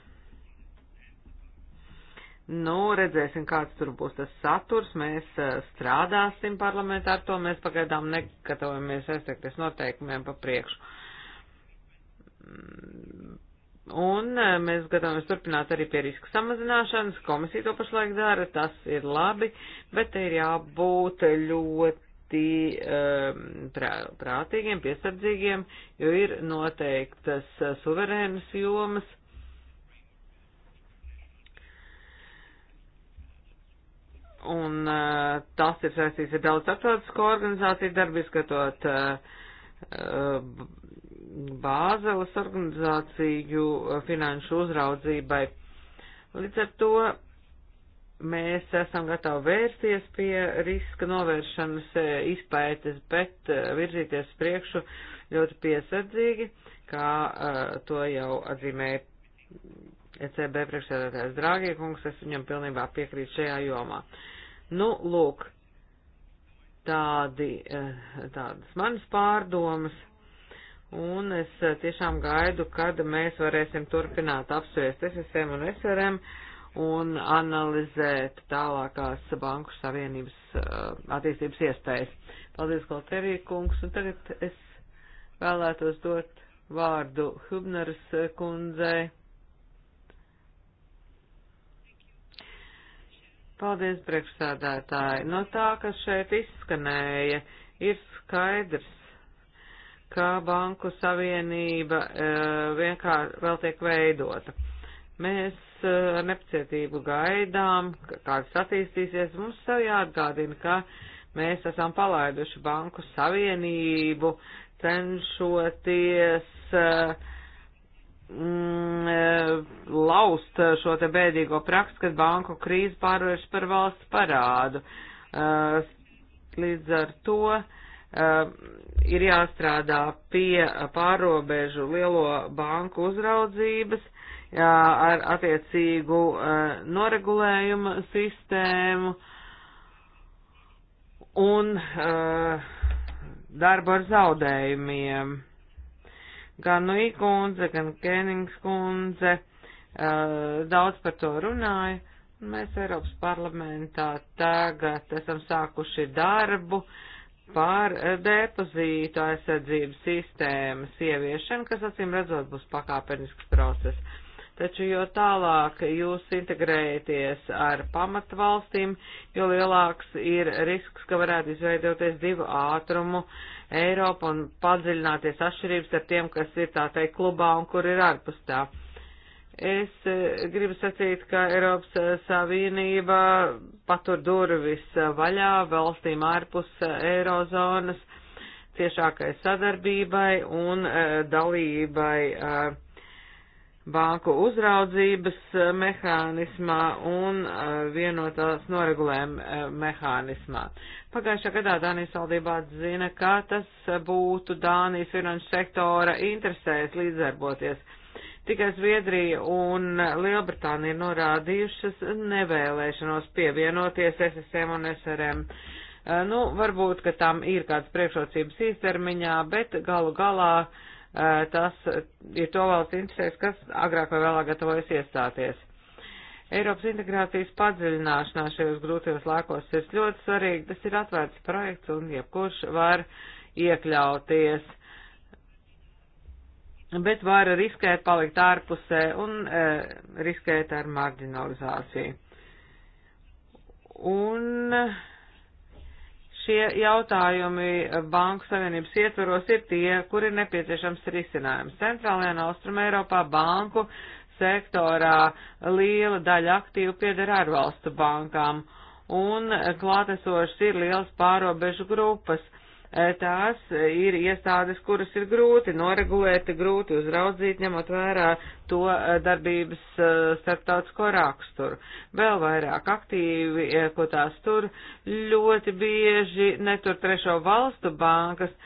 Nu, redzēsim, kāds tur būs tas saturs, mēs eh, strādāsim parlamentā ar to, mēs pagaidām nekatavojamies aizsekties noteikumiem pa priekšu. Un eh, mēs gatavamies turpināt arī pie riska samazināšanas, komisija to pašlaik dara, tas ir labi, bet te ir jābūt ļoti ļoti ehm, prā, prātīgiem, piesardzīgiem, jo ir noteiktas eh, suverēnas jomas. Un eh, tas ir saistīts ar daudz starptautisko organizāciju darbu, izskatot eh, Bāzeles organizāciju finanšu uzraudzībai. Līdz ar to mēs esam gatavi vērsties pie riska novēršanas e, izpētes, bet e, virzīties priekšu ļoti piesardzīgi, kā e, to jau atzīmēja ECB priekšsēdētājs Drāgie kungs, es viņam pilnībā piekrītu šajā jomā. Nu, lūk, tādi, tādas manas pārdomas, un es tiešām gaidu, kad mēs varēsim turpināt apspriest SSM un SRM. Es un analizēt tālākās Banku Savienības uh, attīstības iespējas. Paldies, Kalterija kungs, un tagad es vēlētos dot vārdu Hubneras uh, kundzei. Paldies, priekšsēdētāji. No tā, kas šeit izskanēja, ir skaidrs, ka Banku Savienība uh, vienkārši vēl tiek veidota. Mēs Eh, ar nepacietību gaidām, kā tas attīstīsies. Mums sev jāatgādina, ka mēs esam palaiduši banku savienību, cenšoties eh, mm, eh, laust šo te bēdīgo praksu, kad banku krīzi pārvērš par valsts parādu. Līdz ar to ir jāstrādā pie pārobežu lielo banku uzraudzības, jā, ar attiecīgu uh, noregulējumu sistēmu un uh, darbu ar zaudējumiem. Gan Nui kundze, gan Kēnings kundze uh, daudz par to runāja. Mēs Eiropas parlamentā tagad esam sākuši darbu par depozītu aizsardzības sistēmas ieviešanu, kas acīm redzot būs pakāpenisks process taču jo tālāk jūs integrējaties ar pamatvalstīm, jo lielāks ir risks, ka varētu izveidoties divu ātrumu Eiropa un padziļināties atšķirības ar tiem, kas ir tā teikt klubā un kur ir ārpus tā. Es e, gribu sacīt, ka Eiropas e, Savienība patur durvis vaļā valstīm ārpus e, Eirozonas ciešākai sadarbībai un dalībai. Uh, banku uzraudzības eh, mehānismā un eh, vienotās noregulējuma eh, mehānismā. Pagājušā gadā Dānijas valdībā atzina, ka tas būtu Dānijas finanšu sektora interesēs līdzdarboties. Tikai Zviedrija un Lielbritānija ir norādījušas nevēlēšanos pievienoties SSM un SRM. Nu, varbūt, ka tam ir kāds priekšrocības īstermiņā, bet galu galā uh, tas ir to valsts interesēs, kas agrāk vai vēlāk gatavojas iestāties. Eiropas integrācijas padziļināšanā šajos grūtajos laikos ir ļoti svarīgi. Tas ir atvērts projekts un jebkurš var iekļauties, bet var riskēt palikt ārpusē un e, riskēt ar marginalizāciju. Un Šie jautājumi Banku Savienības ietvaros ir tie, kur ir nepieciešams risinājums. Centrālajā un Austrum Eiropā banku sektorā liela daļa aktīvu pieder ārvalstu bankām, un klātesošas ir lielas pārobežu grupas – Eh, tās ir iestādes, kuras ir grūti noregulēt, grūti uzraudzīt, ņemot vērā to eh, darbības eh, starptautisko raksturu. Vēl vairāk aktīvi, ko tās tur ļoti bieži netur trešo valstu bankas,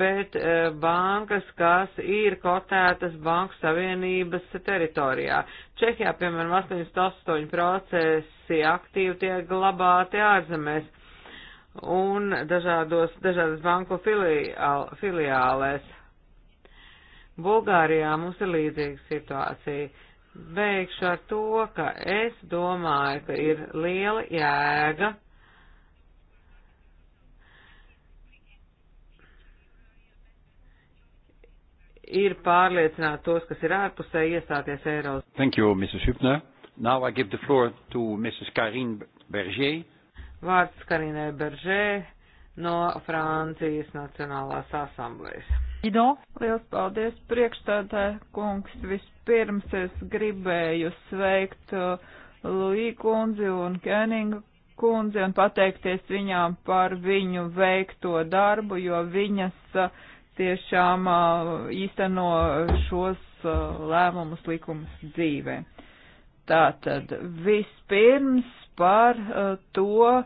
bet bankas, kas ir kotētas Banku Savienības teritorijā. Čehijā, piemēram, 88% aktīvi tiek glabāti ārzemēs un dažādos, dažādas banku filiāl, filiālēs. Bulgārijā mums ir līdzīga situācija. Beigšu ar to, ka es domāju, ka ir liela jēga ir pārliecināt tos, kas ir ārpusē iestāties Eiros. Thank you, Mrs. Hübner. Now I give the floor to Mrs. Karine Berger Vārds Karinai Beržē no Francijas Nacionālās asamblejas. Ido, liels paldies priekšstādē, kungs. Vispirms es gribēju sveikt uh, Luī kundzi un Keninga kundzi un pateikties viņām par viņu veikto darbu, jo viņas uh, tiešām uh, īsteno šos lēmumus likumus dzīvē. Tātad vispirms par uh, to,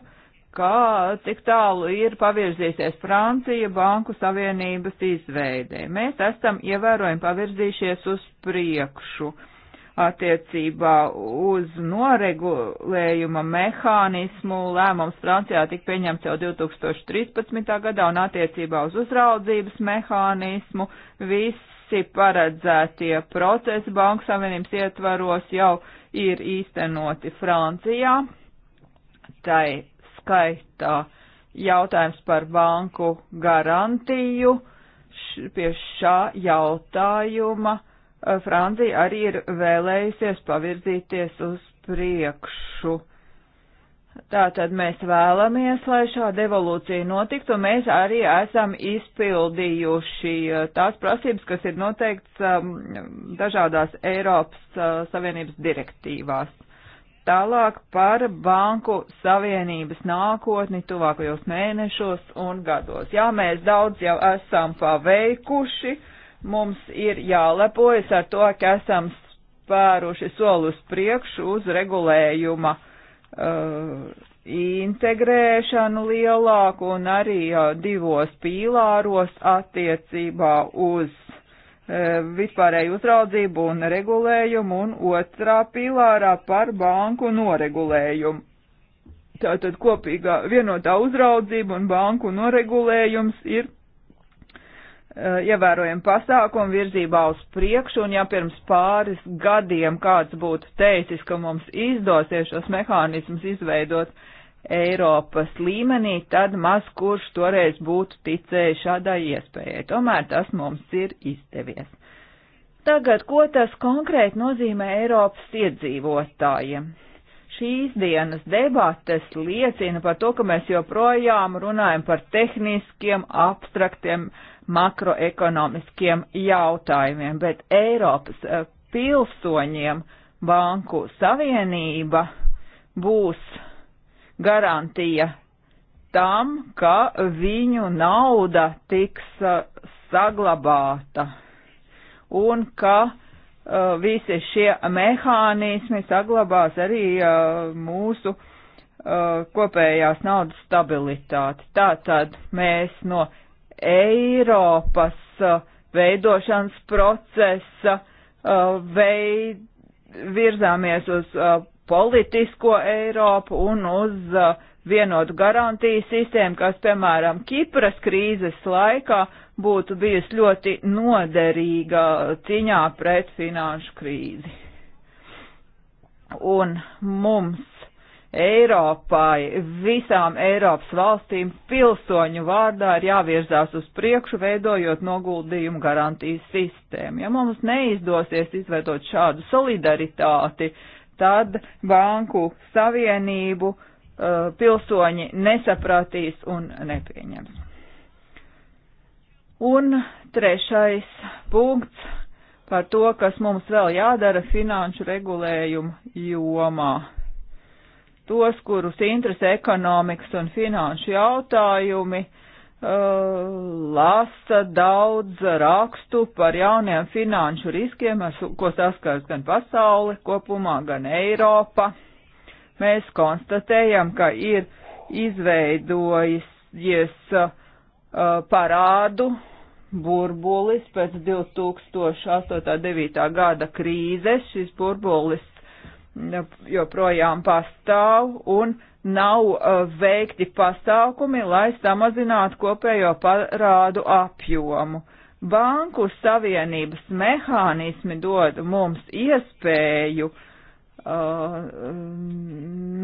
kā cik tālu ir pavirzīsies Francija Banku Savienības izveidē. Mēs esam ievērojami pavirzījušies uz priekšu attiecībā uz noregulējuma mehānismu. Lēmums Francijā tika pieņemts jau 2013. gadā un attiecībā uz uzraudzības mehānismu visi paredzētie procesi Banku Savienības ietvaros jau ir īstenoti Francijā, tai skaitā jautājums par banku garantiju. Pie šā jautājuma eh, Francija arī ir vēlējusies pavirzīties uz priekšu. Uh, Tātad mēs vēlamies, lai šāda evolūcija notiktu, un mēs arī esam izpildījuši uh, tās prasības, kas ir noteikts um, dažādās Eiropas uh, Savienības direktīvās. Tālāk par Banku Savienības nākotni tuvākajos mēnešos un gados. Jā, mēs daudz jau esam paveikuši, mums ir jālepojas ar to, ka esam spēruši solus priekšu uz regulējuma uh, Uh, integrēšanu lielāku un arī divos pīlāros attiecībā uz uh, vispārēju uzraudzību un regulējumu un otrā pīlārā par banku noregulējumu. Tātad kopīgā vienotā uzraudzība un banku noregulējums ir Eh, ievērojami pasākumi virzībā uz priekšu, un ja pirms pāris gadiem kāds būtu teicis, ka mums izdosies šos mehānismus izveidot Eiropas līmenī, tad maz kurš toreiz būtu ticējis šādai iespējai. Tomēr tas mums ir izdevies. Tagad, ko tas konkrēti nozīmē Eiropas iedzīvotājiem? šīs dienas debates liecina par to, ka mēs joprojām runājam par tehniskiem, abstraktiem makroekonomiskiem jautājumiem, bet Eiropas eh, pilsoņiem banku savienība būs garantija tam, ka viņu nauda tiks eh, saglabāta un ka uh, visi šie mehānismi saglabās arī uh, mūsu uh, kopējās naudas stabilitāti. Tātad mēs no Eiropas uh, veidošanas procesa uh, veid, virzāmies uz uh, politisko Eiropu un uz vienotu garantiju sistēmu, kas, piemēram, Kipras krīzes laikā būtu bijusi ļoti noderīga cīņā pret finanšu krīzi. Un mums Eiropai, visām Eiropas valstīm pilsoņu vārdā ir jāvirzās uz priekšu, veidojot noguldījumu garantijas sistēmu. Ja mums neizdosies izveidot šādu solidaritāti, tad banku savienību uh, pilsoņi nesapratīs un nepieņems. Un trešais punkts par to, kas mums vēl jādara finanšu regulējumu jomā tos, kurus interesē ekonomikas un finanšu jautājumi, uh, lasa daudz rakstu par jauniem finanšu riskiem, ar ko saskars gan pasauli kopumā, gan Eiropa. Mēs konstatējam, ka ir izveidojies uh, parādu burbulis pēc 2008.9. gada krīzes. Šis burbulis joprojām pastāv un nav uh, veikti pasākumi, lai samazinātu kopējo parādu apjomu. Banku savienības mehānismi dod mums iespēju uh,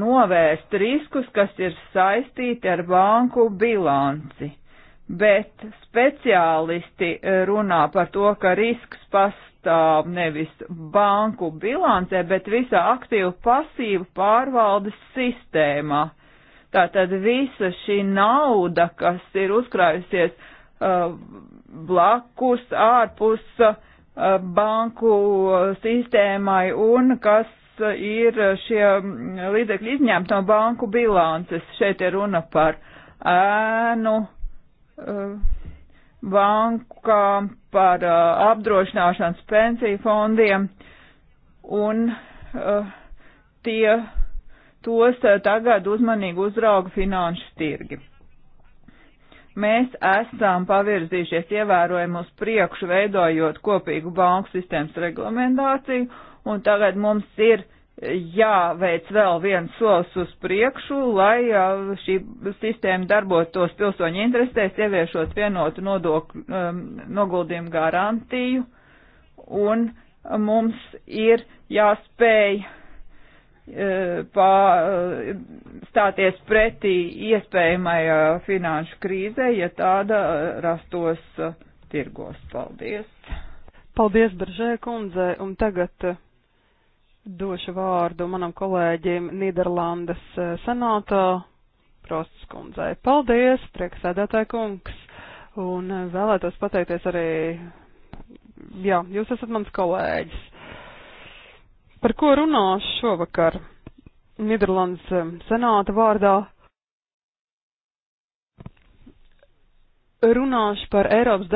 novērst riskus, kas ir saistīti ar banku bilanci. Bet speciālisti runā par to, ka risks pastāv pastāv nevis banku bilancē, bet visā aktīvu pasīvu pārvaldes sistēmā. Tātad visa šī nauda, kas ir uzkrājusies uh, blakus, ārpus uh, banku sistēmai un kas ir šie līdzekļi izņemti no banku bilances. Šeit ir runa par ēnu. Uh, bankām, par uh, apdrošināšanas pensiju fondiem un uh, tie tos uh, tagad uzmanīgi uzrauga finanšu tirgi. Mēs esam pavirzījušies ievērojami uz priekšu, veidojot kopīgu banku sistēmas reglamentāciju, un tagad mums ir jāveic vēl viens solis uz priekšu, lai šī sistēma darbotos pilsoņu interesēs, ieviešot vienotu nodokļu um, noguldījumu garantiju, un mums ir jāspēj uh, pā, uh, stāties pretī iespējamai uh, finanšu krīzē, ja tāda rastos tirgos. Paldies! Paldies, Beržē kundze, un tagad Došu vārdu manam kolēģim Nīderlandes eh, senātā, Prostas kundzei. Paldies, prieksēdētāji kungs, un eh, vēlētos pateikties arī, jā, jūs esat mans kolēģis. Par ko runāšu šovakar? Nīderlandes eh, senāta vārdā runāšu par Eiropas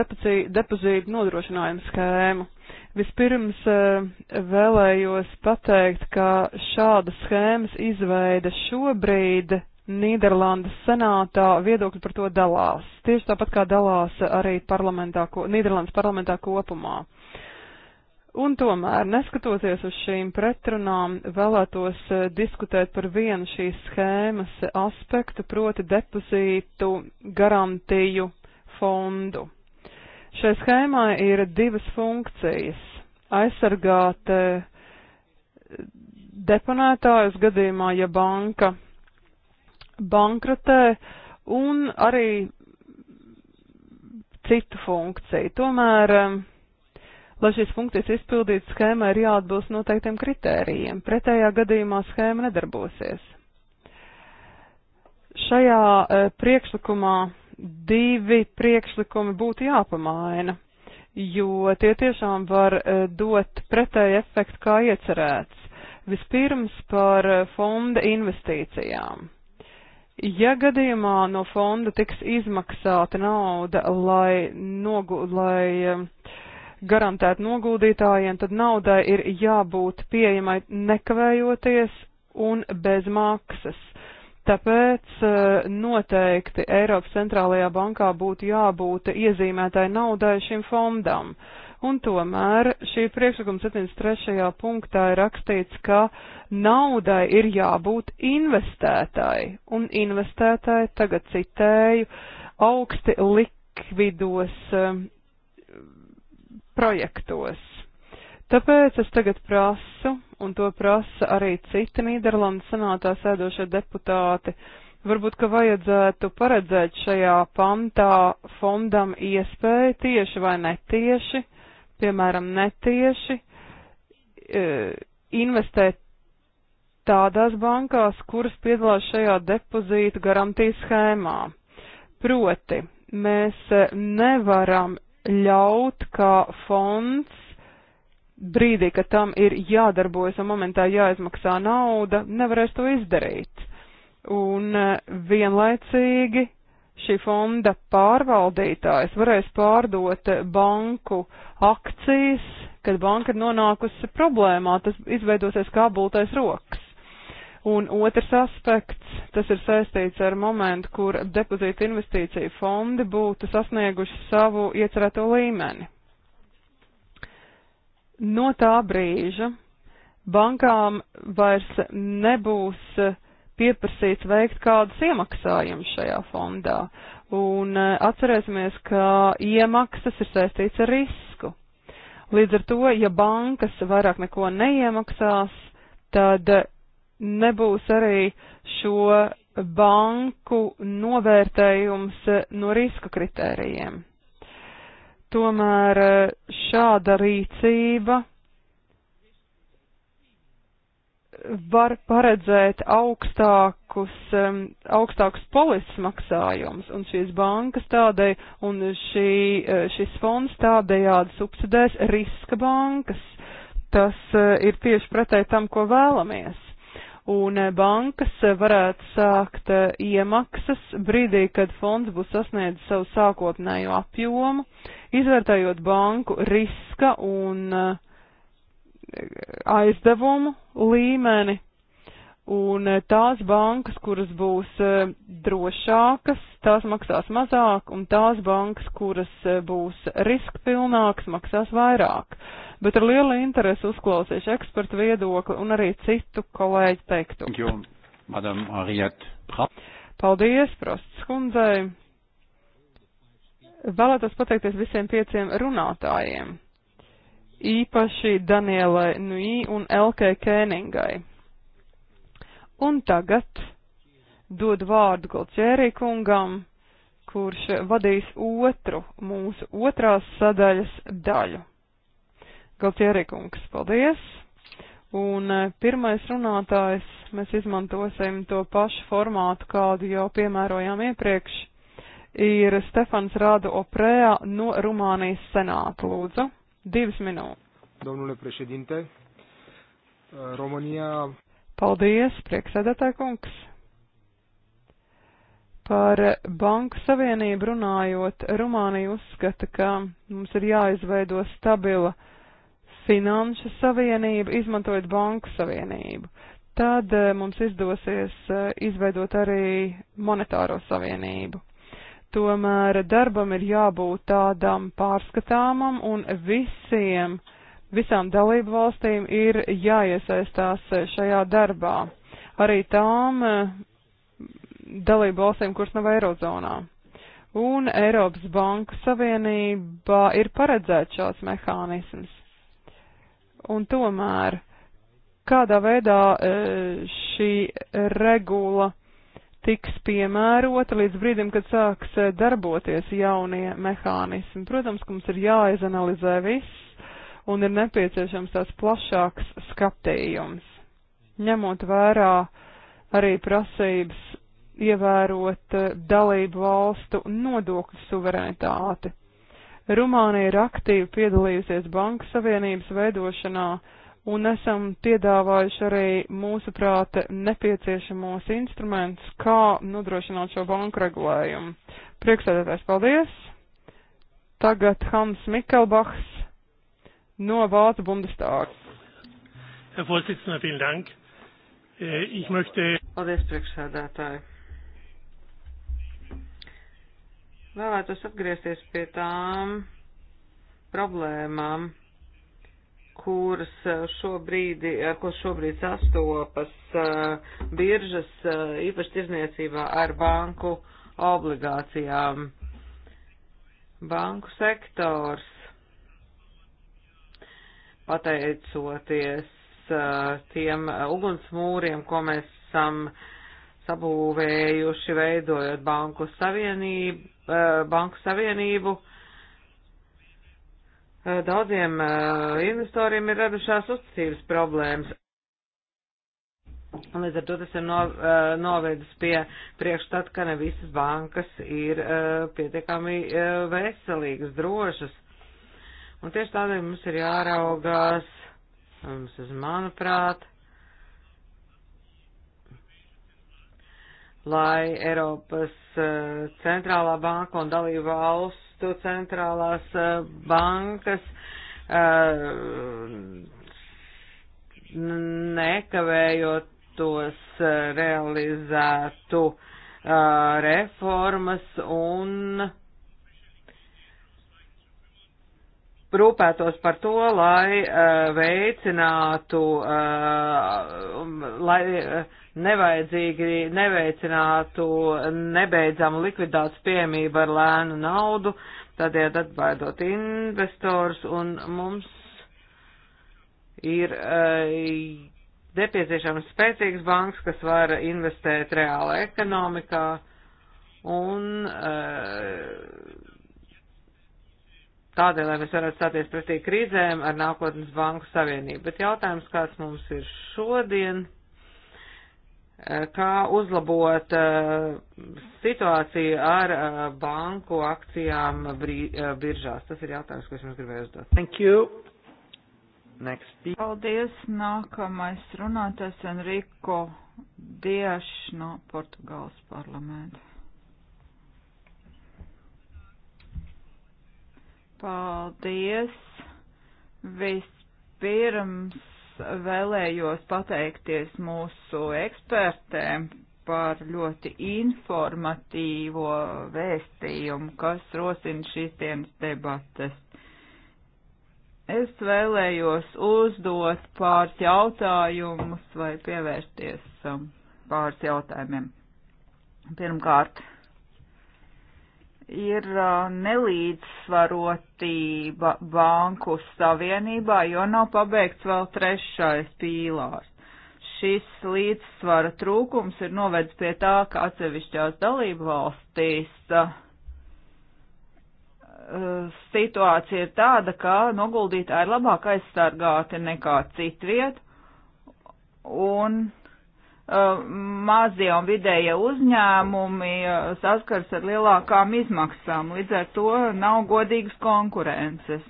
depozītu nodrošinājumu schēmu. Vispirms eh, vēlējos pateikt, ka šāda schēmas izveida šobrīd Nīderlandes senātā viedokļi par to dalās. Tieši tāpat kā dalās arī parlamentā, Nīderlandes parlamentā kopumā. Un tomēr, neskatoties uz šīm pretrunām, vēlētos eh, diskutēt par vienu šīs schēmas aspektu, proti depozītu garantiju fondu. Šai schēmai ir divas funkcijas - aizsargāt e, deponētājus gadījumā, ja banka bankrotē, un arī citu funkciju. Tomēr, e, lai šīs funkcijas izpildītu, schēmai ir jāatbilst noteiktiem kritērijiem. Pretējā gadījumā schēma nedarbosies. Šajā e, priekšlikumā divi priekšlikumi būtu jāpamaina, jo tie tiešām var e, dot pretēju efektu kā iecerēts. Vispirms par e, fonda investīcijām. Ja gadījumā no fonda tiks izmaksāta nauda, lai, nogu, lai e, garantētu noguldītājiem, tad naudai ir jābūt pieejamai nekavējoties un bez maksas. Tāpēc eh, noteikti Eiropas centrālajā bankā būtu jābūt iezīmētai naudai šim fondam. Un tomēr šī priekšlikuma 73. punktā ir rakstīts, ka naudai ir jābūt investētai. Un investētai, tagad citēju, augsti likvidos eh, projektos. Tāpēc es tagad prasu, un to prasa arī citi Nīderlandes senātā sēdošie deputāti, varbūt, ka vajadzētu paredzēt šajā pantā fondam iespēju tieši vai netieši, piemēram, netieši, e, investēt tādās bankās, kuras piedalās šajā depozītu garantijas schēmā. Proti, mēs nevaram ļaut, kā fonds brīdī, kad tam ir jādarbojas un momentā jāizmaksā nauda, nevarēs to izdarīt. Un e, vienlaicīgi šī fonda pārvaldītājs varēs pārdot banku akcijas, kad banka ir nonākusi problēmā, tas izveidosies kā bultais rokas. Un otrs aspekts, tas ir saistīts ar momentu, kur depozīta investīcija fondi būtu sasnieguši savu iecerēto līmeni no tā brīža bankām vairs nebūs pieprasīts veikt kādus iemaksājumus šajā fondā. Un e, atcerēsimies, ka iemaksas ir saistīts ar risku. Līdz ar to, ja bankas vairāk neko neiemaksās, tad nebūs arī šo banku novērtējums no riska kritērijiem. Tomēr eh, šāda rīcība var paredzēt augstākus, um, augstākus polises maksājumus, un šīs bankas tādai, un šī, eh, šis fonds tādējādi subsidēs riska bankas. Tas uh, ir tieši pretēji tam, ko vēlamies un eh, bankas eh, varētu sākt eh, iemaksas brīdī, kad fonds būs sasniedzis savu sākotnējo apjomu, izvērtējot banku riska un aizdevumu līmeni. Un tās bankas, kuras būs drošākas, tās maksās mazāk, un tās bankas, kuras būs riskpilnākas, maksās vairāk. Uh, bet ar lielu interesi uzklausīšu ekspertu viedokli un arī citu kolēģu teiktu. Jo, madam, Paldies, prosts kundzei. Vēlētos pateikties visiem pieciem runātājiem, īpaši Danielai Nui un Elkai Kēningai. Un tagad dod vārdu Golčērī kungam, kurš vadīs otru mūsu otrās sadaļas daļu. Galtierikungs, paldies! Un eh, pirmais runātājs mēs izmantosim to pašu formātu, kādu jau piemērojām iepriekš, ir Stefans Rādu Oprēja no Rumānijas senāta. Lūdzu, divas minūtes. Domnule președinte, eh, România. Paldies, prieksēdētāj kungs. Par Banku Savienību runājot, Rumānija uzskata, ka mums ir jāizveido stabila finanšu savienību, izmantojot banku savienību. Tad eh, mums izdosies eh, izveidot arī monetāro savienību. Tomēr darbam ir jābūt tādam pārskatāmam un visiem, visām dalību valstīm ir jāiesaistās eh, šajā darbā. Arī tām dalību valstīm, kuras nav Eirozonā un Eiropas Banku Savienībā ir paredzēts šāds mehānisms. Un tomēr, kādā veidā e, šī regula tiks piemērota līdz brīdim, kad sāks e, darboties jaunie mehānismi. Protams, ka mums ir jāizanalizē viss un ir nepieciešams tās plašāks skatījums, ņemot vērā arī prasības ievērot e, dalību valstu nodokļu suverenitāti. Rumānija ir aktīvi piedalījusies Banku Savienības veidošanā un esam piedāvājuši arī mūsu prāta nepieciešamos instrumentus, kā nodrošināt šo banku regulējumu. Priekšsēdētājs, paldies! Tagad Hans Mikelbachs no Vācu Bundestāga. Herr Vorsitzender, vielen Dank. Äh, ich möchte. Paldies, priekšsēdētāji. Vēlētos atgriezties pie tām problēmām, kuras šobrīd, ko šobrīd sastopas eh, biržas, eh, īpaši tirzniecībā ar banku obligācijām. Banku sektors, pateicoties eh, tiem ugunsmūriem, ko mēs esam uh, sabūvējuši, veidojot banku savienību, eh, banku savienību. Eh, daudziem eh, investoriem ir radušās uzticības problēmas. Un līdz ar to tas ir no, novedis pie priekšstata, ka ne visas bankas ir pietiekami veselīgas, drošas. Un tieši tādēļ mums ir jāraugās, mums, manuprāt, lai Eiropas eh, centrālā banka un dalību valstu centrālās eh, bankas eh, nekavējotos realizētu reformas un rūpētos par to, lai veicinātu, lai nevajadzīgi neveicinātu nebeidzamu likvidācijas piemību ar lēnu naudu, tādējādi atbaidot investors, un mums ir eh, nepieciešams spēcīgs banks, kas var investēt reāla ekonomikā, un eh, tādēļ, lai mēs varētu stāties pretī krīzēm ar nākotnes banku savienību. Bet jautājums, kāds mums ir šodien, Eh, kā uzlabot eh, situāciju ar eh, banku akcijām biržās. Tas ir jautājums, ko es jums gribēju uzdot. Thank you. Next speaker. Paldies. Nākamais runātājs Enrico Dieš no Portugāles parlamenta. Paldies. Vispirms vēlējos pateikties mūsu ekspertēm par ļoti informatīvo vēstījumu, kas rosina šīs dienas debates. Es vēlējos uzdot pāris jautājumus vai pievērsties um, pāris jautājumiem. Pirmkārt, ir nelīdzsvarotība banku savienībā, jo nav pabeigts vēl trešais pīlārs. Šis līdzsvara trūkums ir novedis pie tā, ka atsevišķās dalību valstīs situācija ir tāda, ka noguldītāji ir labāk aizsargāti nekā citviet, un Uh, mazie un vidējie uzņēmumi uh, saskars ar lielākām izmaksām, līdz ar to nav godīgas konkurences.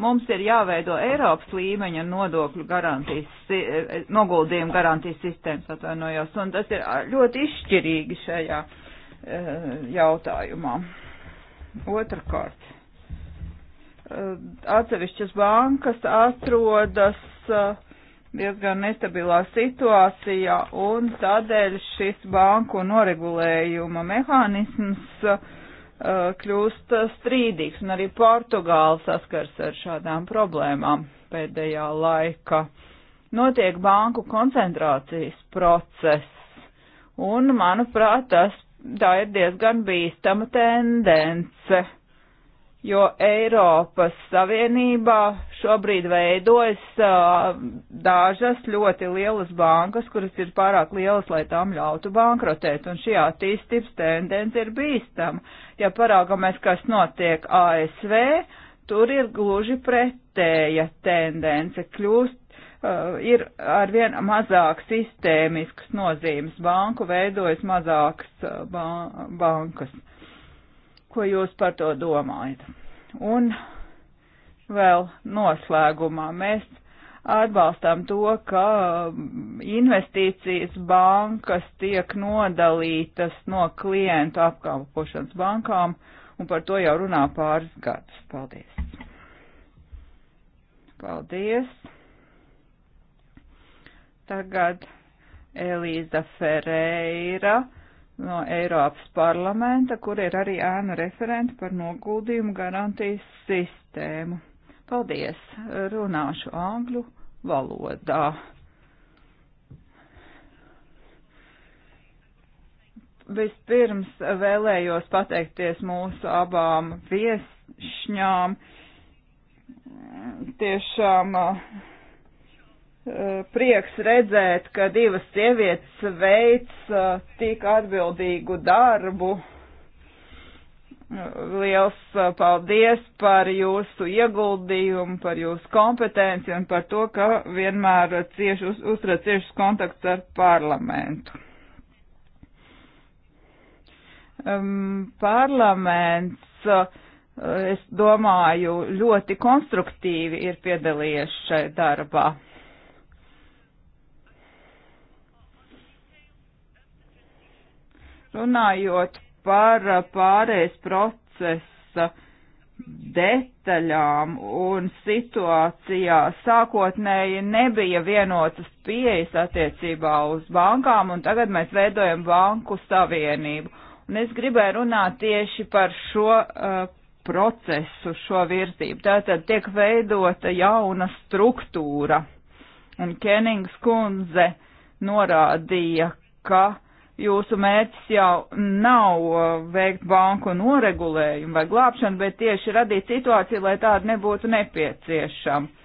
Mums ir jāveido Eiropas līmeņa nodokļu garantijas, eh, noguldījumu garantijas sistēmas, atvainojos, un tas ir ļoti izšķirīgi šajā eh, jautājumā. Otrakārt, eh, atsevišķas bankas atrodas uh, diezgan nestabilā situācijā, un tādēļ šis banku noregulējuma mehānisms uh, kļūst strīdīgs, un arī Portugāla saskars ar šādām problēmām pēdējā laika. Notiek banku koncentrācijas process, un, manuprāt, tas, tā ir diezgan bīstama tendence jo Eiropas Savienībā šobrīd veidojas uh, dažas ļoti lielas bankas, kuras ir pārāk lielas, lai tām ļautu bankrotēt, un šī attīstības tendence ir bīstama. Ja paraugamies, kas notiek ASV, tur ir gluži pretēja tendence, kļūst uh, ir arvien mazāk sistēmisks nozīmes banku, veidojas mazākas uh, ba bankas ko jūs par to domājat. Un vēl noslēgumā mēs atbalstām to, ka investīcijas bankas tiek nodalītas no klientu apkalpošanas bankām, un par to jau runā pāris gadus. Paldies! Paldies! Tagad Elīza Ferreira no Eiropas parlamenta, kur ir arī ēna referenti par noguldījumu garantijas sistēmu. Paldies! Runāšu angļu valodā. Vispirms vēlējos pateikties mūsu abām viesšņām. Tiešām uh, Eh, prieks redzēt, ka divas sievietes veic eh, tik atbildīgu darbu. Eh, liels paldies par jūsu ieguldījumu, par jūsu kompetenci un par to, ka vienmēr cieši uz, uzturēt ciešus kontaktus ar parlamentu. Um, parlaments uh, es domāju, ļoti konstruktīvi ir piedalījies šai darbā. Runājot par uh, pārējais procesa detaļām un situācijā sākotnēji nebija vienotas pieejas attiecībā uz bankām, un tagad mēs veidojam banku savienību. Un es gribēju runāt tieši par šo uh, procesu, šo virzību. Tātad tiek veidota jauna struktūra, un Kenings kundze norādīja, ka jūsu mērķis jau nav uh, veikt banku noregulējumu vai glābšanu, bet tieši radīt situāciju, lai tāda nebūtu nepieciešama.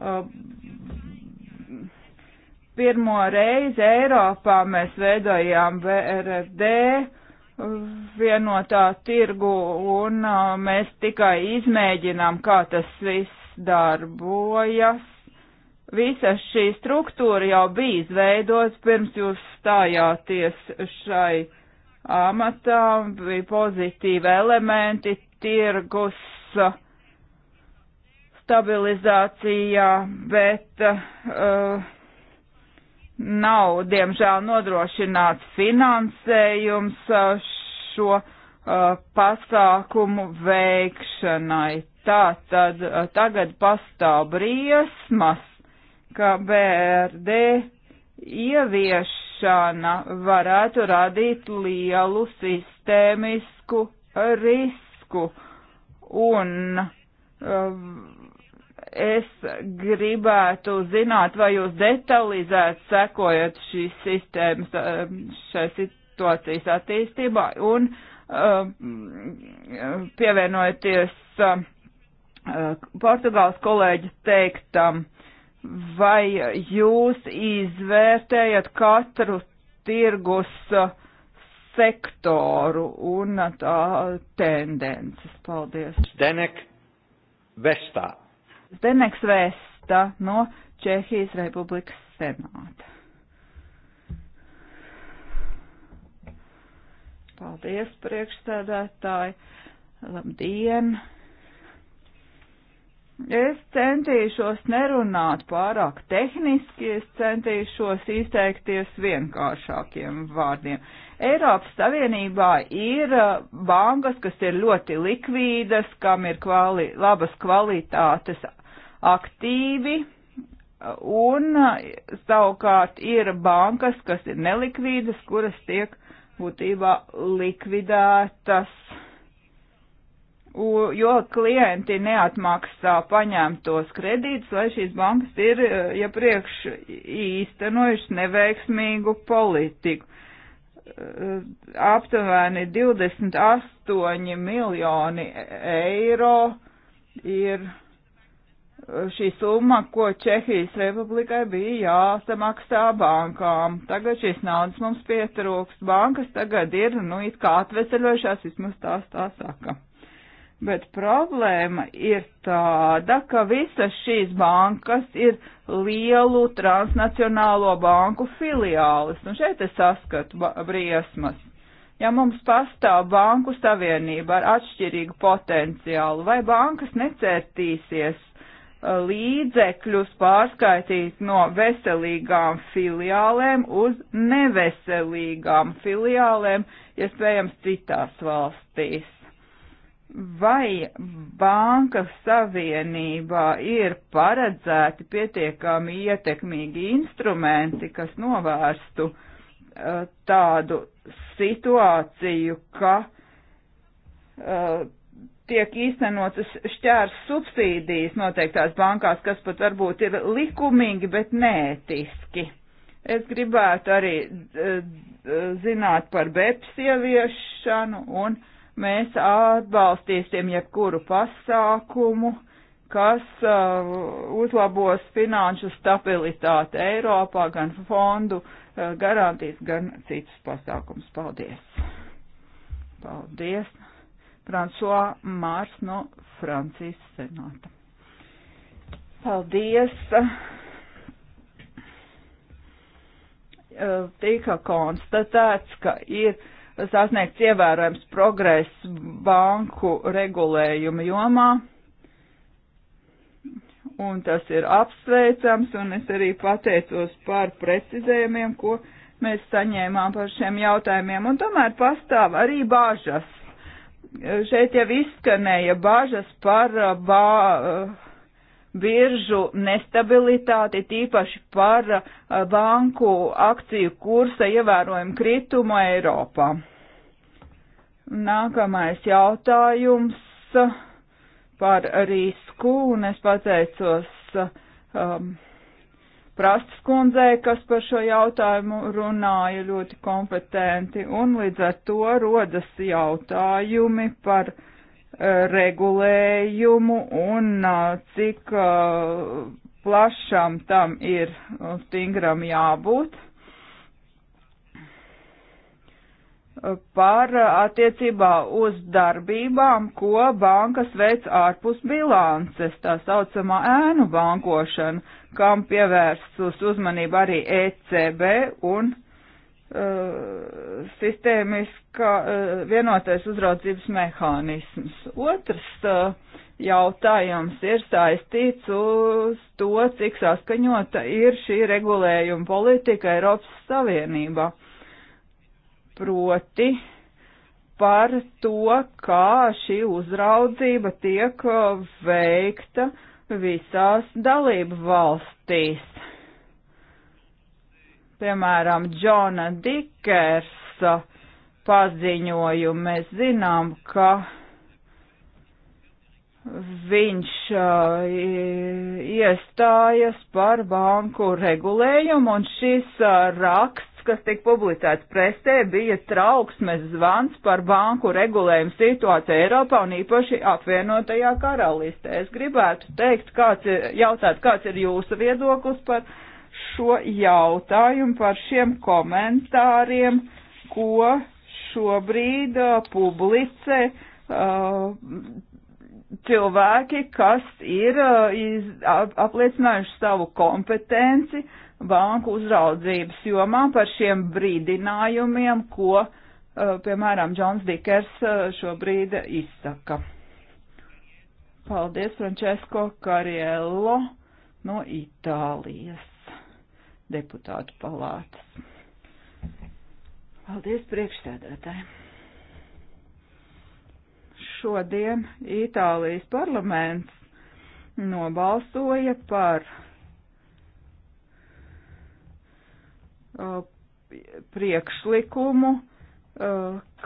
Uh, pirmo reizi Eiropā mēs veidojām VRD vienotā tirgu un uh, mēs tikai izmēģinām, kā tas viss darbojas. Visa šī struktūra jau bija izveidots pirms jūs stājāties šai amatā, bija pozitīvi elementi, tirgus, stabilizācijā, bet uh, nav, diemžēl, nodrošināts finansējums uh, šo uh, pasākumu veikšanai. Tā tad eh, tagad pastāv briesmas, ka BRD ieviešana varētu radīt lielu sistēmisku risku. Un eh, es gribētu zināt, vai jūs detalizēt sekojat šīs sistēmas, eh, šai situācijas attīstībā un pievienojaties Portugāls kolēģis teiktam, vai jūs izvērtējat katru tirgus sektoru un tā tendences? Paldies. Zdenek Vestā. Zdeneks Vesta no Čehijas Republikas Senāta. Paldies, priekšstādātāji. Labdien! Es centīšos nerunāt pārāk tehniski, es centīšos izteikties vienkāršākiem vārdiem. Eiropas Savienībā ir uh, bankas, kas ir ļoti likvīdas, kam ir kvali, labas kvalitātes aktīvi, un uh, savukārt ir bankas, kas ir nelikvīdas, kuras tiek būtībā likvidētas jo klienti neatmaksā paņemtos kredītus, vai šīs bankas ir e, iepriekš ja īstenojušas neveiksmīgu politiku. E, aptuveni 28 miljoni eiro ir e, šī summa, ko Čehijas republikai bija jāsamaksā bankām. Tagad šīs naudas mums pietrūkst. Bankas tagad ir, nu, it kā atveseļojušās, vismaz tās tā saka. Bet problēma ir tāda, ka visas šīs bankas ir lielu transnacionālo banku filiālis. Un šeit es saskatu briesmas. Ja mums pastāv banku savienība ar atšķirīgu potenciālu, vai bankas necērtīsies uh, līdzekļus pārskaitīt no veselīgām filiālēm uz neveselīgām filiālēm, iespējams, ja citās valstīs? vai banka savienībā ir paredzēti pietiekami ietekmīgi instrumenti, kas novērstu uh, tādu situāciju, ka uh, tiek īstenotas šķērs subsīdijas noteiktās bankās, kas pat varbūt ir likumīgi, bet nētiski. Es gribētu arī uh, zināt par BEPS ieviešanu un uh, Mēs atbalstīsim jebkuru pasākumu, kas uh, uzlabos finanšu stabilitāti Eiropā, gan fondu uh, garantīs, gan citus pasākums. Paldies! Paldies! François Mārs no Francijas senāta. Paldies! Uh, tika konstatēts, ka ir sasniegts ievērojams progress banku regulējuma jomā, un tas ir apsveicams, un es arī pateicos par precizējumiem, ko mēs saņēmām par šiem jautājumiem, un tomēr pastāv arī bāžas. Šeit jau izskanēja bāžas par uh, bā, biržu nestabilitāti, tīpaši par eh, banku akciju kursa ievērojumu kritumu Eiropā. Nākamais jautājums par risku, un es pateicos um, Prastas kundzei, kas par šo jautājumu runāja ļoti kompetenti, un līdz ar to rodas jautājumi par risku regulējumu un cik plašam tam ir stingram jābūt par attiecībā uz darbībām, ko bankas veic ārpus bilances, tā saucamā ēnu bankošana, kam pievērsus uzmanību arī ECB un ECB Uh, sistēmiska uh, vienotais uzraudzības mehānisms. Otrs uh, jautājums ir saistīts uz to, cik saskaņota ir šī regulējuma politika Eiropas Savienībā. Proti par to, kā šī uzraudzība tiek uh, veikta visās dalību valstīs piemēram, Džona Dikersa paziņojumu, mēs zinām, ka viņš uh, iestājas par banku regulējumu, un šis uh, raksts, kas tika publicēts prestē, bija trauksmes zvans par banku regulējumu situāciju Eiropā un īpaši apvienotajā karalistē. Es gribētu teikt, kāds ir, jautāt, kāds ir jūsu viedoklis par šo jautājumu, par šiem komentāriem, ko šobrīd uh, publicē uh, cilvēki, kas ir uh, iz, apliecinājuši savu kompetenci banku uzraudzības jomā par šiem brīdinājumiem, ko, uh, piemēram, Džons Dikers uh, šobrīd izsaka. Paldies, Francesco Cariello no Itālijas deputātu palātas. Paldies priekšstādātāji! Šodien Itālijas parlaments nobalsoja par priekšlikumu,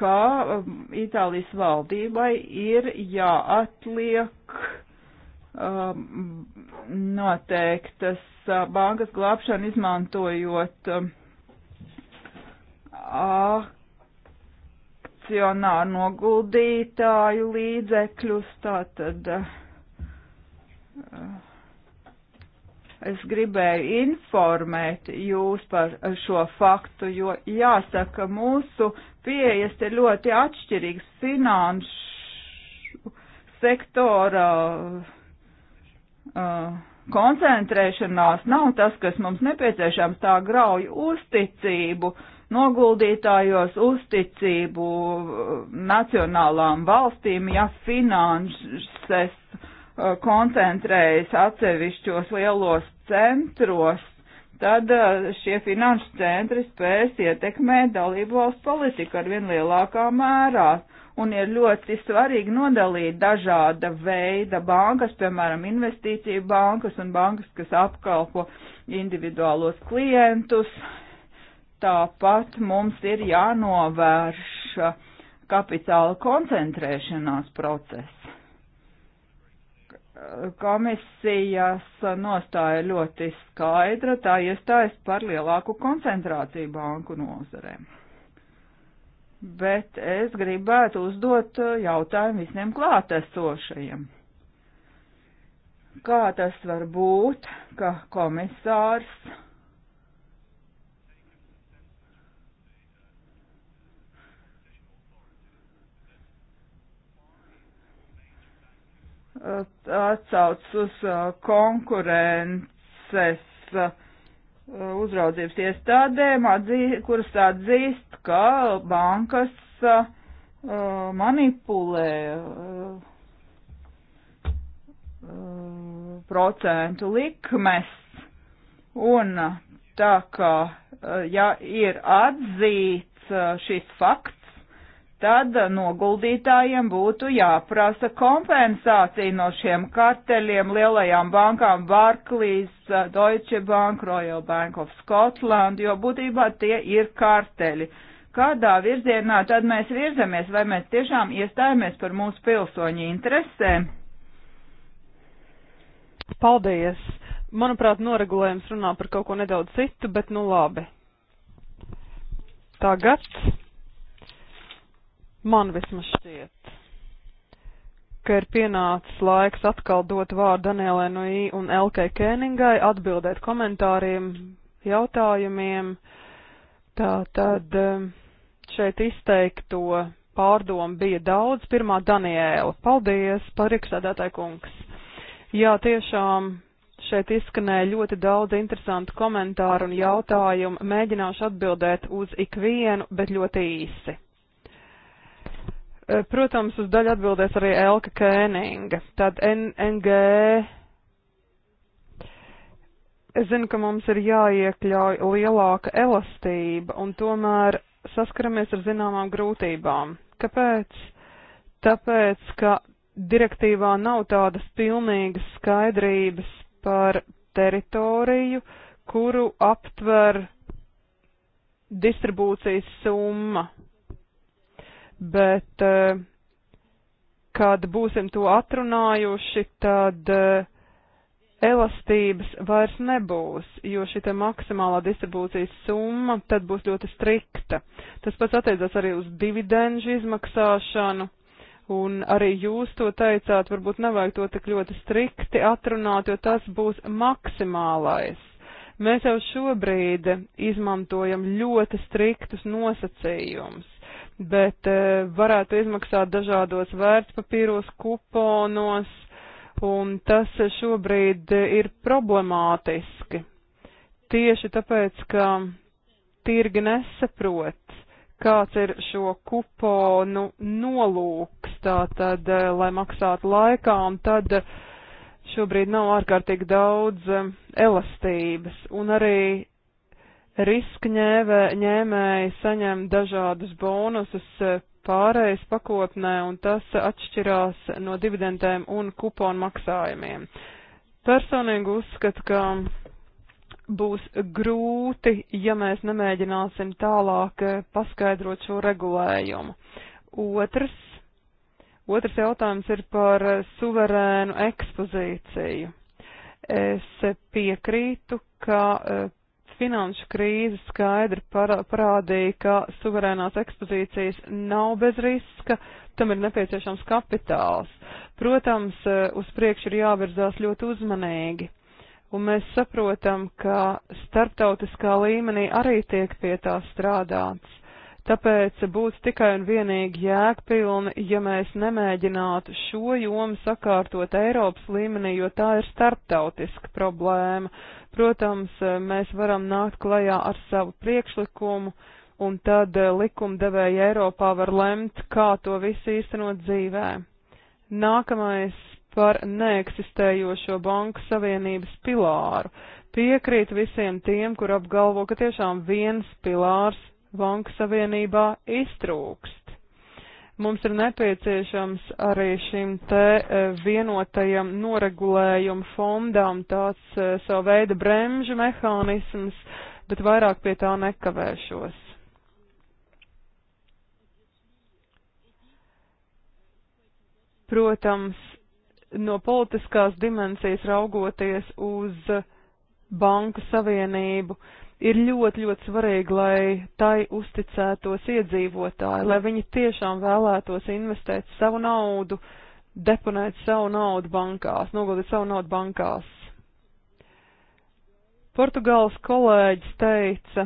ka Itālijas valdībai ir jāatliek Um, noteiktas uh, bankas glābšana izmantojot um, akcionāru noguldītāju līdzekļus. Tātad uh, es gribēju informēt jūs par šo faktu, jo jāsaka, mūsu pieejas ir ļoti atšķirīgas finanšu sektora uh, uh, koncentrēšanās nav tas, kas mums nepieciešams, tā grauj uzticību noguldītājos, uzticību uh, nacionālām valstīm, ja finanses uh, koncentrējas atsevišķos lielos centros, tad uh, šie finanšu centri spēs ietekmēt dalību valsts politiku ar vien lielākā mērā un ir ļoti svarīgi nodalīt dažāda veida bankas, piemēram, investīciju bankas un bankas, kas apkalpo individuālos klientus. Tāpat mums ir jānovērš kapitāla koncentrēšanās process. Komisijas nostāja ļoti skaidra, tā iestājas par lielāku koncentrāciju banku nozarēm bet es gribētu uzdot uh, jautājumu visiem klātesošajiem. Kā tas var būt, ka komisārs uh, atsauc uz uh, konkurences Uh, uzraudzības iestādēm, atzī, kuras atzīst, ka bankas uh, manipulē uh, uh procentu likmes un uh, tā kā, ja ir atzīts šis fakts, tad noguldītājiem būtu jāprasa kompensācija no šiem karteļiem, lielajām bankām Barclays, Deutsche Bank, Royal Bank of Scotland, jo būtībā tie ir karteļi. Kādā virzienā tad mēs virzamies, vai mēs tiešām iestājamies par mūsu pilsoņu interesēm? Paldies! Manuprāt, noregulējums runā par kaut ko nedaudz citu, bet nu labi. Tagad Man vismaz šķiet, ka ir pienācis laiks atkal dot vārdu Danielai Nui un Elkai Kēningai atbildēt komentāriem, jautājumiem. Tā tad um, šeit izteikto pārdomu bija daudz. Pirmā Daniēla. Paldies, pariksēdētāji kungs. Jā, tiešām Šeit izskanēja ļoti daudz interesantu komentāru un jautājumu. Mēģināšu atbildēt uz ikvienu, bet ļoti īsi. Eh, protams, uz daļu atbildēs arī Elka Kēninga. Tad NNG. Es zinu, ka mums ir jāiekļauj lielāka elastība, un tomēr saskaramies ar zināmām grūtībām. Kāpēc? Tāpēc, ka direktīvā nav tādas pilnīgas skaidrības par teritoriju, kuru aptver distribūcijas summa bet eh, kad būsim to atrunājuši, tad eh, elastības vairs nebūs, jo šī maksimālā distribūcijas summa tad būs ļoti strikta. Tas pats attiecas arī uz dividendžu izmaksāšanu. Un arī jūs to teicāt, varbūt nevajag to tik ļoti strikti atrunāt, jo tas būs maksimālais. Mēs jau šobrīd izmantojam ļoti striktus nosacījumus bet eh, varētu izmaksāt dažādos vērtspapīros, kuponos, un tas šobrīd ir problemātiski. Tieši tāpēc, ka tirgi nesaprot, kāds ir šo kuponu nolūks, tātad, eh, lai maksātu laikā, un tad eh, šobrīd nav ārkārtīgi daudz elastības, un arī riska ņēvē, ņēmēji saņem dažādus bonusus e, pārējais pakotnē, un tas atšķirās no dividendēm un kuponu maksājumiem. Personīgi uzskatu, ka būs grūti, ja mēs nemēģināsim tālāk e, paskaidrot šo regulējumu. Otrs, otrs jautājums ir par e, suverēnu ekspozīciju. Es piekrītu, ka Finanšu krīze skaidri parādīja, ka suverēnās ekspozīcijas nav bez riska, tam ir nepieciešams kapitāls. Protams, eh, uz priekšu ir jāvirzās ļoti uzmanīgi un mēs saprotam, ka starptautiskā līmenī arī tiek pie tā strādāts. Tāpēc būtu tikai un vienīgi jēgpilni, ja mēs nemēģinātu šo jomu sakārtot Eiropas līmenī, jo tā ir starptautiska problēma. Protams, eh, mēs varam nākt klajā ar savu priekšlikumu, un tad eh, likumdevēja Eiropā var lemt, kā to visu īstenot dzīvē. Nākamais par neeksistējošo banku savienības pilāru. Piekrīt visiem tiem, kur apgalvo, ka tiešām viens pilārs banku savienībā iztrūkst. Mums ir nepieciešams arī šim te e, vienotajam noregulējumu fondam tāds e, savu veidu bremžu mehānisms, bet vairāk pie tā nekavēšos. Protams, no politiskās dimensijas raugoties uz banku savienību, uh, ir ļoti, ļoti svarīgi, lai tai uzticētos iedzīvotāji, lai viņi tiešām vēlētos investēt savu naudu, deponēt savu naudu bankās, noguldīt savu naudu bankās. Portugāles kolēģis teica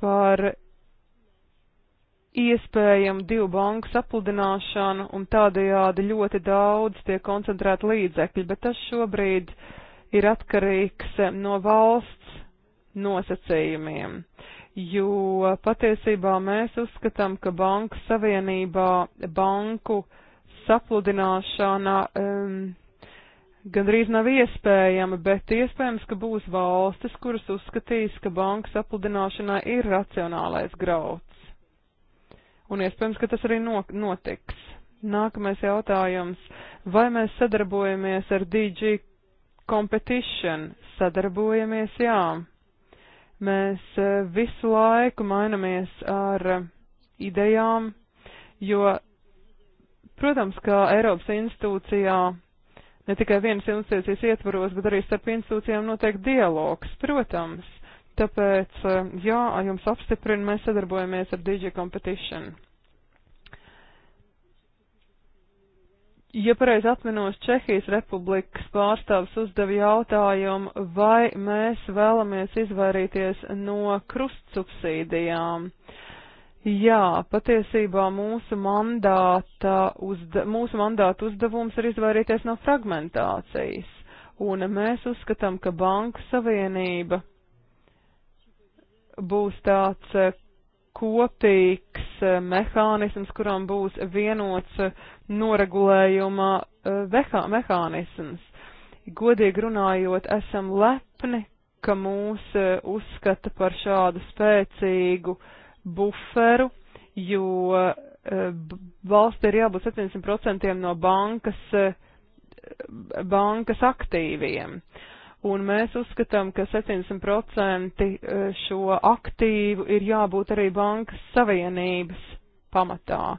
par iespējamu divu banku sapludināšanu un tādējādi ļoti daudz tiek koncentrēta līdzekļi, bet tas šobrīd uh, ir atkarīgs eh, no valsts nosacījumiem. Jo patiesībā mēs uzskatām, ka banku savienībā banku sapludināšana um, gandrīz nav iespējama, bet iespējams, ka būs valstis, kuras uzskatīs, ka banku sapludināšanai ir racionālais grauds. Un iespējams, ka tas arī notiks. Nākamais jautājums. Vai mēs sadarbojamies ar DG competition, sadarbojamies, jā. Mēs e, visu laiku mainamies ar e, idejām, jo, protams, kā Eiropas institūcijā ne tikai vienas institūcijas ietvaros, bet arī starp institūcijām notiek dialogs, protams. Tāpēc, e, jā, jums apstiprinu, mēs sadarbojamies ar DJ Competition. ja pareizi atminos, Čehijas republikas pārstāvs uzdeva jautājumu, vai mēs vēlamies izvairīties no krustsubsīdijām. Jā, patiesībā mūsu mandāta, uzde, mūsu mandāta uzdevums ir izvairīties no fragmentācijas, un mēs uzskatām, ka Banku Savienība būs tāds kopīgs eh, mehānisms, kuram būs vienots eh, noregulējuma eh, mehānisms. Godīgi runājot, esam lepni, ka mūs uzskata par šādu spēcīgu buferu, jo valsts ir jābūt 70% no bankas, bankas aktīviem. Uh, un mēs uzskatām, ka 70% e, šo aktīvu ir jābūt arī bankas savienības pamatā.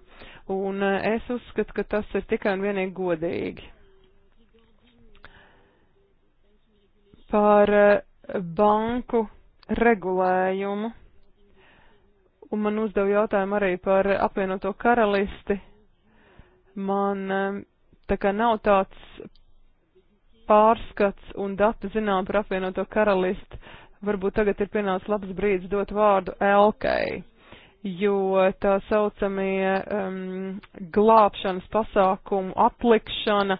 Un e, es uzskatu, ka tas ir tikai un vienīgi godīgi. Par e, banku regulējumu. Un man uzdev jautājumu arī par apvienoto karalisti. Man tā kā nav tāds pārskats un dati zinām par apvienoto karalisti, varbūt tagad ir pienācis labs brīdis dot vārdu Elkai, jo tā saucamie um, glābšanas pasākumu aplikšana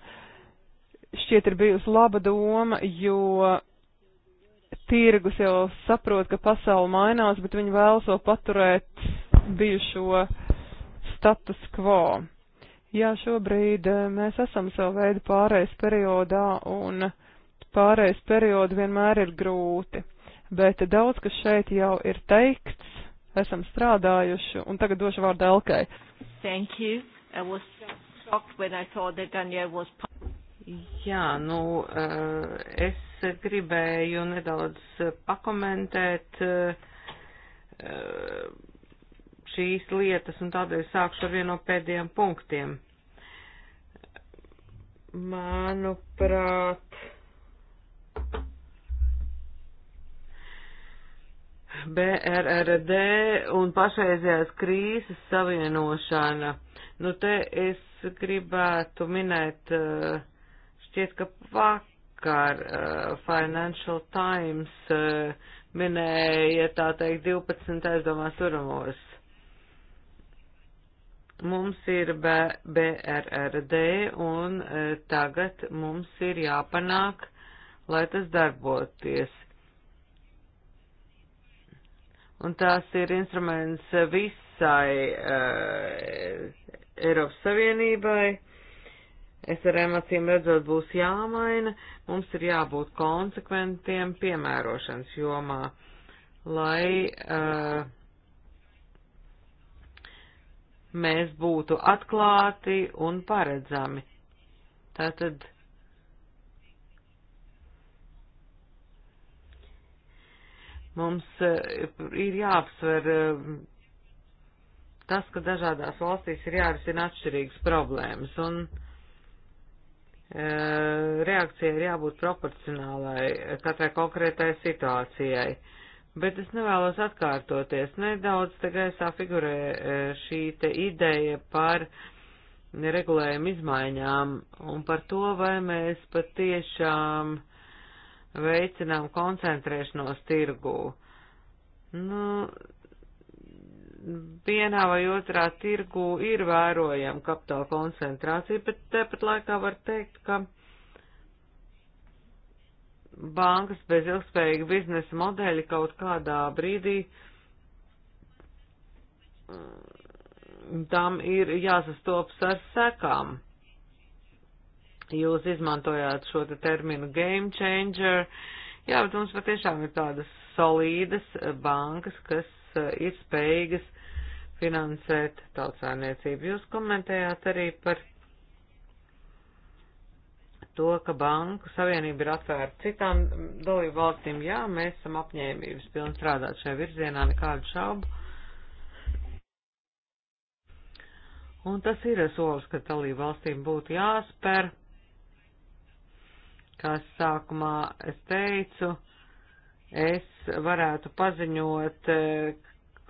šķiet ir bijusi laba doma, jo tirgus jau saprot, ka pasauli mainās, bet viņi vēlas vēl paturēt bijušo status quo. Jā, šobrīd eh, mēs esam savu veidu pārējais periodā, un pārējais periodu vienmēr ir grūti, bet daudz, kas šeit jau ir teikts, esam strādājuši, un tagad došu vārdu Elkai. Thank you. I was shocked when I saw that Daniel was. Jā, nu, eh, es gribēju nedaudz pakomentēt eh, šīs lietas, un tādēļ sākšu ar vienu no pēdējiem punktiem. Manuprāt, BRRD un pašreizējās krīzes savienošana. Nu, te es gribētu minēt, eh, šķiet, ka vakar eh, Financial Times eh, minēja, tā teikt, 12 aizdomās turamos Mums ir B BRRD un e, tagad mums ir jāpanāk, lai tas darboties. Un tās ir instruments visai uh, Eiropas Savienībai. SRM acīm redzot būs jāmaina, mums ir jābūt konsekventiem piemērošanas jomā, lai uh, mēs būtu atklāti un paredzami. Tātad. Mums eh, ir jāapsver eh, tas, ka dažādās valstīs ir jārisina atšķirīgas problēmas, un eh, reakcija ir jābūt proporcionālai katrai konkrētai situācijai bet es nevēlos atkārtoties. Nedaudz te gaisā figurē e, šī te ideja par regulējumu izmaiņām un par to, vai mēs patiešām veicinām koncentrēšanos tirgū. Nu, vienā vai otrā tirgū ir vērojama kapitāla koncentrācija, bet tepat laikā var teikt, ka bankas bez ilgspējīga biznesa modeļa kaut kādā brīdī mm, tam ir jāsastops ar sekām. Jūs izmantojāt šo te terminu game changer. Jā, bet mums patiešām ir tādas solīdas bankas, kas eh, ir spējīgas finansēt tautsājumniecību. Jūs komentējāt arī par to, ka Banku Savienība ir atvērta citām dalību valstīm. Jā, mēs esam apņēmības pilni strādāt šajā virzienā, nekādu šaubu. Un tas ir solis, ka dalību valstīm būtu jāspēr, kā sākumā es teicu, es varētu paziņot,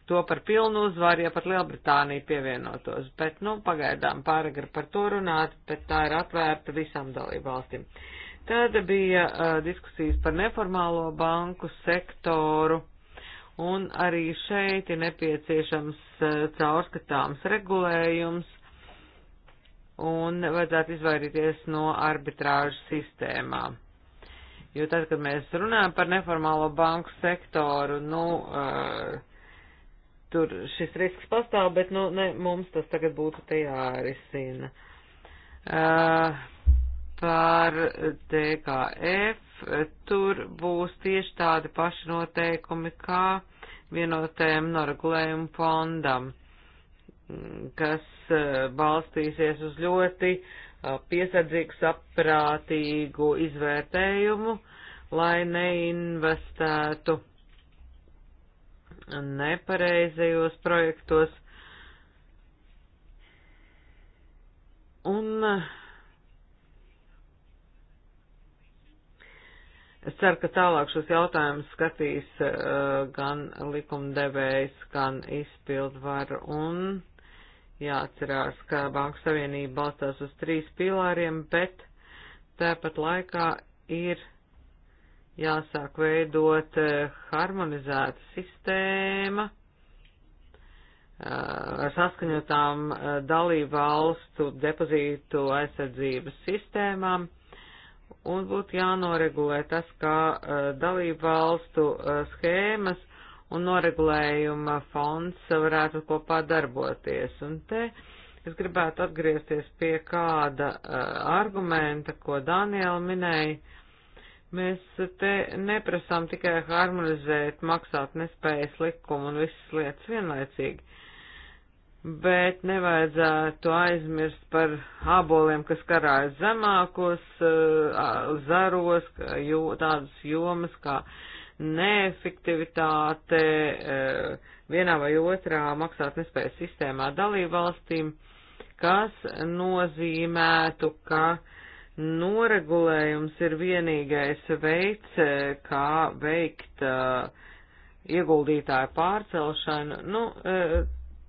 to par pilnu uzvaru, ja pat Lielbritānija pievienotos, bet, nu, pagaidām pāragri par to runāt, bet tā ir atvērta visām dalību valstīm. Tad bija uh, diskusijas par neformālo banku sektoru, un arī šeit ir nepieciešams uh, caurskatāms regulējums, un vajadzētu izvairīties no arbitrāžu sistēmām. Jo tad, kad mēs runājam par neformālo banku sektoru, nu, uh, tur šis risks pastāv, bet nu, ne, mums tas tagad būtu te jārisina. Uh, par DKF tur būs tieši tādi paši noteikumi kā vienotajam noregulējumu fondam, kas uh, balstīsies uz ļoti uh, piesardzīgu, saprātīgu izvērtējumu, lai neinvestētu nepareizajos projektos. Un es ceru, ka tālāk šos jautājumus skatīs uh, gan likumdevējs, gan izpildvaru. Un jāatcerās, ka Banku Savienība balstās uz trīs pilāriem, bet tāpat laikā ir jāsāk veidot eh, harmonizēta sistēma eh, ar saskaņotām eh, dalību valstu depozītu aizsardzības sistēmām un būtu jānoregulē tas, kā dalību valstu schēmas un noregulējuma fonds varētu kopā darboties. Un te es gribētu atgriezties pie kāda argumenta, ko Daniela minēja Mēs te neprasām tikai harmonizēt maksāt nespējas likumu un visas lietas vienlaicīgi, bet nevajadzētu aizmirst par āboliem, kas karājas zemākos zaros, jo, tādas jomas kā neefektivitāte vienā vai otrā maksāt nespējas sistēmā dalību valstīm, kas nozīmētu, ka Noregulējums ir vienīgais veids, eh, kā veikt uh, ieguldītāju pārcelšanu. Nu, uh,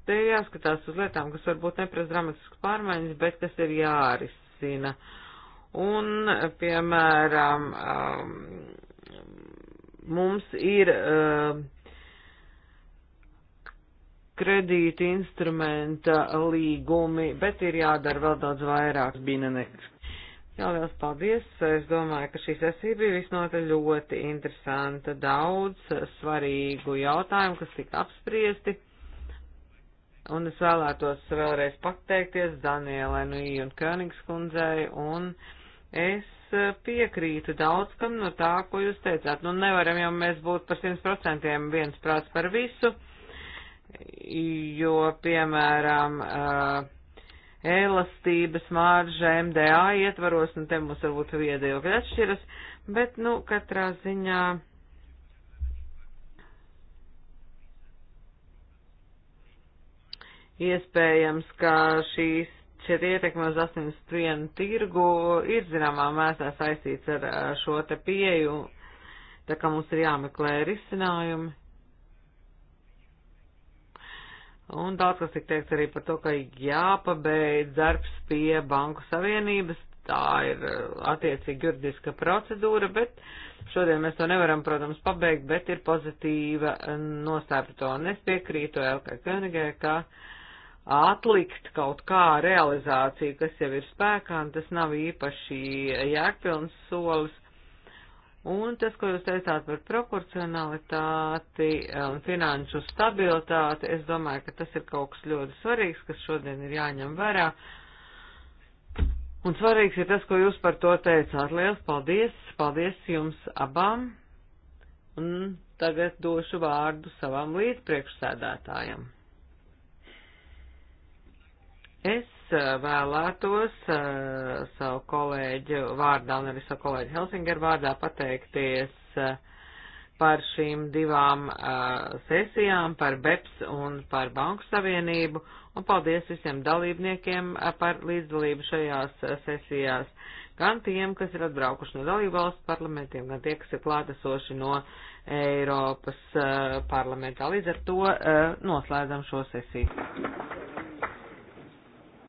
te ir jāskatās uz lietām, kas varbūt neprasa dramatiskas pārmaiņas, bet kas ir jārisina. Un, piemēram, um, mums ir uh, kredīti instrumenta līgumi, bet ir jādara vēl daudz vairāk. Bija nekas Jā, liels paldies. Es domāju, ka šī sesija bija visnotaļ ļoti interesanta. Daudz svarīgu jautājumu, kas tika apspriesti. Un es vēlētos vēlreiz pateikties Danielai Nui un Königskundzei. Un es piekrītu daudz kam no tā, ko jūs teicāt. Nu, nevaram jau mēs būt par 100% viens prāts par visu, jo, piemēram, uh, elastības mārža MDA ietvaros, un te mums varbūt viedokļi atšķiras, bet, nu, katrā ziņā. Iespējams, ka šīs šeit ietekme uz asins pienu tirgu ir zināmā mērā saistīts ar šo te pieju, tā kā mums ir jāmeklē risinājumi. Un daudz kas tik teikt arī par to, ka jāpabeidz darbs pie Banku Savienības, tā ir uh, attiecīgi juridiska procedūra, bet šodien mēs to nevaram, protams, pabeigt, bet ir pozitīva uh, nostāja par to. Un es piekrītu Elkai Königai, ka atlikt kaut kā realizāciju, kas jau ir spēkā, un tas nav īpaši jēgpilns solis, Un tas, ko jūs teicāt par proporcionalitāti eh, un finanšu stabilitāti, es domāju, ka tas ir kaut kas ļoti svarīgs, kas šodien ir jāņem vērā. Un svarīgs ir tas, ko jūs par to teicāt. Liels paldies! Paldies jums abām! Un tagad došu vārdu savam līdzpriekšsēdētājam. Es Eh, vēlētos uh, savu kolēģu vārdā, un arī savu kolēģu Helsingeru vārdā pateikties uh, par šīm divām uh, sesijām, par BEPS un par Banku Savienību, un paldies visiem dalībniekiem par līdzdalību šajās sesijās, gan tiem, kas ir atbraukuši no dalību valstu parlamentiem, gan tie, kas ir klātesoši no Eiropas parlamentā. Līdz ar to noslēdzam šo sesiju.